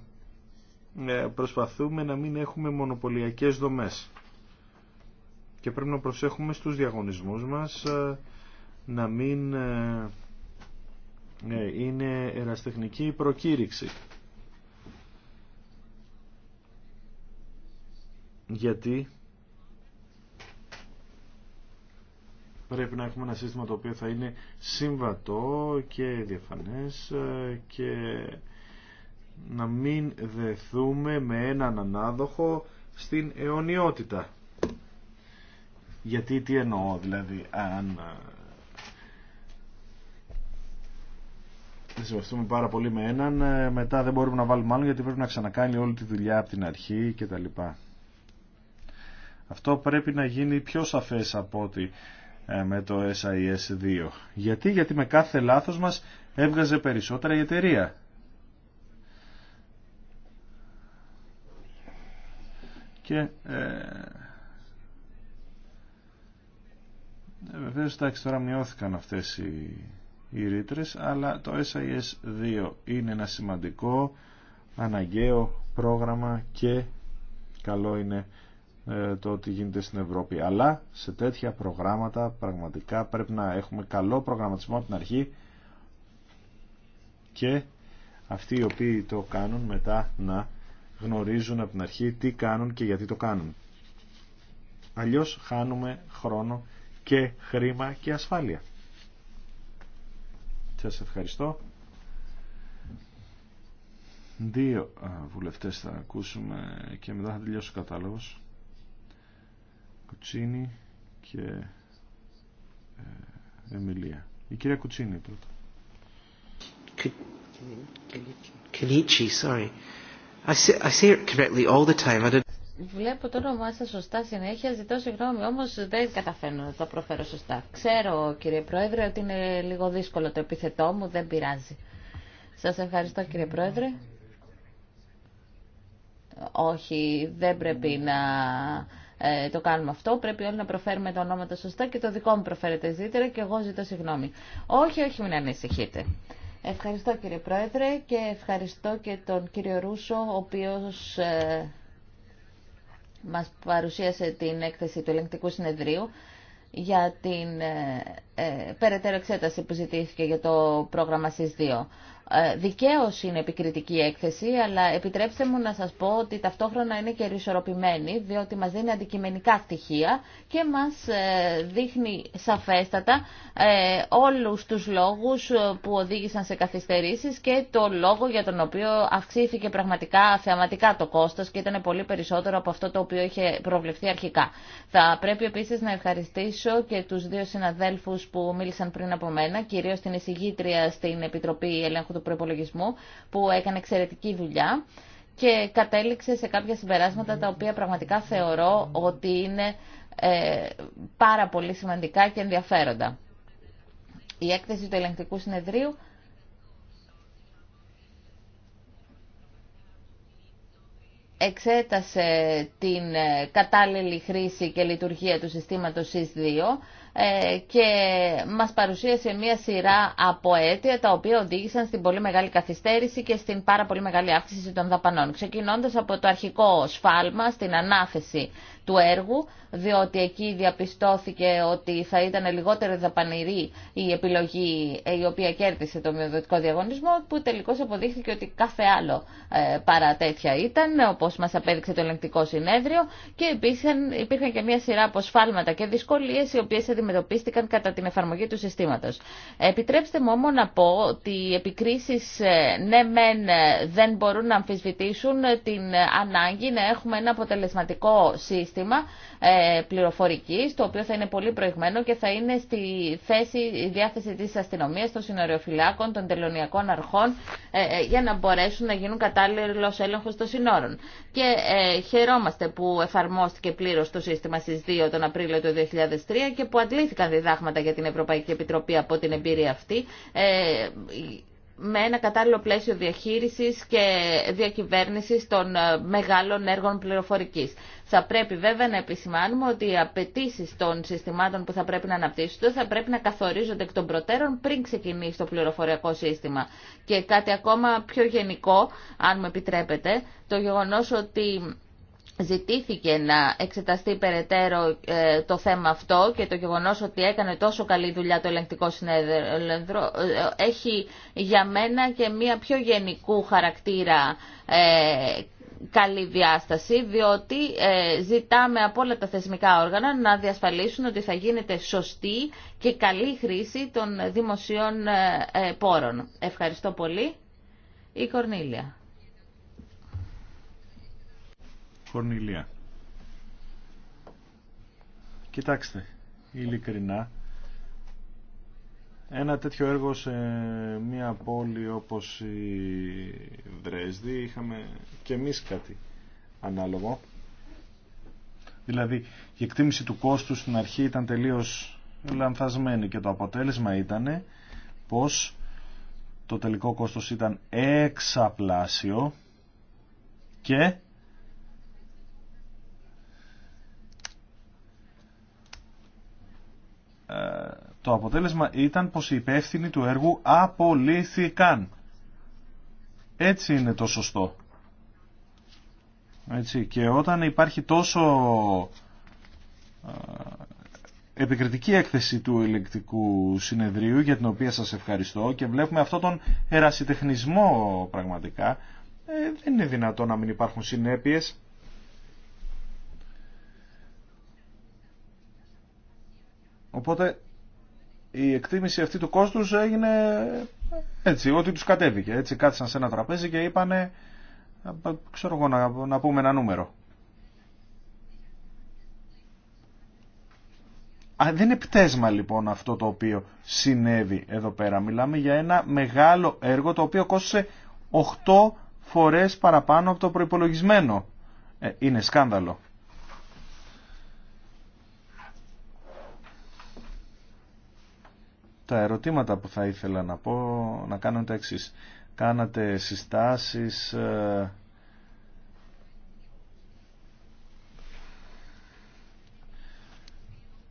ε, προσπαθούμε να μην έχουμε μονοπωλιακές δομές. Και πρέπει να προσέχουμε στους διαγωνισμούς μας ε, να μην ε, είναι εραστεχνική προκήρυξη. Γιατί πρέπει να έχουμε ένα σύστημα το οποίο θα είναι συμβατό και διαφανές και να μην δεθούμε με έναν ανάδοχο στην αιωνιότητα. Γιατί τι εννοώ δηλαδή αν ε, συμβαστούμε πάρα πολύ με έναν ε, μετά δεν μπορούμε να βάλουμε άλλον γιατί πρέπει να ξανακάνει όλη τη δουλειά από την αρχή κτλ. Αυτό πρέπει να γίνει πιο σαφές από ότι ε, με το SIS 2. Γιατί, γιατί με κάθε λάθος μας έβγαζε περισσότερα η εταιρεία. Και ε, ε, Βεβαίω, εντάξει, τώρα μειώθηκαν αυτές οι, οι αλλά το SIS 2 είναι ένα σημαντικό, αναγκαίο πρόγραμμα και καλό είναι ε, το ότι γίνεται στην Ευρώπη. Αλλά σε τέτοια προγράμματα πραγματικά πρέπει να έχουμε καλό προγραμματισμό από την αρχή και αυτοί οι οποίοι το κάνουν μετά να γνωρίζουν από την αρχή τι κάνουν και γιατί το κάνουν. Αλλιώς χάνουμε χρόνο και χρήμα και ασφάλεια. Σας ευχαριστώ. Δύο βουλευτές θα ακούσουμε και μετά θα τελειώσει ο κατάλογος. Κουτσίνη και Εμιλία. Η κυρία Κουτσίνη πρώτα. Κελίτσι, sorry. Βλέπω το όνομά σα σωστά συνέχεια. Ζητώ συγγνώμη, όμω δεν καταφέρνω να το προφέρω σωστά. Ξέρω, κύριε Πρόεδρε, ότι είναι λίγο δύσκολο το επιθετό μου, δεν πειράζει. Σα ευχαριστώ, κύριε Πρόεδρε. Όχι, δεν πρέπει να ε, το κάνουμε αυτό. Πρέπει όλοι να προφέρουμε τα ονόματα σωστά και το δικό μου προφέρεται ζήτερα και εγώ ζητώ συγγνώμη. Όχι, όχι, μην ανησυχείτε. Ευχαριστώ κύριε Πρόεδρε και ευχαριστώ και τον κύριο Ρούσο, ο οποίος ε, μας παρουσίασε την έκθεση του ελεγκτικού συνεδρίου για την ε, ε, περαιτέρω εξέταση που ζητήθηκε για το πρόγραμμα ΣΥΣ2. Ε, Δικαίω είναι επικριτική έκθεση, αλλά επιτρέψτε μου να σας πω ότι ταυτόχρονα είναι και ρισορροπημένη, διότι μας δίνει αντικειμενικά στοιχεία και μας ε, δείχνει σαφέστατα ε, όλους τους λόγους που οδήγησαν σε καθυστερήσεις και το λόγο για τον οποίο αυξήθηκε πραγματικά θεαματικά το κόστος και ήταν πολύ περισσότερο από αυτό το οποίο είχε προβλεφθεί αρχικά. Θα πρέπει επίσης να ευχαριστήσω και τους δύο συναδέλφους που μίλησαν πριν από μένα, κυρίως την εισηγήτρια στην Επιτροπή Ελέγχου του του που έκανε εξαιρετική δουλειά και κατέληξε σε κάποια συμπεράσματα τα οποία πραγματικά θεωρώ ότι είναι ε, πάρα πολύ σημαντικά και ενδιαφέροντα. Η έκθεση του ελεγκτικού συνεδρίου εξέτασε την ε, κατάλληλη χρήση και λειτουργία του συστήματος SIS-2 ε, και μας παρουσίασε μία σειρά από αίτια τα οποία οδήγησαν στην πολύ μεγάλη καθυστέρηση και στην πάρα πολύ μεγάλη αύξηση των δαπανών. Ξεκινώντας από το αρχικό σφάλμα στην ανάθεση του έργου, διότι εκεί διαπιστώθηκε ότι θα ήταν λιγότερο δαπανηρή η επιλογή ε, η οποία κέρδισε το μειοδοτικό διαγωνισμό, που τελικώς αποδείχθηκε ότι κάθε άλλο ε, παρά τέτοια ήταν, όπως μας απέδειξε το ελεγκτικό συνέδριο, και επίσης υπήρχαν και μια σειρά από και δυσκολίες οι οποίες αντιμετωπίστηκαν κατά την εφαρμογή του συστήματος. Επιτρέψτε μου όμως να πω ότι οι επικρίσεις ε, ναι μεν ε, δεν μπορούν να αμφισβητήσουν την ανάγκη να έχουμε ένα αποτελεσματικό σύστημα ε, πληροφορική, το οποίο θα είναι πολύ προηγμένο και θα είναι στη θέση, η διάθεση τη αστυνομία των συνοριοφυλάκων, των τελωνιακών αρχών, ε, ε, για να μπορέσουν να γίνουν κατάλληλο έλεγχο των συνόρων. Και χαιρόμαστε που εφαρμόστηκε πλήρω το σύστημα στι 2 τον Απρίλιο του 2003 και που αντλήθηκαν διδάγματα για την Ευρωπαϊκή Επιτροπή από την εμπειρία αυτή με ένα κατάλληλο πλαίσιο διαχείρισης και διακυβέρνησης των ε, μεγάλων έργων πληροφορικής. Θα πρέπει βέβαια να επισημάνουμε ότι οι απαιτήσει των συστημάτων που θα πρέπει να αναπτύσσονται θα πρέπει να καθορίζονται εκ των προτέρων πριν ξεκινήσει το πληροφοριακό σύστημα. Και κάτι ακόμα πιο γενικό, αν μου επιτρέπετε, το γεγονός ότι Ζητήθηκε να εξεταστεί περαιτέρω ε, το θέμα αυτό και το γεγονός ότι έκανε τόσο καλή δουλειά το ελεγκτικό συνέδριο ε, έχει για μένα και μία πιο γενικού χαρακτήρα ε, καλή διάσταση διότι ζητάμε από όλα τα θεσμικά όργανα να διασφαλίσουν ότι θα γίνεται σωστή και καλή χρήση των δημοσίων πόρων. Ευχαριστώ πολύ. Η Κορνίλια. Κοιτάξτε, ειλικρινά, ένα τέτοιο έργο σε μια πόλη όπως η Δρέσδη είχαμε και εμείς κάτι ανάλογο. Δηλαδή η εκτίμηση του κόστου στην αρχή ήταν τελείως λανθασμένη και το αποτέλεσμα ήταν πως το τελικό κόστος ήταν εξαπλάσιο και Ε, το αποτέλεσμα ήταν πως οι υπεύθυνοι του έργου απολύθηκαν. Έτσι είναι το σωστό. Έτσι. Και όταν υπάρχει τόσο ε, επικριτική έκθεση του ελεκτικού συνεδρίου για την οποία σας ευχαριστώ και βλέπουμε αυτό τον ερασιτεχνισμό πραγματικά, ε, δεν είναι δυνατό να μην υπάρχουν συνέπειες Οπότε η εκτίμηση αυτή του κόστους έγινε έτσι, ότι τους κατέβηκε. Έτσι κάθισαν σε ένα τραπέζι και είπανε, ξέρω εγώ να, πούμε ένα νούμερο. δεν είναι πτέσμα λοιπόν αυτό το οποίο συνέβη εδώ πέρα. Μιλάμε για ένα μεγάλο έργο το οποίο κόστησε 8 φορές παραπάνω από το προϋπολογισμένο. Ε, είναι σκάνδαλο. Τα ερωτήματα που θα ήθελα να πω, να κάνω τα εξή. Κάνατε συστάσεις ε,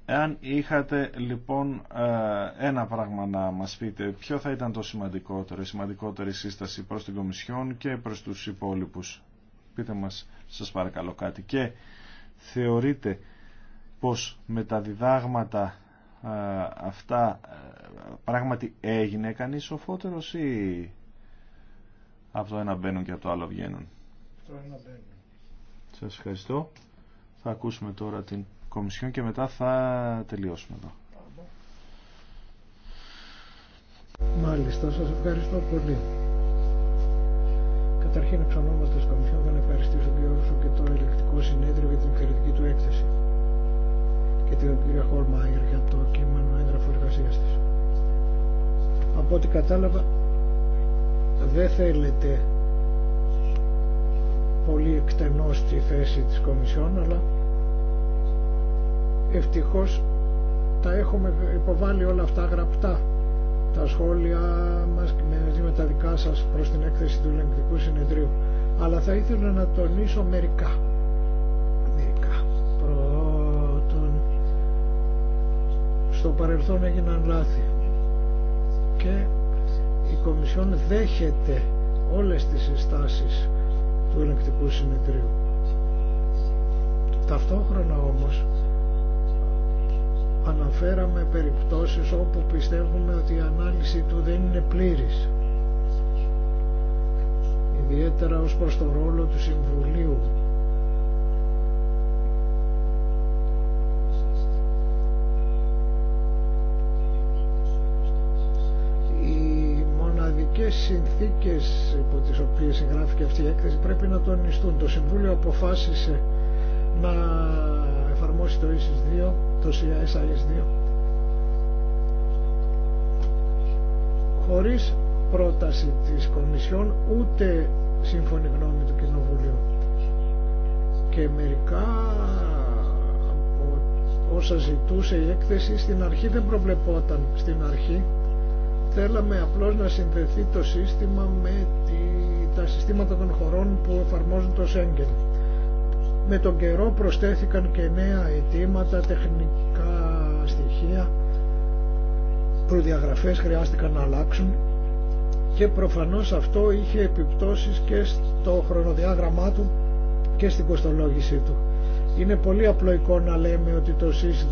Εάν είχατε λοιπόν ε, ένα πράγμα να μας πείτε, ποιο θα ήταν το σημαντικότερο, η σημαντικότερη σύσταση προς την Κομισιόν και προς τους υπόλοιπους. Πείτε μας, σας παρακαλώ κάτι. Και θεωρείτε πως με τα διδάγματα αυτά πράγματι έγινε κανείς σοφότερος ή από το ένα μπαίνουν και από το άλλο βγαίνουν. Το ένα Σας ευχαριστώ. Θα ακούσουμε τώρα την Κομισιόν και μετά θα τελειώσουμε εδώ. Μάλιστα, σας ευχαριστώ πολύ. Καταρχήν εξ ονόματος Κομισιόν θα ευχαριστήσω και όσο και το ελεκτικό συνέδριο για την εξαιρετική του έκθεση και την κυρία Χολμάγερ για το κείμενο έγγραφο εργασίας της. Από ό,τι κατάλαβα δεν θέλετε πολύ εκτενώς τη θέση της Κομισιόν αλλά ευτυχώς τα έχουμε υποβάλει όλα αυτά γραπτά τα σχόλια μας μαζί με τα δικά σας προς την έκθεση του ελεγκτικού συνεδρίου αλλά θα ήθελα να τονίσω μερικά στο παρελθόν έγιναν λάθη και η Κομισιόν δέχεται όλες τις συστάσεις του ελεγκτικού συνεδρίου. Ταυτόχρονα όμως αναφέραμε περιπτώσεις όπου πιστεύουμε ότι η ανάλυση του δεν είναι πλήρης ιδιαίτερα ως προς το ρόλο του Συμβουλίου συνθήκες υπό τις οποίες εγγράφηκε αυτή η έκθεση πρέπει να τονιστούν. Το Συμβούλιο αποφάσισε να εφαρμόσει το ISIS 2, το SIS 2, χωρίς πρόταση της Κομισιόν ούτε σύμφωνη γνώμη του Κοινοβουλίου. Και μερικά όσα ζητούσε η έκθεση στην αρχή δεν προβλεπόταν. Στην αρχή Θέλαμε απλώς να συνδεθεί το σύστημα με τη, τα συστήματα των χωρών που εφαρμόζουν το Σέγγεν. Με τον καιρό προσθέθηκαν και νέα αιτήματα, τεχνικά στοιχεία, προδιαγραφές χρειάστηκαν να αλλάξουν και προφανώς αυτό είχε επιπτώσεις και στο χρονοδιάγραμμά του και στην κοστολόγησή του. Είναι πολύ απλοϊκό να λέμε ότι το ΣΥΣ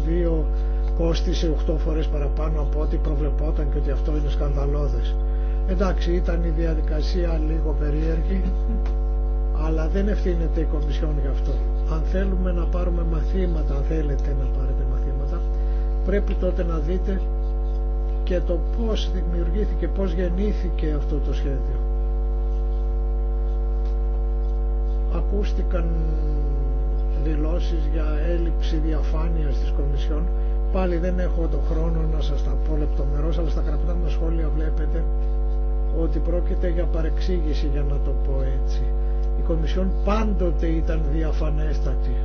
κόστισε 8 φορές παραπάνω από ό,τι προβλεπόταν και ότι αυτό είναι σκανδαλώδες. Εντάξει, ήταν η διαδικασία λίγο περίεργη, αλλά δεν ευθύνεται η Κομισιόν γι' αυτό. Αν θέλουμε να πάρουμε μαθήματα, αν θέλετε να πάρετε μαθήματα, πρέπει τότε να δείτε και το πώς δημιουργήθηκε, πώς γεννήθηκε αυτό το σχέδιο. Ακούστηκαν δηλώσεις για έλλειψη διαφάνειας της Κομισιόν Πάλι δεν έχω το χρόνο να σας τα πω λεπτομερώς, αλλά στα γραπτά μου σχόλια βλέπετε ότι πρόκειται για παρεξήγηση για να το πω έτσι. Η Κομισιόν πάντοτε ήταν διαφανέστατη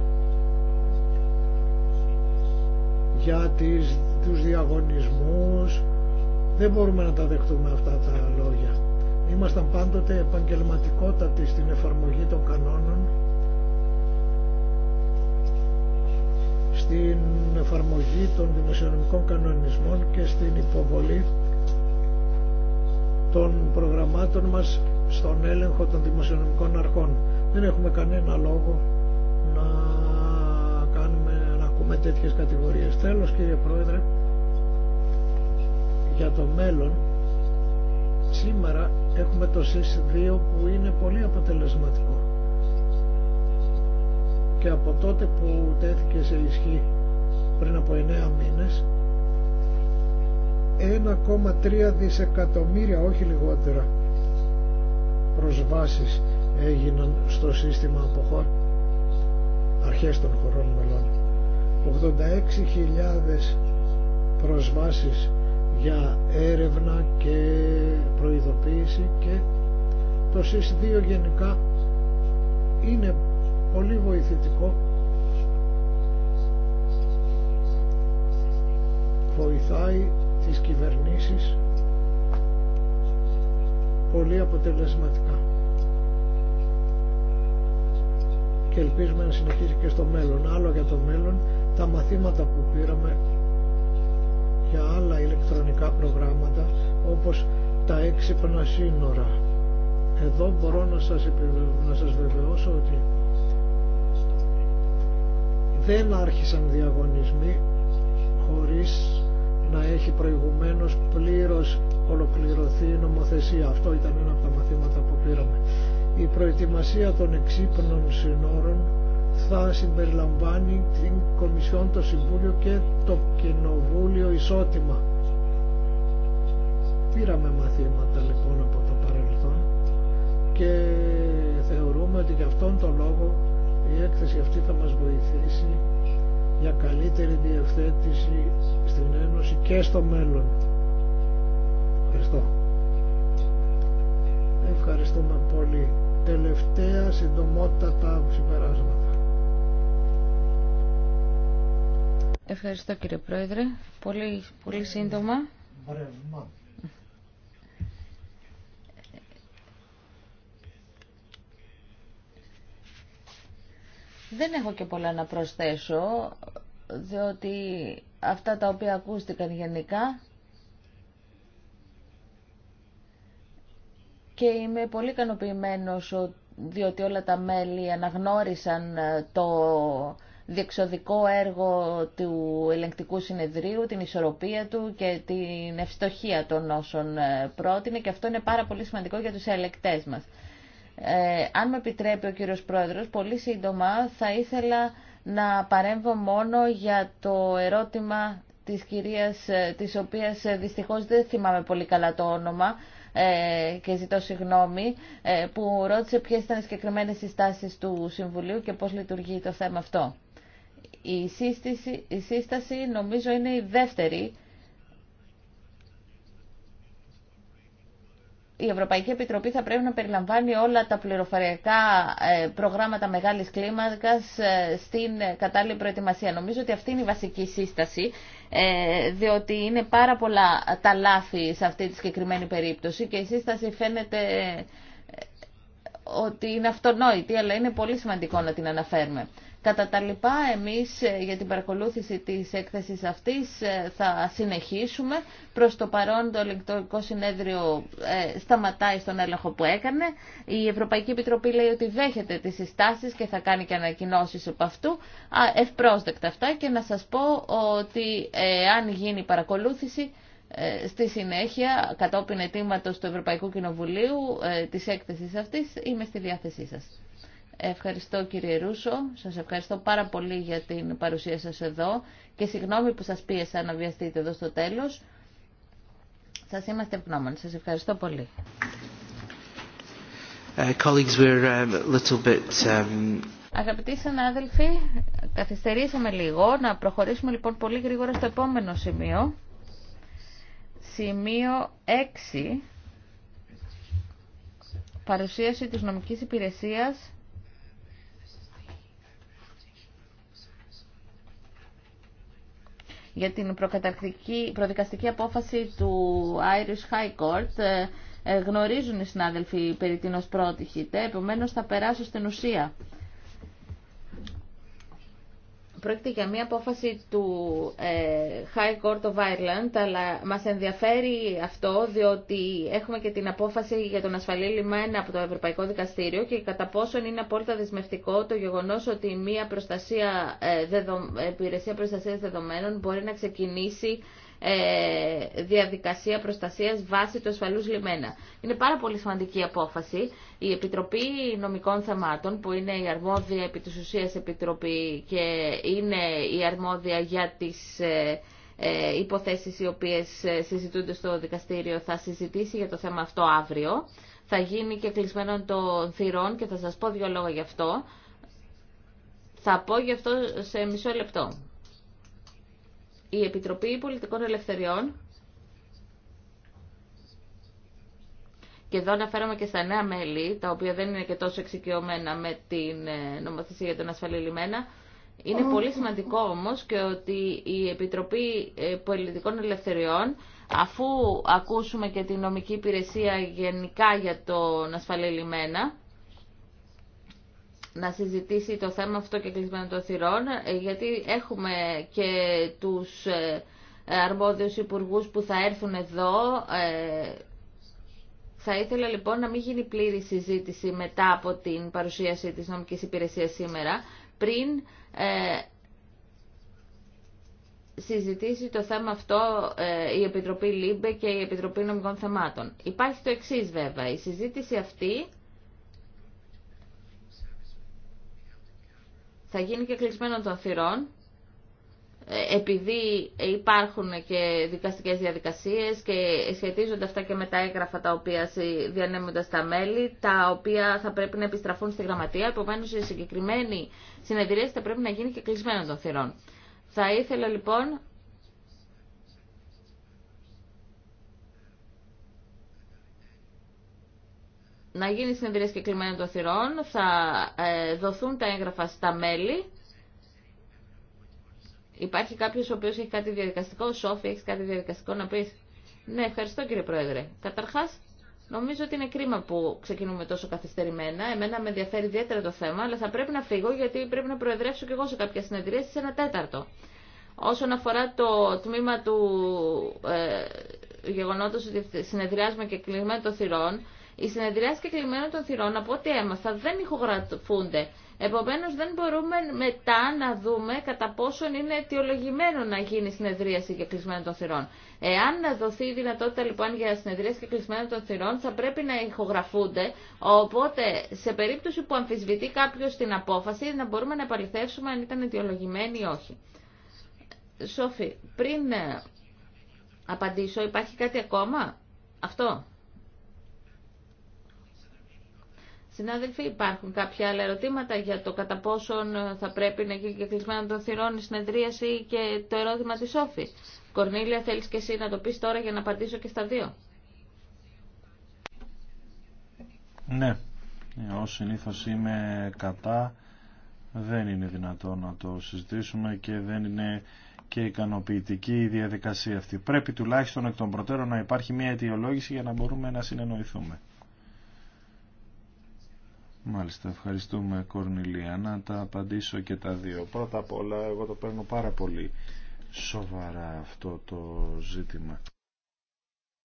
για τις, τους διαγωνισμούς. Δεν μπορούμε να τα δεχτούμε αυτά τα λόγια. Ήμασταν πάντοτε επαγγελματικότατοι στην εφαρμογή των κανόνων στην εφαρμογή των δημοσιονομικών κανονισμών και στην υποβολή των προγραμμάτων μας στον έλεγχο των δημοσιονομικών αρχών. Δεν έχουμε κανένα λόγο να, κάνουμε, να ακούμε τέτοιες κατηγορίες. Τέλος κύριε Πρόεδρε, για το μέλλον, σήμερα έχουμε το ΣΥΣ2 που είναι πολύ αποτελεσματικό και από τότε που τέθηκε σε ισχύ πριν από 9 μήνες 1,3 δισεκατομμύρια όχι λιγότερα προσβάσεις έγιναν στο σύστημα από αρχές των χωρών μελών 86.000 προσβάσεις για έρευνα και προειδοποίηση και το ΣΥΣ2 γενικά είναι πολύ βοηθητικό. Βοηθάει τις κυβερνήσεις πολύ αποτελεσματικά. Και ελπίζουμε να συνεχίσει και στο μέλλον. Άλλο για το μέλλον, τα μαθήματα που πήραμε για άλλα ηλεκτρονικά προγράμματα όπως τα έξυπνα σύνορα. Εδώ μπορώ να σας, να σας βεβαιώσω ότι δεν άρχισαν διαγωνισμοί χωρίς να έχει προηγουμένως πλήρως ολοκληρωθεί η νομοθεσία. Αυτό ήταν ένα από τα μαθήματα που πήραμε. Η προετοιμασία των εξύπνων συνόρων θα συμπεριλαμβάνει την Κομισιόν, το Συμβούλιο και το Κοινοβούλιο ισότιμα. Πήραμε μαθήματα λοιπόν από το παρελθόν και θεωρούμε ότι γι' αυτόν τον λόγο η έκθεση αυτή θα μας βοηθήσει για καλύτερη διευθέτηση στην Ένωση και στο μέλλον. Ευχαριστώ. Ευχαριστούμε πολύ. Τελευταία συντομότατα συμπεράσματα. Ευχαριστώ κύριε Πρόεδρε. Πολύ, πολύ σύντομα. Δεν έχω και πολλά να προσθέσω, διότι αυτά τα οποία ακούστηκαν γενικά και είμαι πολύ ικανοποιημένο διότι όλα τα μέλη αναγνώρισαν ε, το διεξοδικό έργο του ελεγκτικού συνεδρίου, την ισορροπία του και την ευστοχία των όσων ε, πρότεινε και αυτό είναι πάρα πολύ σημαντικό για τους ελεκτές μας. Ε, αν με επιτρέπει ο κύριος Πρόεδρος, πολύ σύντομα θα ήθελα να παρέμβω μόνο για το ερώτημα της κυρίας, ε, της οποίας ε, δυστυχώς δεν θυμάμαι πολύ καλά το όνομα ε, και ζητώ συγγνώμη, που ρώτησε ποιες ήταν οι συγκεκριμένες συστάσεις του Συμβουλίου και πώς λειτουργεί το θέμα αυτό. Η η σύσταση νομίζω είναι η δεύτερη η Ευρωπαϊκή Επιτροπή θα πρέπει να περιλαμβάνει όλα τα πληροφοριακά ε, προγράμματα μεγάλης κλίμακας ε, στην κατάλληλη προετοιμασία. Νομίζω ότι αυτή είναι η βασική σύσταση, ε, διότι είναι πάρα πολλά τα λάθη σε αυτή τη συγκεκριμένη περίπτωση και η σύσταση φαίνεται ότι είναι αυτονόητη, αλλά είναι πολύ σημαντικό να την αναφέρουμε. Κατά τα λοιπά, εμείς ε, για την παρακολούθηση της έκθεσης αυτής ε, θα συνεχίσουμε. Προς το παρόν το ελεγκτορικό συνέδριο ε, σταματάει στον έλεγχο που έκανε. Η Ευρωπαϊκή Επιτροπή λέει ότι δέχεται τις συστάσεις και θα κάνει και ανακοινώσεις από αυτού. Ευπρόσδεκτα αυτά και να σας πω ότι αν γίνει παρακολούθηση στη συνέχεια, κατόπιν ετήματος του Ευρωπαϊκού Κοινοβουλίου της έκθεσης αυτής, είμαι στη διάθεσή σας. Ευχαριστώ κύριε Ρούσο, σας ευχαριστώ πάρα πολύ για την παρουσία σας εδώ και συγγνώμη που σας πίεσα να βιαστείτε εδώ στο τέλος. Σας είμαστε ευγνώμονες. Σας ευχαριστώ πολύ. Ε, ε, um, Αγαπητοί συνάδελφοι, καθυστερήσαμε λίγο. Να προχωρήσουμε λοιπόν πολύ γρήγορα στο επόμενο σημείο. Σημείο 6. Παρουσίαση της νομικής υπηρεσίας για την προδικαστική απόφαση του Irish High Court ε, ε, γνωρίζουν οι συνάδελφοι περί τίνος πρότυχητε, επομένως θα περάσω στην ουσία. Πρόκειται για μια απόφαση του ε, High Court of Ireland, αλλά μας ενδιαφέρει αυτό διότι έχουμε και την απόφαση για τον ασφαλή λιμένα από το Ευρωπαϊκό Δικαστήριο και κατά πόσον είναι απόλυτα δεσμευτικό το γεγονός ότι μια προστασία, ε, ε, υπηρεσία προστασίας δεδομένων μπορεί να ξεκινήσει ε, διαδικασία προστασίας βάσει του ασφαλούς λιμένα. Είναι πάρα πολύ σημαντική η απόφαση. Η Επιτροπή Νομικών Θεμάτων, που είναι η αρμόδια επί της ουσίας Επιτροπή και είναι η αρμόδια για τις ε, ε, υποθέσεις οι οποίες συζητούνται στο δικαστήριο, θα συζητήσει για το θέμα αυτό αύριο. Θα γίνει και κλεισμένον των θυρών και θα σας πω δύο λόγα γι' αυτό. Θα πω γι' αυτό σε μισό λεπτό η Επιτροπή Πολιτικών Ελευθεριών και εδώ αναφέρομαι και στα νέα μέλη, τα οποία δεν είναι και τόσο εξοικειωμένα με την ε, νομοθεσία για τον ασφαλή λιμένα. Είναι πολύ σημαντικό όμως και ότι η Επιτροπή ε, Πολιτικών Ελευθεριών, αφού ακούσουμε και την νομική υπηρεσία γενικά για τον ασφαλή λιμένα, να συζητήσει το θέμα αυτό και κλεισμένο των θυρών, ε, γιατί έχουμε και τους ε, αρμόδιους υπουργούς που θα έρθουν εδώ. Ε, θα ήθελα λοιπόν να μην γίνει πλήρη συζήτηση μετά από την παρουσίαση της νομικής υπηρεσίας σήμερα, πριν συζητήσει το θέμα αυτό η Επιτροπή ΛΥΜΠΕ και η Επιτροπή Νομικών Θεμάτων. Υπάρχει το εξής βέβαια, η συζήτηση αυτή θα γίνει και κλεισμένο των θυρών, ε, επειδή υπάρχουν και δικαστικές διαδικασίες και σχετίζονται αυτά και με τα έγγραφα τα οποία διανέμονται στα μέλη, τα οποία θα πρέπει να επιστραφούν στη γραμματεία, επομένως η συγκεκριμένη συνεδρίαση θα πρέπει να γίνει και κλεισμένο των θυρών. Θα ήθελα λοιπόν να γίνει συνεδρία συγκεκριμένα των θυρών, θα ε, δοθούν τα έγγραφα στα μέλη. Υπάρχει κάποιος ο οποίος έχει κάτι διαδικαστικό, Σόφι, έχει κάτι διαδικαστικό να πεις. Ναι, ευχαριστώ κύριε Πρόεδρε. Καταρχάς, νομίζω ότι είναι κρίμα που ξεκινούμε τόσο καθυστερημένα. Εμένα με ενδιαφέρει ιδιαίτερα το θέμα, αλλά θα πρέπει να φύγω γιατί πρέπει να προεδρεύσω και εγώ σε κάποια συνεδρία σε ένα τέταρτο. Όσον αφορά το τμήμα του ε, γεγονότος ότι συνεδριάζουμε και κλεισμένο των θυρών, οι συνεδριάσεις κλειμένων των θυρών, από ό,τι έμαθα, δεν ηχογραφούνται. Επομένω δεν μπορούμε μετά να δούμε κατά πόσον είναι αιτιολογημένο να γίνει συνεδρίαση και κλεισμένο των θυρών. Εάν να δοθεί η δυνατότητα λοιπόν για συνεδρίαση και κλεισμένο των θυρών θα πρέπει να ηχογραφούνται, οπότε σε περίπτωση που αμφισβητεί κάποιο την απόφαση να μπορούμε να επαληθεύσουμε αν ήταν αιτιολογημένη ή όχι. Σόφι, πριν ε, απαντήσω υπάρχει κάτι ακόμα, αυτό. Συνάδελφοι, υπάρχουν κάποια άλλα ερωτήματα για το κατά πόσον θα πρέπει να γίνει και κλεισμένο των θυρών η συνεδρίαση και το ερώτημα της Σόφη. Κορνίλια, θέλεις και εσύ να το πεις τώρα για να απαντήσω και στα δύο. Ναι, ε, ως συνήθως είμαι κατά. Δεν είναι δυνατό να το συζητήσουμε και δεν είναι και ικανοποιητική η διαδικασία αυτή. Πρέπει τουλάχιστον εκ των προτέρων να υπάρχει μια αιτιολόγηση για να μπορούμε να συνεννοηθούμε. Μάλιστα, ευχαριστούμε Κορνιλία. Να τα απαντήσω και τα δύο. Πρώτα απ' όλα, εγώ το παίρνω πάρα πολύ σοβαρά αυτό το ζήτημα.